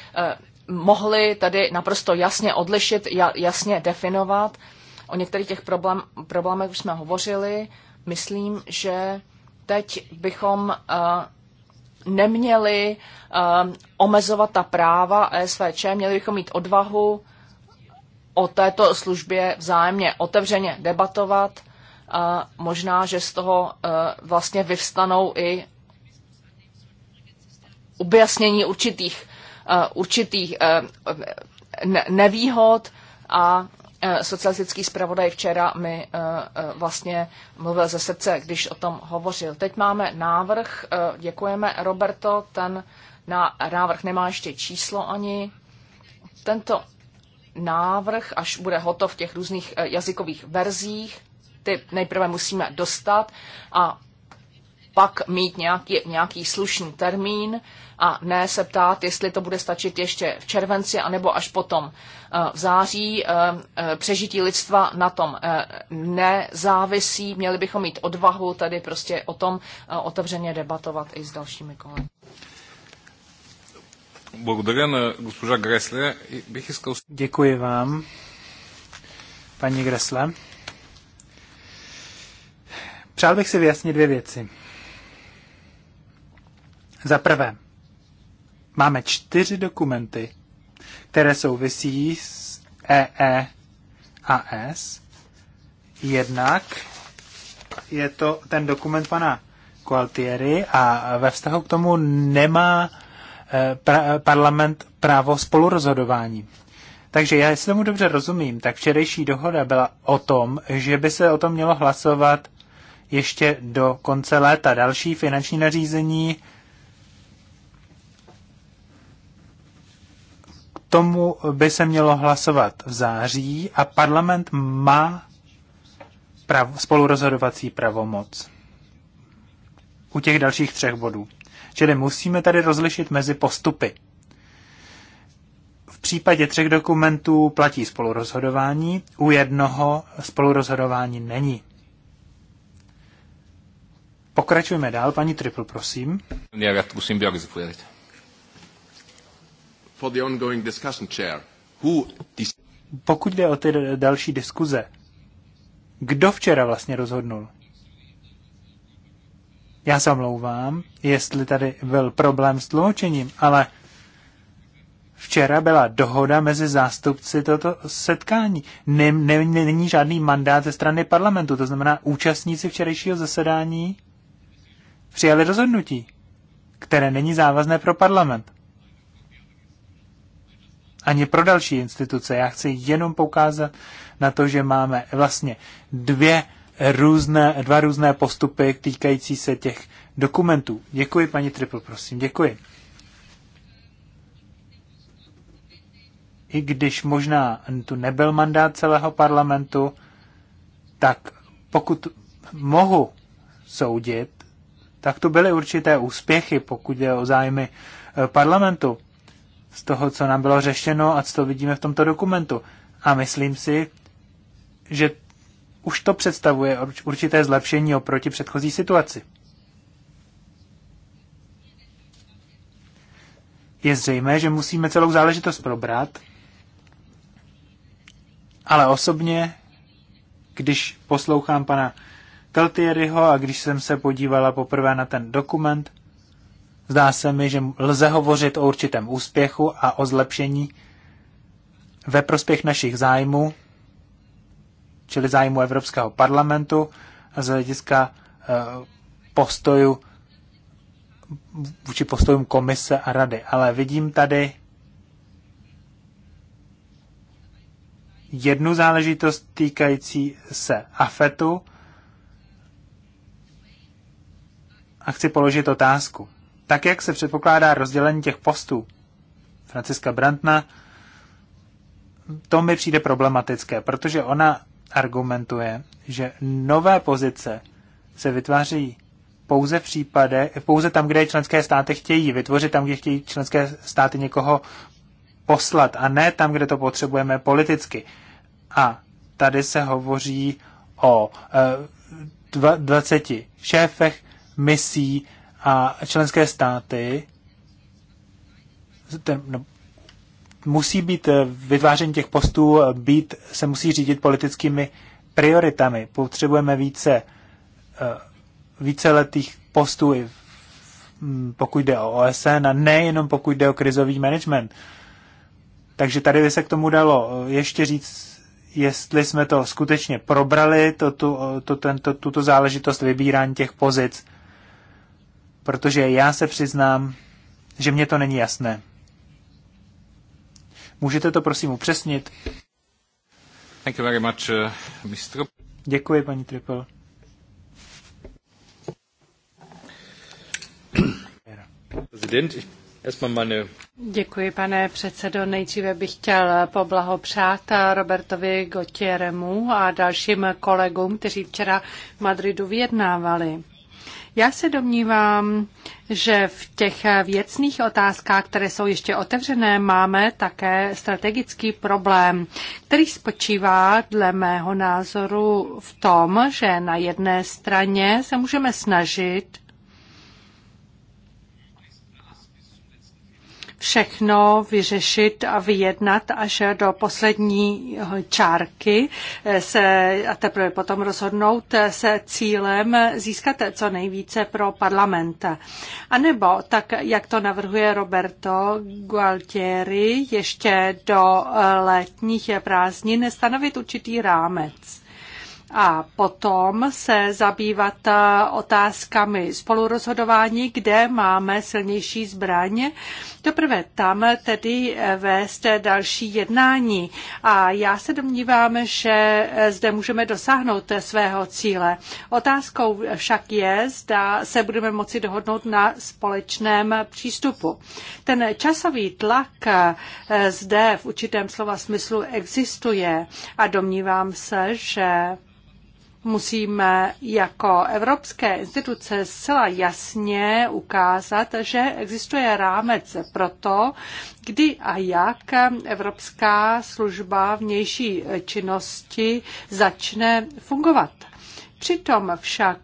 mohli tady naprosto jasně odlišit, jasně definovat. O některých těch problém, problémech už jsme hovořili. Myslím, že teď bychom neměli omezovat ta práva ESVČ, měli bychom mít odvahu o této službě vzájemně otevřeně debatovat. A možná, že z toho e, vlastně vyvstanou i objasnění určitých, e, určitých e, nevýhod a socialistický zpravodaj včera mi vlastně mluvil ze srdce, když o tom hovořil. Teď máme návrh, děkujeme Roberto, ten na návrh nemá ještě číslo ani. Tento návrh, až bude hotov v těch různých eh, jazykových verzích. Ty nejprve musíme dostat a pak mít nějaký, nějaký slušný termín a ne se ptát, jestli to bude stačit ještě v červenci, anebo až potom eh, v září. Eh, přežití lidstva na tom nezávisí. Měli bychom mít odvahu tady prostě o tom otevřeně debatovat i s dalšími kolegy. Děkuji vám, paní Gresle. Přál bych si vyjasnit dvě věci. Za prvé, máme čtyři dokumenty, které souvisí s EE e a S. Jednak je to ten dokument pana Kualtieri a ve vztahu k tomu nemá Eh, pra, parlament právo spolurozhodování. Takže já, jestli tomu dobře rozumím, tak včerejší dohoda byla o tom, že by se o tom mělo hlasovat ještě do konce léta. Další finanční nařízení k tomu by se mělo hlasovat v září a parlament má prav, spolurozhodovací pravomoc u těch dalších třech bodů. Čili musíme tady rozlišit mezi postupy. V případě třech dokumentů platí spolurozhodování, u jednoho spolurozhodování není. Pokračujeme dál, paní Triple, prosím. Já musím Björk For the ongoing discussion chair, who Pokud jde o ty další diskuze, kdo včera vlastně rozhodnul? Já se omlouvám, jestli tady byl problém s tlumočením, ale včera byla dohoda mezi zástupci toto setkání. Ne není žádný mandát ze strany parlamentu, to znamená účastníci včerejšího zasedání přijali rozhodnutí, které není závazné pro parlament. Ani pro další instituce. Já chci jenom poukázat na to, že máme vlastně dvě různé, dva různé postupy týkající se těch dokumentů. Děkuji, paní Triple, prosím, děkuji. I když možná tu nebyl mandát celého parlamentu, tak pokud mohu soudit, tak tu byly určité úspěchy, pokud je o zájmy eh, parlamentu, z toho, co nám bylo řešeno a co vidíme v tomto dokumentu. A myslím si, že už to představuje určité zlepšení oproti předchozí situaci. Je zřejmé, že musíme celou záležitost probrat, ale osobně, když poslouchám pana Teltieriho a když jsem se podívala poprvé na ten dokument, zdá se mi, že lze hovořit o určitém úspěchu a o zlepšení ve prospěch našich zájmů čili zájmu Evropského parlamentu a z hlediska e, postoju vůči postojům komise a rady. Ale vidím tady jednu záležitost týkající se AFETu a chci položit otázku. Tak, jak se předpokládá rozdělení těch postů Franciska Brantna, to mi přijde problematické, protože ona argumentuje, že nové pozice se vytváří pouze v případe, pouze tam, kde členské státy chtějí vytvořit, tam, kde chtějí členské státy někoho poslat a ne tam, kde to potřebujeme politicky. A tady se hovoří o e, 20 šéfech misí a členské státy ten, no, musí být eh, vytváření těch postů, eh, být, se musí řídit politickými prioritami. Potřebujeme více eh, víceletých postů, mm, pokud jde o OSN a nejenom pokud jde o krizový management. Takže tady by se k tomu dalo ještě říct, jestli jsme to skutečně probrali, to, tu, to, to, tuto záležitost vybírání těch pozic, protože já se přiznám, že mě to není jasné. Můžete to prosím upřesnit? Thank you very much, uh, Mr. Děkuji, paní Triple. Prezident, Děkuji, pane předsedo. Nejdříve bych chtěl poblahopřát Robertovi Gotieremu a dalším kolegům, kteří včera v Madridu vyjednávali. Já se domnívám, že v těch věcných otázkách, které jsou ještě otevřené, máme také strategický problém, který spočívá dle mého názoru v tom, že na jedné straně se můžeme snažit všechno vyřešit a vyjednat až do poslední čárky eh, se, a teprve potom rozhodnout se cílem získat co nejvíce pro parlament. A nebo, tak jak to navrhuje Roberto Gualtieri, ještě do letních prázdnin stanovit určitý rámec a potom se zabývat eh, otázkami spolurozhodování, kde máme silnější zbraň. Teprve tam tedy eh, vést další jednání. A já se domnívám, že eh, zde můžeme dosáhnout svého cíle. Otázkou však je, zda se budeme moci dohodnout na společném přístupu. Ten časový tlak zde v určitém slova smyslu existuje a domnívám se, že Musíme jako evropské instituce zcela jasně ukázat, že existuje rámec pro to, kdy a jak Evropská služba vnější činnosti začne fungovat. Přitom však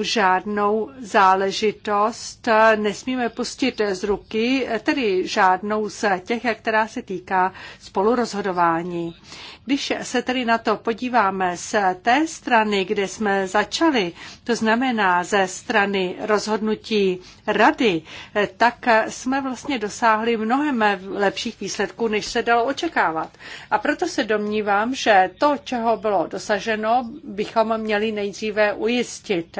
žádnou záležitost nesmíme pustit z ruky, tedy žádnou z těch, která se týká spolurozhodování. Když se tedy na to podíváme z té strany, kde jsme začali, to znamená ze strany rozhodnutí rady, tak jsme vlastně dosáhli mnohem lepších výsledků, než se dalo očekávat. A proto se domnívám, že to, čeho bylo dosaženo, bychom měli nejdříve ujistit.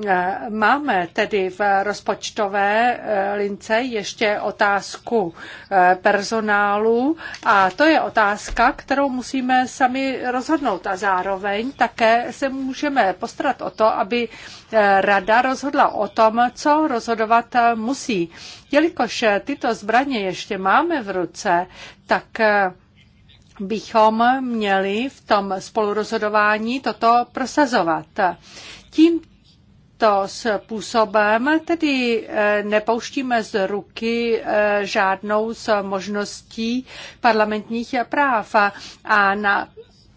Eh, máme tedy v rozpočtové eh, lince ještě otázku eh, personálu a to je otázka, kterou musíme sami rozhodnout a zároveň také se můžeme postarat o to, aby rada rozhodla o tom, co rozhodovat musí. Jelikož tyto zbraně ještě máme v ruce, tak bychom měli v tom spolurozhodování toto prosazovat. Tím tímto způsobem tedy eh, nepouštíme z ruky eh, žádnou z možností parlamentních práv a na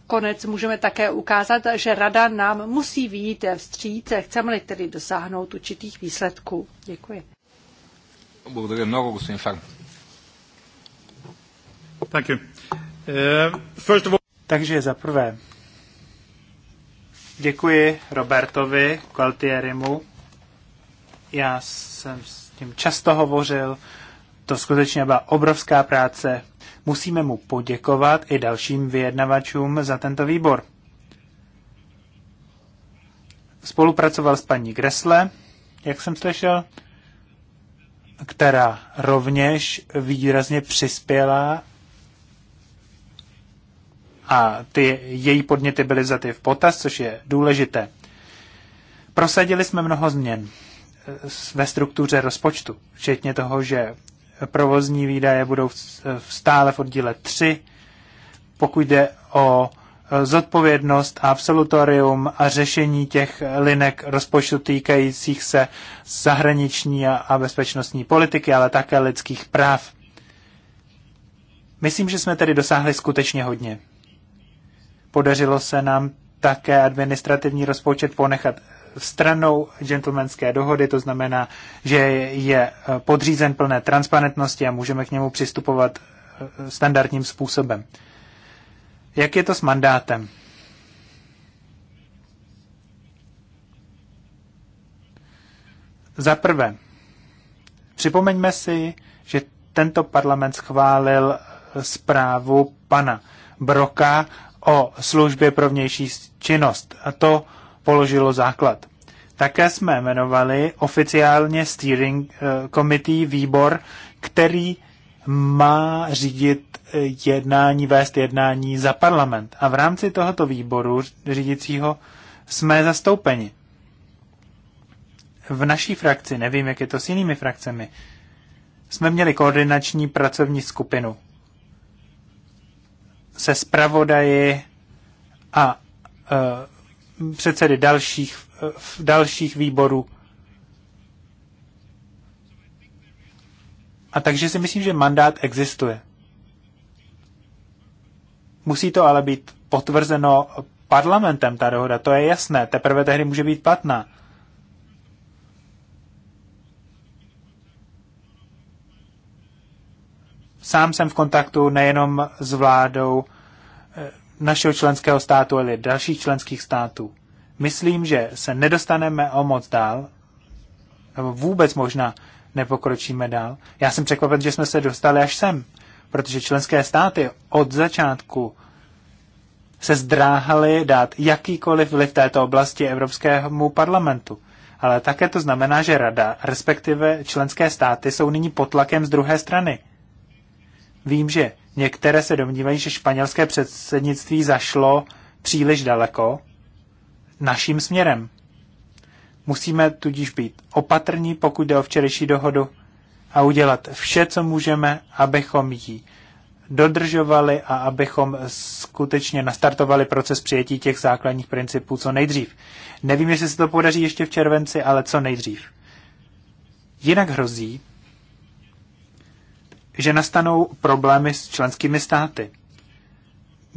Konec můžeme také ukázat, že rada nám musí výjít vstříc, chceme-li tedy dosáhnout určitých výsledků. Děkuji. Děkuji. много, господин Фарм. Eh, Takže za prvé, Děkuji Robertovi Gualtierimu. Já jsem s ním často hovořil. To skutečně byla obrovská práce. Musíme mu poděkovat i dalším vyjednavačům za tento výbor. Spolupracoval s paní Gresle, jak jsem slyšel, která rovněž výrazně přispěla a ty její podněty byly vzaty v potaz, což je důležité. Prosadili jsme mnoho změn eh, ve struktuře rozpočtu, včetně toho, že provozní výdaje budou eh, stále v oddíle 3, pokud jde o eh, zodpovědnost a absolutorium a řešení těch linek rozpočtu týkajících se zahraniční a bezpečnostní politiky, ale také lidských práv. Myslím, že jsme tedy dosáhli skutečně hodně. Podařilo se nám také administrativní rozpočet ponechat stranou gentlemanské dohody, to znamená, že je eh, podřízen plné transparentnosti a můžeme k němu přistupovat eh, standardním způsobem. Jak je to s mandátem? Za prvé, připomeňme si, že tento parlament schválil eh, zprávu pana Broka o službě pro vnější činnost a to položilo základ. Také jsme jmenovali oficiálně steering committee eh, výbor, který má řídit eh, jednání, vést jednání za parlament. A v rámci tohoto výboru řídícího jsme zastoupeni. V naší frakci, nevím, jak je to s jinými frakcemi, jsme měli koordinační pracovní skupinu se zpravodaji a uh, předsedy dalších, uh, dalších výborů. A takže si myslím, že mandát existuje. Musí to ale být potvrzeno parlamentem, ta dohoda, to je jasné, teprve tehdy může být platná. sám jsem v kontaktu nejenom s vládou eh, našeho členského státu, ale dalších členských států. Myslím, že se nedostaneme o moc dál, nebo vůbec možná nepokročíme dál. Já jsem překvapen, že jsme se dostali až sem, protože členské státy od začátku se zdráhaly dát jakýkoliv vliv této oblasti Evropskému parlamentu. Ale také to znamená, že rada, respektive členské státy, jsou nyní pod tlakem z druhé strany – Vím, že některé se domnívají, že španělské předsednictví zašlo příliš daleko naším směrem. Musíme tudíž být opatrní, pokud jde o včerejší dohodu a udělat vše, co můžeme, abychom ji dodržovali a abychom skutečně nastartovali proces přijetí těch základních principů co nejdřív. Nevím, jestli se to podaří ještě v červenci, ale co nejdřív. Jinak hrozí, že nastanou problémy s členskými státy,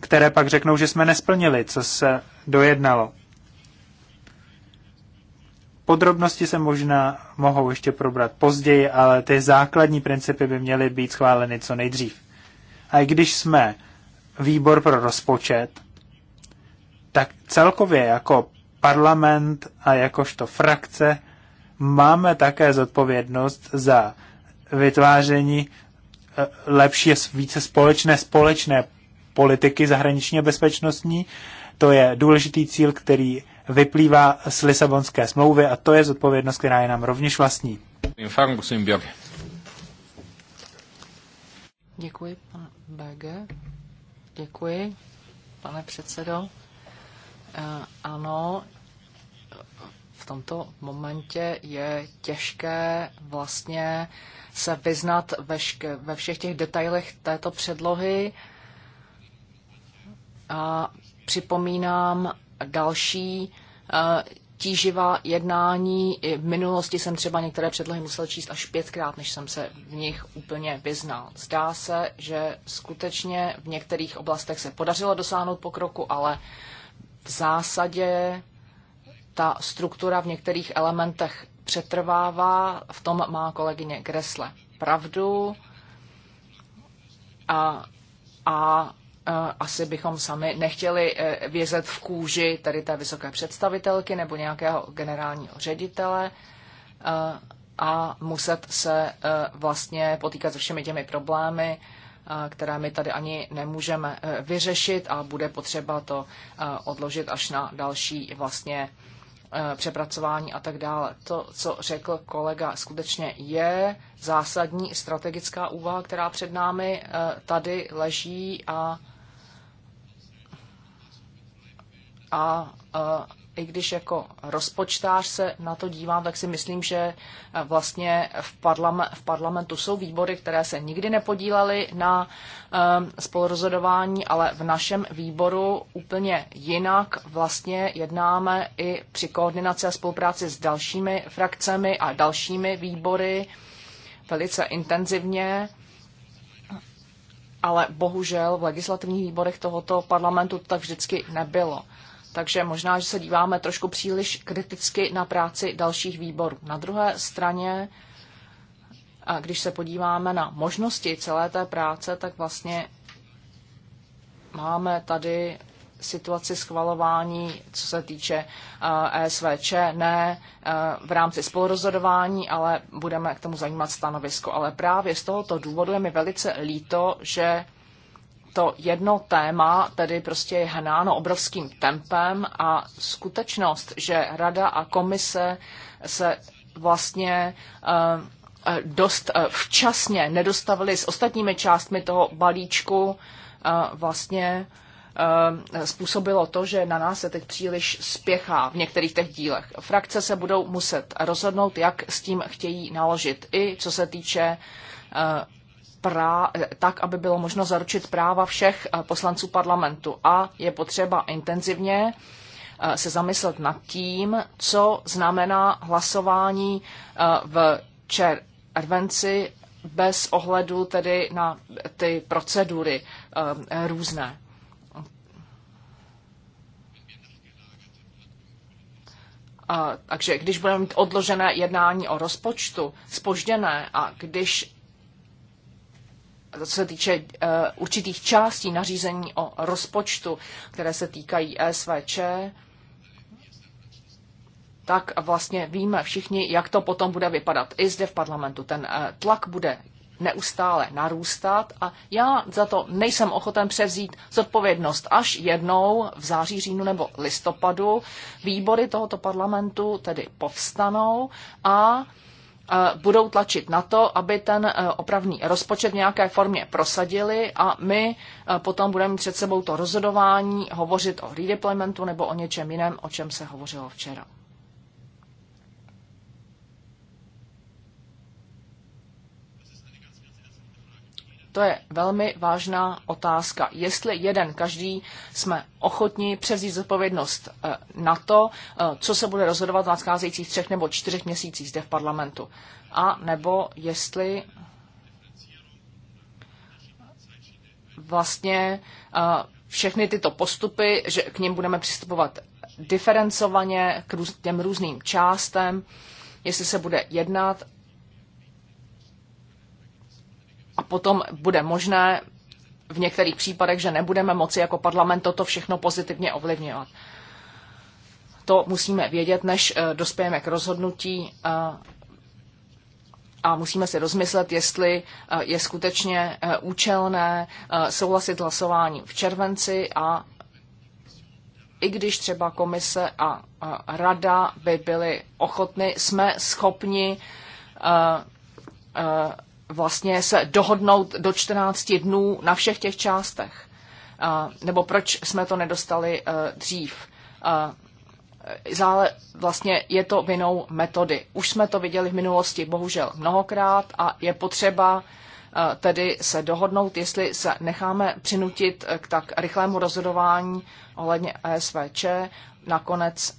které pak řeknou, že jsme nesplnili, co se dojednalo. Podrobnosti se možná mohou ještě probrat později, ale ty základní principy by měly být schváleny co nejdřív. A i když jsme výbor pro rozpočet, tak celkově jako parlament a jakožto frakce máme také zodpovědnost za vytváření Eh, lepší, více společné, společné politiky zahraničně bezpečnostní. To je důležitý cíl, který vyplývá z Lisabonské smlouvy a to je zodpovědnost, která je nám rovněž vlastní. Děkuji, pane BG. Děkuji, pane předsedo. Eh, ano, v tomto momentě je těžké vlastně se vyznat ve všech těch detailech této předlohy. A připomínám další eh, tíživá jednání. I v minulosti jsem třeba některé předlohy musel číst až pětkrát, než jsem se v nich úplně vyznal. Zdá se, že skutečně v některých oblastech se podařilo dosáhnout pokroku, ale v zásadě ta struktura v některých elementech přetrvává, v tom má kolegyně Gresle pravdu a, a e, asi bychom sami nechtěli e, vězet v kůži tady té vysoké představitelky nebo nějakého generálního ředitele e, a muset se vlastně potýkat se všemi těmi problémy, které my tady ani nemůžeme vyřešit a bude potřeba to odložit až na další vlastně Eh, přepracování a tak dále. To, co řekl kolega, skutečně je zásadní strategická úvaha, která před námi eh, tady leží a, a, a eh, i když jako rozpočtář se na to dívám, tak si myslím, že eh, vlastně v, parlam- v parlamentu jsou výbory, které se nikdy nepodílely na um, spolurozhodování, ale v našem výboru úplně jinak vlastně jednáme i při koordinaci a spolupráci s dalšími frakcemi a dalšími výbory velice intenzivně ale bohužel v legislativních výborech tohoto parlamentu to tak vždycky nebylo. Takže možná, že se díváme trošku příliš kriticky na práci dalších výborů. Na druhé straně, když se podíváme na možnosti celé té práce, tak vlastně máme tady situaci schvalování, co se týče ESVČ, ne v rámci spolurozhodování, ale budeme k tomu zajímat stanovisko. Ale právě z tohoto důvodu je mi velice líto, že to jedno téma tedy prostě je hnáno obrovským tempem a skutečnost, že rada a komise se vlastně eh, dost eh, včasně nedostavili s ostatními částmi toho balíčku, eh, vlastně způsobilo to, že na nás se teď příliš spěchá v některých těch dílech. Frakce se budou muset rozhodnout, jak s tím chtějí naložit, i co se týče prá, tak, aby bylo možno zaručit práva všech eh, poslanců parlamentu. A je potřeba intenzivně eh, se zamyslet nad tím, co znamená hlasování eh, v červenci bez ohledu tedy na ty procedury různé. A, takže když budeme mít odložené jednání o rozpočtu, spožděné, a když co se týče eh, určitých částí nařízení o rozpočtu, které se týkají ESVČ, tak vlastně víme všichni, jak to potom bude vypadat i zde v parlamentu. Ten eh, tlak bude neustále narůstat a já za to nejsem ochoten převzít zodpovědnost. Až jednou v září, říjnu nebo listopadu výbory tohoto parlamentu tedy povstanou a E, budou tlačit na to, aby ten e, opravný rozpočet v nějaké formě prosadili a my e, potom budeme mít před sebou to rozhodování, hovořit o redeplementu nebo o něčem jiném, o čem se hovořilo včera. To je velmi vážná otázka. Jestli jeden každý jsme ochotní převzít zodpovědnost eh, na to, eh, co se bude rozhodovat v nadcházejících třech nebo čtyřech měsících zde v parlamentu. A nebo jestli eh, vlastně všechny tyto postupy, že k ním budeme přistupovat diferencovaně, k těm různým částem, jestli se bude jednat potom bude možné v některých případech, že nebudeme moci jako parlament toto všechno pozitivně ovlivňovat. To musíme vědět, než eh, dospějeme k rozhodnutí eh, a musíme si rozmyslet, jestli eh, je skutečně účelné souhlasit hlasování v červenci a i když třeba komise a rada by byly ochotny, jsme schopni vlastně se dohodnout do 14 dnů na všech těch částech. Nebo proč jsme to nedostali e, dřív. Zále vlastně je to vinou metody. Už jsme to viděli v minulosti bohužel mnohokrát a je potřeba e, tedy se dohodnout, jestli se necháme přinutit k tak rychlému rozhodování ohledně ESVČ. Nakonec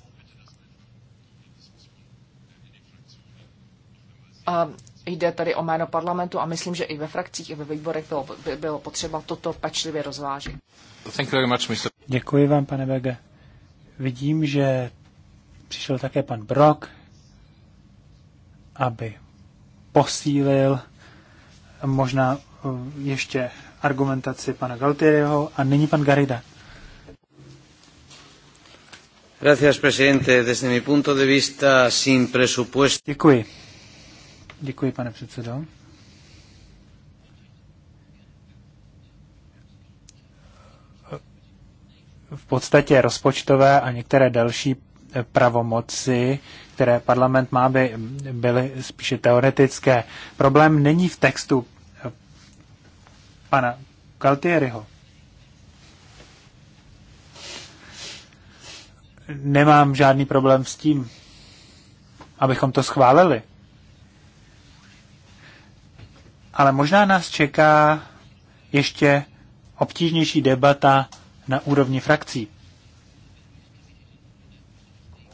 e, Jde tady o jméno parlamentu a myslím, že i ve frakcích, i ve výborech bylo, by bylo potřeba toto pečlivě rozvážit. Thank you very much, Mr. Děkuji vám, pane Bege. Vidím, že přišel také pan Brok, aby posílil možná eh, ještě argumentaci pana Galtieriho a nyní pan Garida. Gracias, presidente. Desde mi punto de vista, sin presupuesto. Děkuji. Děkuji, pane předsedo. V podstatě rozpočtové a některé další eh, pravomoci, které parlament má, by byly spíše teoretické. Problém není v textu eh, pana Galtieriho. Nemám žádný problém s tím, abychom to schválili ale možná nás čeká ještě obtížnější debata na úrovni frakcí.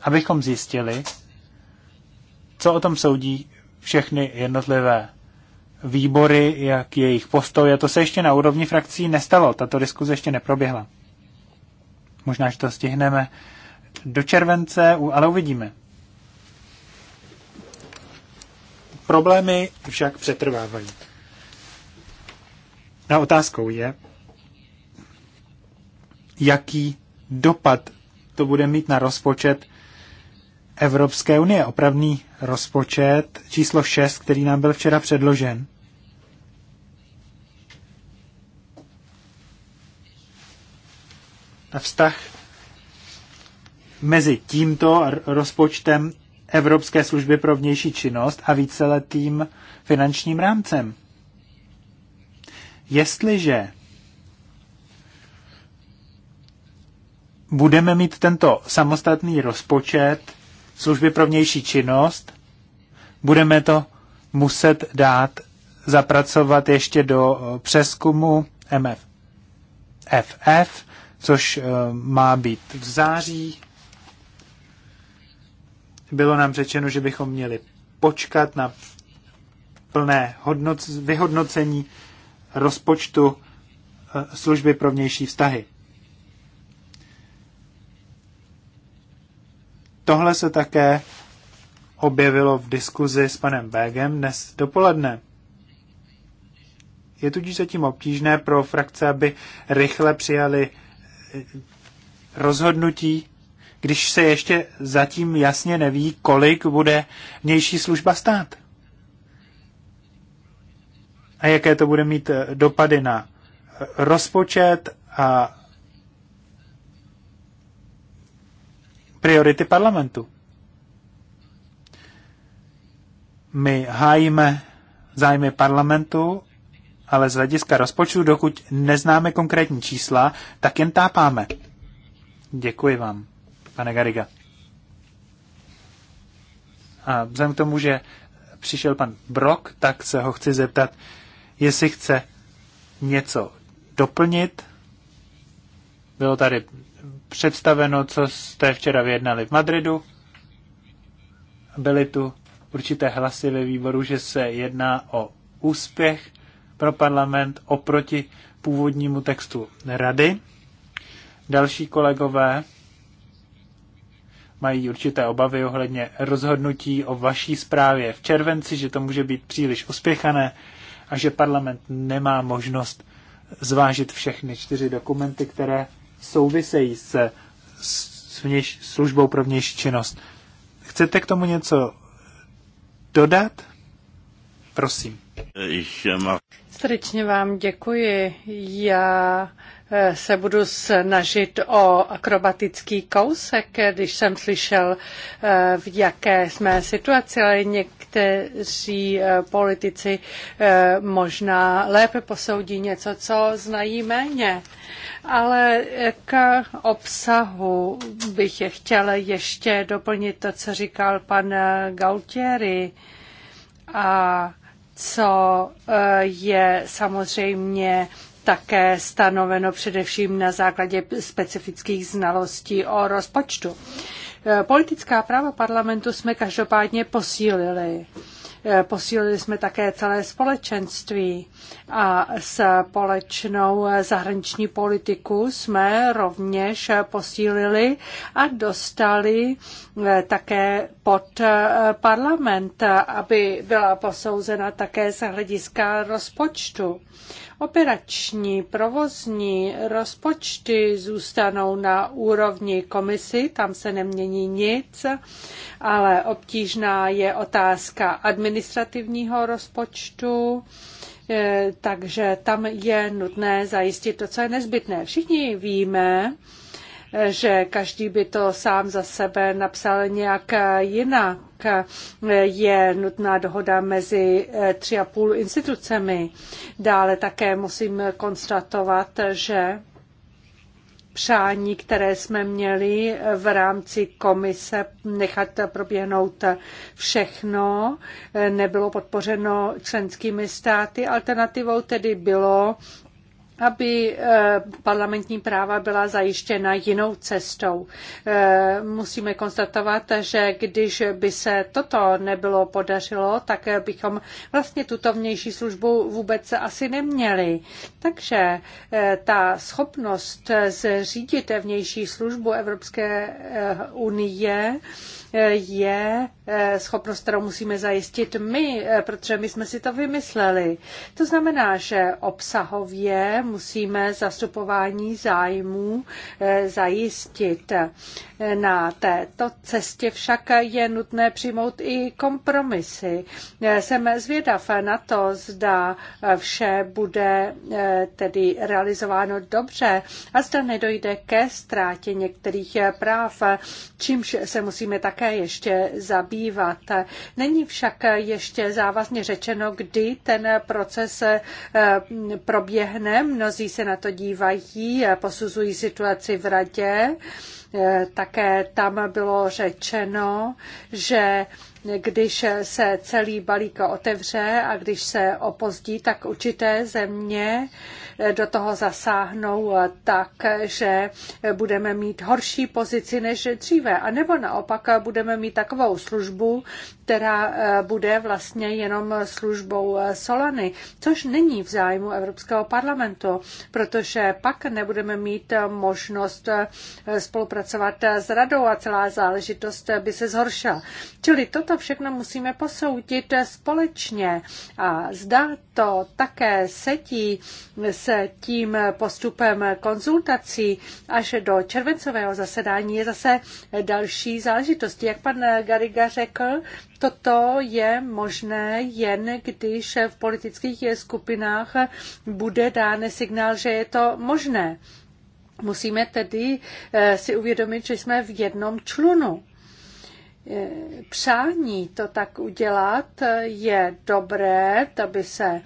Abychom zjistili, co o tom soudí všechny jednotlivé výbory, jak je jejich postoj. A to se ještě na úrovni frakcí nestalo. Tato diskuze ještě neproběhla. Možná, že to stihneme do července, ale uvidíme. Problémy však přetrvávají. A otázkou je, jaký dopad to bude mít na rozpočet Evropské unie, opravný rozpočet číslo 6, který nám byl včera předložen. A vztah mezi tímto rozpočtem Evropské služby pro vnější činnost a víceletým finančním rámcem. Jestliže budeme mít tento samostatný rozpočet služby pro vnější činnost, budeme to muset dát zapracovat ještě do eh, přeskumu MFF, což eh, má být v září. Bylo nám řečeno, že bychom měli počkat na plné hodnoc- vyhodnocení rozpočtu eh, služby pro vnější vztahy. Tohle se také objevilo v diskuzi s panem Bégem dnes dopoledne. Je tudíž zatím obtížné pro frakce, aby rychle přijali eh, rozhodnutí, když se ještě zatím jasně neví, kolik bude vnější služba stát a jaké to bude mít eh, dopady na eh, rozpočet a priority parlamentu. My hájíme zájmy parlamentu, ale z hlediska rozpočtu, dokud neznáme konkrétní čísla, tak jen tápáme. Děkuji vám, pane Gariga. A vzhledem k tomu, že přišel pan Brok, tak se ho chci zeptat, jestli chce něco doplnit. Bylo tady představeno, co jste včera vyjednali v Madridu. Byly tu určité hlasy ve výboru, že se jedná o úspěch pro parlament oproti původnímu textu rady. Další kolegové mají určité obavy ohledně rozhodnutí o vaší zprávě v červenci, že to může být příliš uspěchané, a že parlament nemá možnost zvážit všechny čtyři dokumenty, které souvisejí se s vnějš, službou pro vnější činnost. Chcete k tomu něco dodat? Prosím. Eh, Srdečně vám děkuji. Já se budu snažit o akrobatický kousek, když jsem slyšel, eh, v jaké jsme situaci, ale někteří eh, politici eh, možná lépe posoudí něco, co znají méně. Ale k obsahu bych chtěla ještě doplnit to, co říkal pan Gautieri. A co je samozřejmě také stanoveno především na základě specifických znalostí o rozpočtu. E, politická práva parlamentu jsme každopádně posílili. E, posílili jsme také celé společenství a společnou zahraniční politiku jsme rovněž posílili a dostali e, také pod parlament, aby byla posouzena také z hlediska rozpočtu. Operační provozní rozpočty zůstanou na úrovni komisy, tam se nemění nic, ale obtížná je otázka administrativního rozpočtu eh, takže tam je nutné zajistit to, co je nezbytné. Všichni víme, že každý by to sám za sebe napsal nějak jinak. Je nutná dohoda mezi eh, tři a půl institucemi. Dále také musím konstatovat, že přání, které jsme měli v rámci komise nechat proběhnout všechno, eh, nebylo podpořeno členskými státy. Alternativou tedy bylo aby eh, parlamentní práva byla zajištěna jinou cestou. Eh, musíme konstatovat, že když by se toto nebylo podařilo, tak bychom vlastně tuto vnější službu vůbec asi neměli. Takže eh, ta schopnost zřídit vnější službu Evropské unie je eh, schopnost, kterou musíme zajistit my, eh, protože my jsme si to vymysleli. To znamená, že obsahově musíme zastupování zájmů eh, zajistit. Na této cestě však je nutné přijmout i kompromisy. Jsem zvědav na to, zda vše bude eh, tedy realizováno dobře a zda nedojde ke ztrátě některých eh, práv, čímž se musíme také ještě zabývat. Není však ještě závazně řečeno, kdy ten proces eh, proběhne. Mnozí se na to dívají, posuzují situaci v radě Eh, také tam bylo řečeno, že když se celý balík otevře a když se opozdí, tak určité země eh, do toho zasáhnou eh, tak, že budeme mít horší pozici než dříve. A nebo naopak budeme mít takovou službu, která eh, bude vlastně jenom službou eh, Solany, což není v zájmu Evropského parlamentu, protože pak nebudeme mít eh, možnost spolupracovat s radou a celá záležitost by se zhoršila. Čili toto všechno musíme posoudit společně a zdá to také setí s tím postupem konzultací až do červencového zasedání je zase další záležitosti, Jak pan Gariga řekl, Toto je možné jen, když v politických skupinách bude dán signál, že je to možné. Musíme tedy eh, si uvědomit, že jsme v jednom člunu eh, přání to tak udělat je dobré, to by se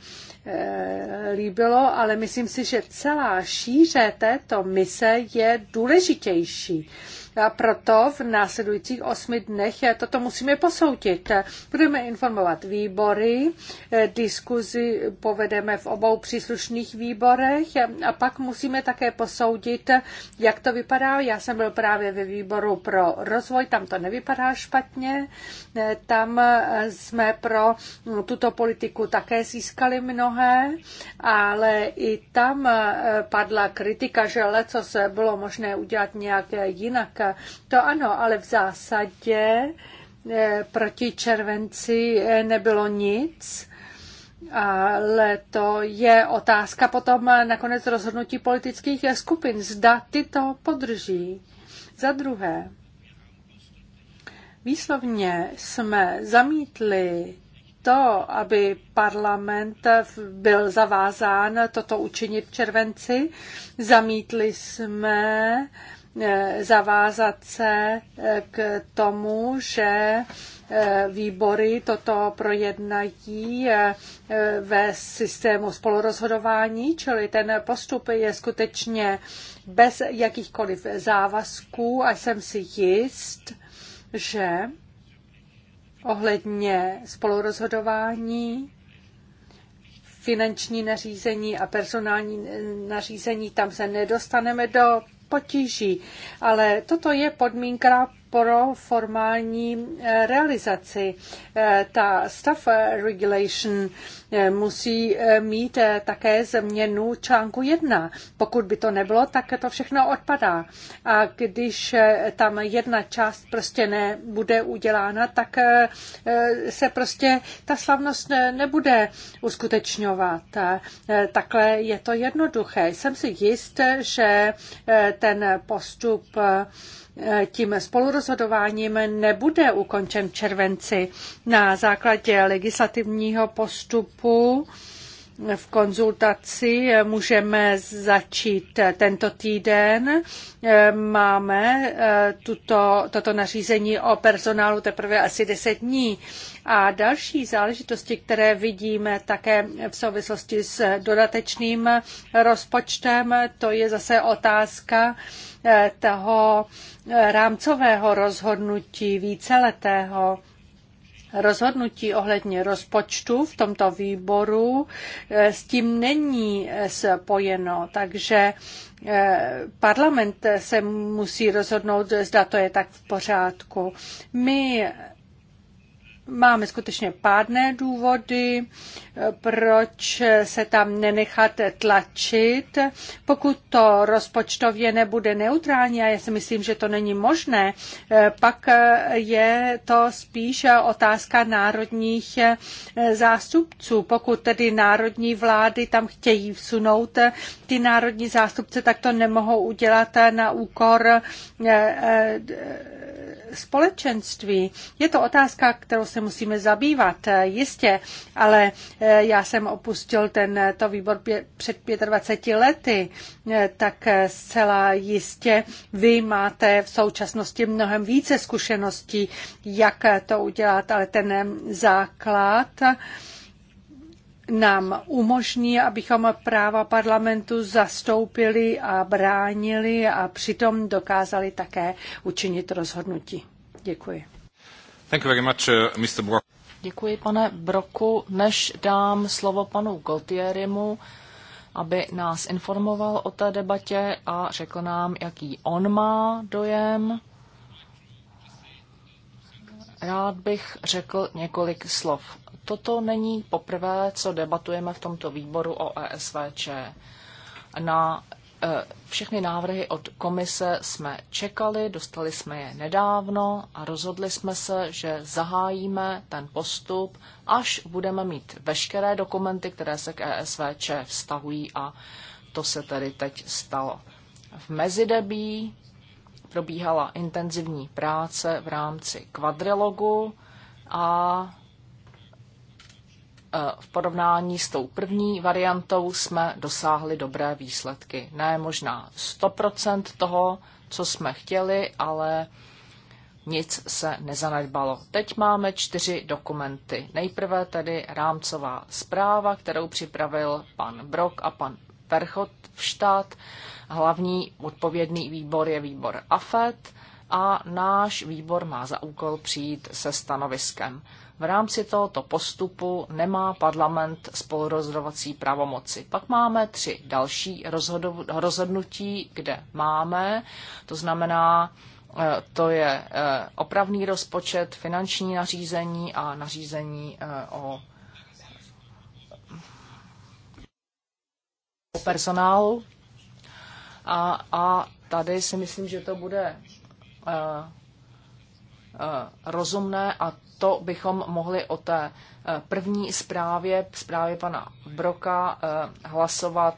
eh, líbilo, ale myslím si, že celá šíře této mise je důležitější. A proto v následujících osmi dnech toto musíme posoudit. Budeme informovat výbory, eh, diskuzi povedeme v obou příslušných výborech a pak musíme také posoudit, jak to vypadá. Já jsem byl právě ve výboru pro rozvoj, tam to nevypadá špatně. Eh, tam eh, jsme pro hm, tuto politiku také získali mnohé, ale i tam padla kritika, že leco se bylo možné udělat nějaké jinak. To ano, ale v zásadě eh, proti červenci eh, nebylo nic. Ale to je otázka potom eh, nakonec rozhodnutí politických skupin. Zda ty to podrží. Za druhé, výslovně jsme zamítli to, aby parlament byl zavázán toto učinit v červenci. Zamítli jsme E, zavázat se e, k tomu, že e, výbory toto projednají ve systému spolurozhodování, čili ten postup je skutečně bez jakýchkoliv závazků a jsem si jist, že ohledně spolurozhodování finanční nařízení a personální nařízení, tam se nedostaneme do potíží. Ale toto je podmínka pro formální eh, realizaci. Eh, ta staff eh, regulation musí mít také změnu článku 1. Pokud by to nebylo, tak to všechno odpadá. A když tam jedna část prostě nebude udělána, tak se prostě ta slavnost nebude uskutečňovat. Takhle je to jednoduché. Jsem si jist, že ten postup tím spolurozhodováním nebude ukončen v červenci na základě legislativního postupu. V konzultaci můžeme začít tento týden. Máme eh, tuto, toto nařízení o personálu teprve asi 10 dní. A další záležitosti, které vidíme také v souvislosti s dodatečným rozpočtem, to je zase otázka Eh, toho eh, rámcového rozhodnutí víceletého rozhodnutí ohledně rozpočtu v tomto výboru eh, s tím není spojeno, takže parlament se musí rozhodnout, zda to je tak v pořádku. My máme skutečně pádné důvody, proč se tam nenechat tlačit. Pokud to rozpočtově nebude neutrální, a já si myslím, že to není možné, pak je to spíš otázka národních zástupců. Pokud tedy národní vlády tam chtějí vsunout ty národní zástupce, tak to nemohou udělat na úkor společenství. Je to otázka, kterou se musíme zabývat, eh, jistě, ale eh, já jsem opustil tento eh, výbor před 25 lety, tak zcela jistě vy máte v současnosti mnohem více zkušeností, jak to udělat, ale ten základ, nám umožní, abychom práva parlamentu zastoupili a bránili a přitom dokázali také učinit rozhodnutí. Děkuji. Thank you very much, uh, Mr. Brock. Děkuji, pane Broku. Než dám slovo panu Gautierimu, aby nás informoval o té debatě a řekl nám, jaký on má dojem, rád bych řekl několik slov. Toto není poprvé, co debatujeme v tomto výboru o ESVČ. Na e, všechny návrhy od komise jsme čekali, dostali jsme je nedávno a rozhodli jsme se, že zahájíme ten postup, až budeme mít veškeré dokumenty, které se k ESVČ vztahují a to se tedy teď stalo. V mezidebí probíhala intenzivní práce v rámci kvadrilogu a E, v porovnání s tou první variantou jsme dosáhli dobré výsledky. Ne možná 100% toho, co jsme chtěli, ale nic se nezanedbalo. Teď máme čtyři dokumenty. Nejprve tedy rámcová zpráva, kterou připravil pan Brok a pan v štát. Hlavní odpovědný výbor je výbor AFET a náš výbor má za úkol přijít se stanoviskem. V rámci tohoto postupu nemá parlament spolurozhodovací pravomoci. Pak máme tři další rozhodnutí, kde máme, to znamená, eh, to je eh, opravný rozpočet, finanční nařízení a nařízení eh, o, personálu. A, a tady si myslím, že to bude rozumné a to bychom mohli o té eh, první zprávě, zprávě pana Broka, eh, hlasovat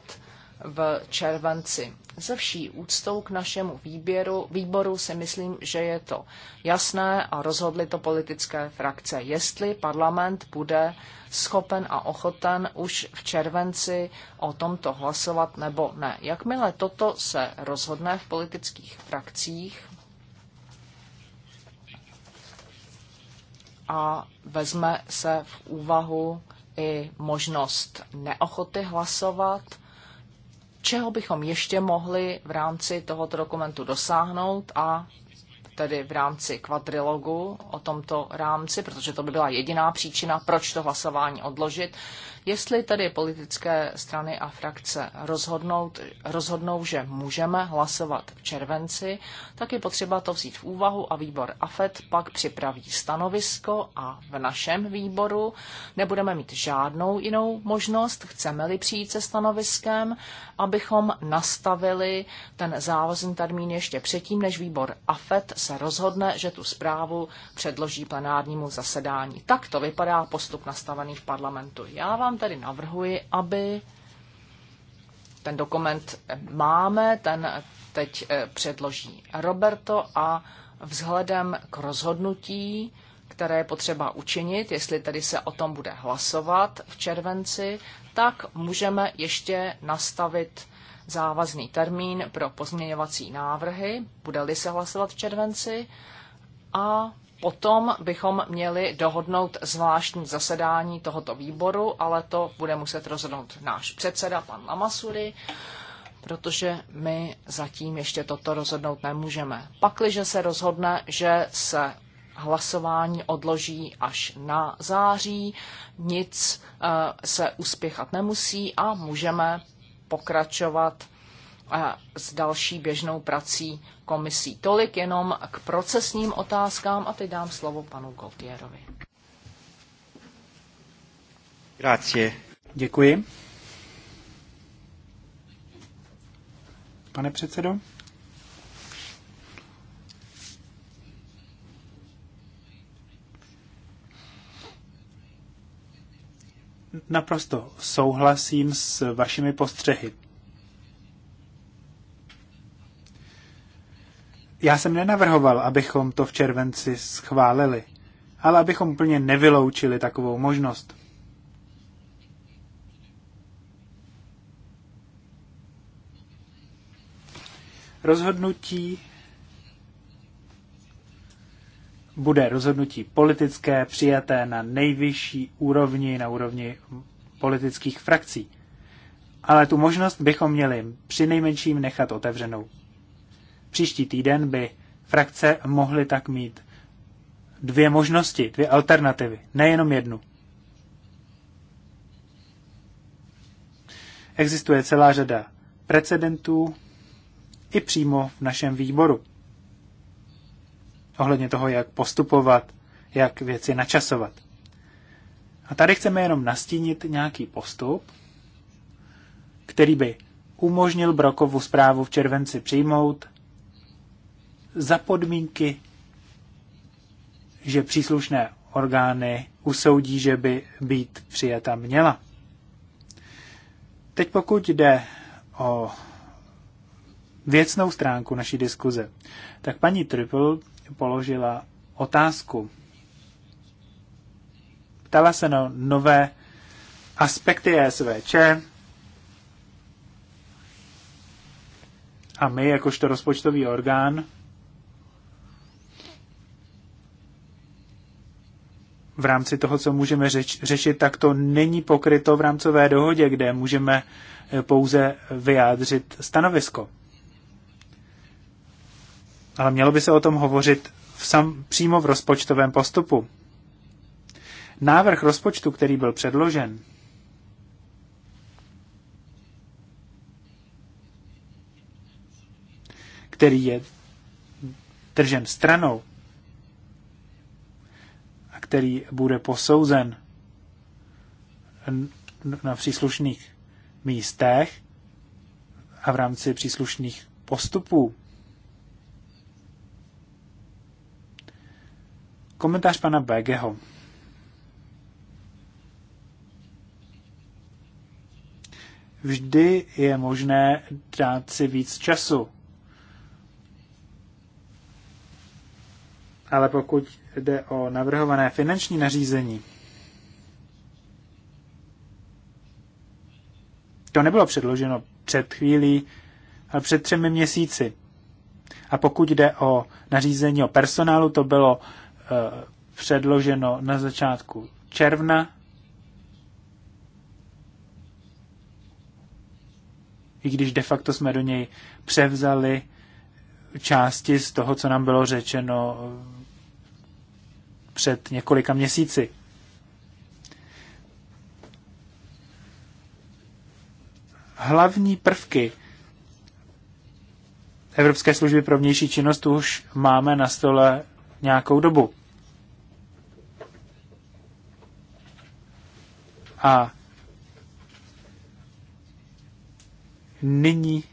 v červenci. Ze vší úctou k našemu výběru, výboru si myslím, že je to jasné a rozhodly to politické frakce. Jestli parlament bude schopen a ochoten už v červenci o tomto hlasovat nebo ne. Jakmile toto se rozhodne v politických frakcích, a vezme se v úvahu i možnost neochoty hlasovat, čeho bychom ještě mohli v rámci tohoto dokumentu dosáhnout a tedy v rámci kvadrilogu o tomto rámci, protože to by byla jediná příčina, proč to hlasování odložit, Jestli tedy politické strany a frakce rozhodnout, rozhodnou, že můžeme hlasovat v červenci, tak je potřeba to vzít v úvahu a výbor AFET pak připraví stanovisko a v našem výboru nebudeme mít žádnou jinou možnost, chceme-li přijít se stanoviskem, abychom nastavili ten závazný termín ještě předtím, než výbor AFET se rozhodne, že tu zprávu předloží plenárnímu zasedání. Tak to vypadá postup nastavený v parlamentu. Já vám vám tady navrhuji, aby ten dokument máme, ten teď eh, předloží Roberto a vzhledem k rozhodnutí, které je potřeba učinit, jestli tedy se o tom bude hlasovat v červenci, tak můžeme ještě nastavit závazný termín pro pozměňovací návrhy, bude-li se hlasovat v červenci, a Potom bychom měli dohodnout zvláštní zasedání tohoto výboru, ale to bude muset rozhodnout náš předseda, pan Lamasury, protože my zatím ještě toto rozhodnout nemůžeme. Pakliže se rozhodne, že se hlasování odloží až na září, nic eh, se uspěchat nemusí a můžeme pokračovat s další běžnou prací komisí. Tolik jenom k procesním otázkám a teď dám slovo panu Gautierovi. Grazie. Děkuji. Pane předsedo? Naprosto souhlasím s vašimi postřehy. já jsem nenavrhoval, abychom to v červenci schválili, ale abychom úplně nevyloučili takovou možnost. Rozhodnutí bude rozhodnutí politické přijaté na nejvyšší úrovni, na úrovni politických frakcí. Ale tu možnost bychom měli přinejmenším nechat otevřenou. Příští týden by frakce mohly tak mít dvě možnosti, dvě alternativy, nejenom jednu. Existuje celá řada precedentů i přímo v našem výboru ohledně toho, jak postupovat, jak věci načasovat. A tady chceme jenom nastínit nějaký postup, který by umožnil Brokovu zprávu v červenci přijmout za podmínky, že příslušné orgány usoudí, že by být přijata měla. Teď pokud jde o věcnou stránku naší diskuze, tak paní Triple položila otázku. Ptala se na nové aspekty SVČ a my, jakožto rozpočtový orgán, v rámci toho, co můžeme řeč, řešit, tak to není pokryto v rámcové dohodě, kde můžeme eh, pouze vyjádřit stanovisko. Ale mělo by se o tom hovořit v sam, přímo v rozpočtovém postupu. Návrh rozpočtu, který byl předložen, který je držen stranou, který bude posouzen na příslušných místech a v rámci příslušných postupů. Komentář pana Begeho. Vždy je možné dát si víc času ale pokud jde o navrhované finanční nařízení, to nebylo předloženo před chvílí, ale před třemi měsíci. A pokud jde o nařízení o personálu, to bylo e, předloženo na začátku června. I když de facto jsme do něj převzali části z toho, co nám bylo řečeno před několika měsíci. Hlavní prvky Evropské služby pro vnější činnost už máme na stole nějakou dobu. A nyní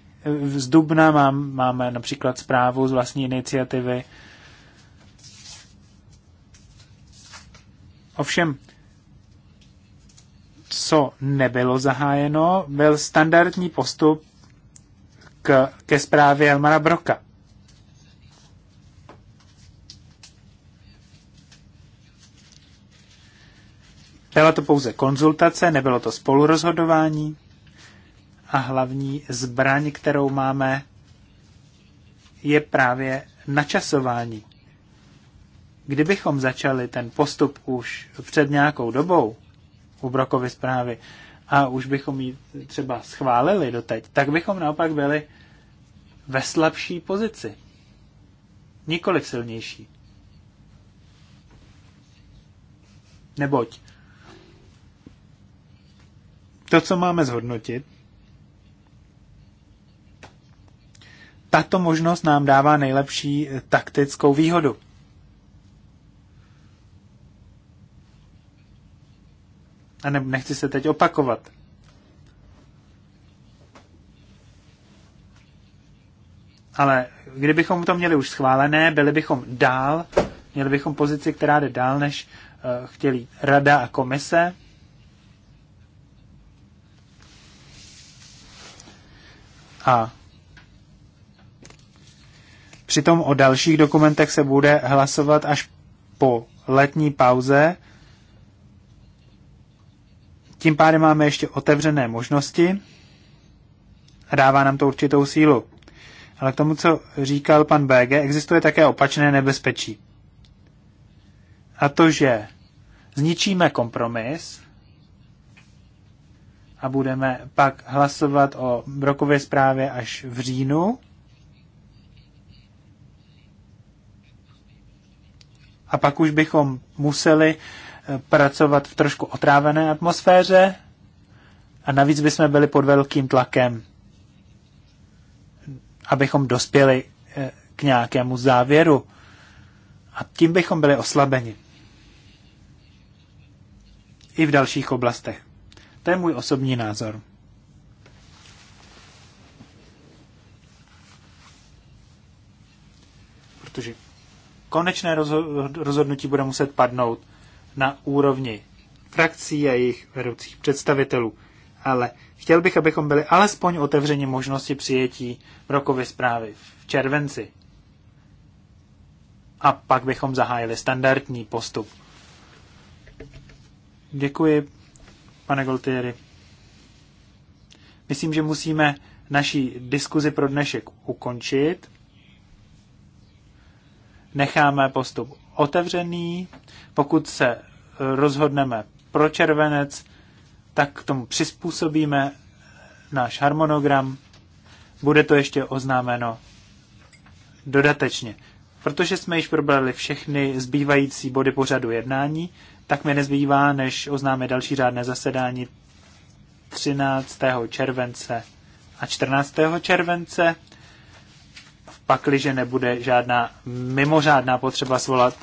z Dubna mám, máme například zprávu z vlastní iniciativy Ovšem, co nebylo zahájeno, byl standardní postup k, ke zprávě Elmara Broka. Byla to pouze konzultace, nebylo to spolurozhodování a hlavní zbraň, kterou máme, je právě načasování kdybychom začali ten postup už před nějakou dobou u Brokovy zprávy a už bychom ji třeba schválili doteď, tak bychom naopak byli ve slabší pozici. Nikoli v silnější. Neboť to, co máme zhodnotit, tato možnost nám dává nejlepší taktickou výhodu. a ne, nechci se teď opakovat. Ale kdybychom to měli už schválené, byli bychom dál, měli bychom pozici, která jde dál, než uh, chtěli rada a komise. A přitom o dalších dokumentech se bude hlasovat až po letní pauze tím pádem máme ještě otevřené možnosti a dává nám to určitou sílu. Ale k tomu, co říkal pan BG, existuje také opačné nebezpečí. A to, že zničíme kompromis a budeme pak hlasovat o brokové zprávě až v říjnu. A pak už bychom museli pracovat v trošku otrávené atmosféře a navíc bychom byli pod velkým tlakem, abychom dospěli eh, k nějakému závěru. A tím bychom byli oslabeni. I v dalších oblastech. To je můj osobní názor. Protože konečné rozhodnutí bude muset padnout na úrovni frakcí a jejich vedoucích představitelů. Ale chtěl bych, abychom byli alespoň otevřeni možnosti přijetí rokové zprávy v červenci. A pak bychom zahájili standardní postup. Děkuji, pane Goltieri. Myslím, že musíme naší diskuzi pro dnešek ukončit. Necháme postup otevřený. Pokud se rozhodneme pro červenec, tak k tomu přizpůsobíme náš harmonogram. Bude to ještě oznámeno dodatečně. Protože jsme již probrali všechny zbývající body pořadu jednání, tak mi nezbývá, než oznáme další řádné zasedání 13. července a 14. července, pakliže nebude žádná mimořádná potřeba svolat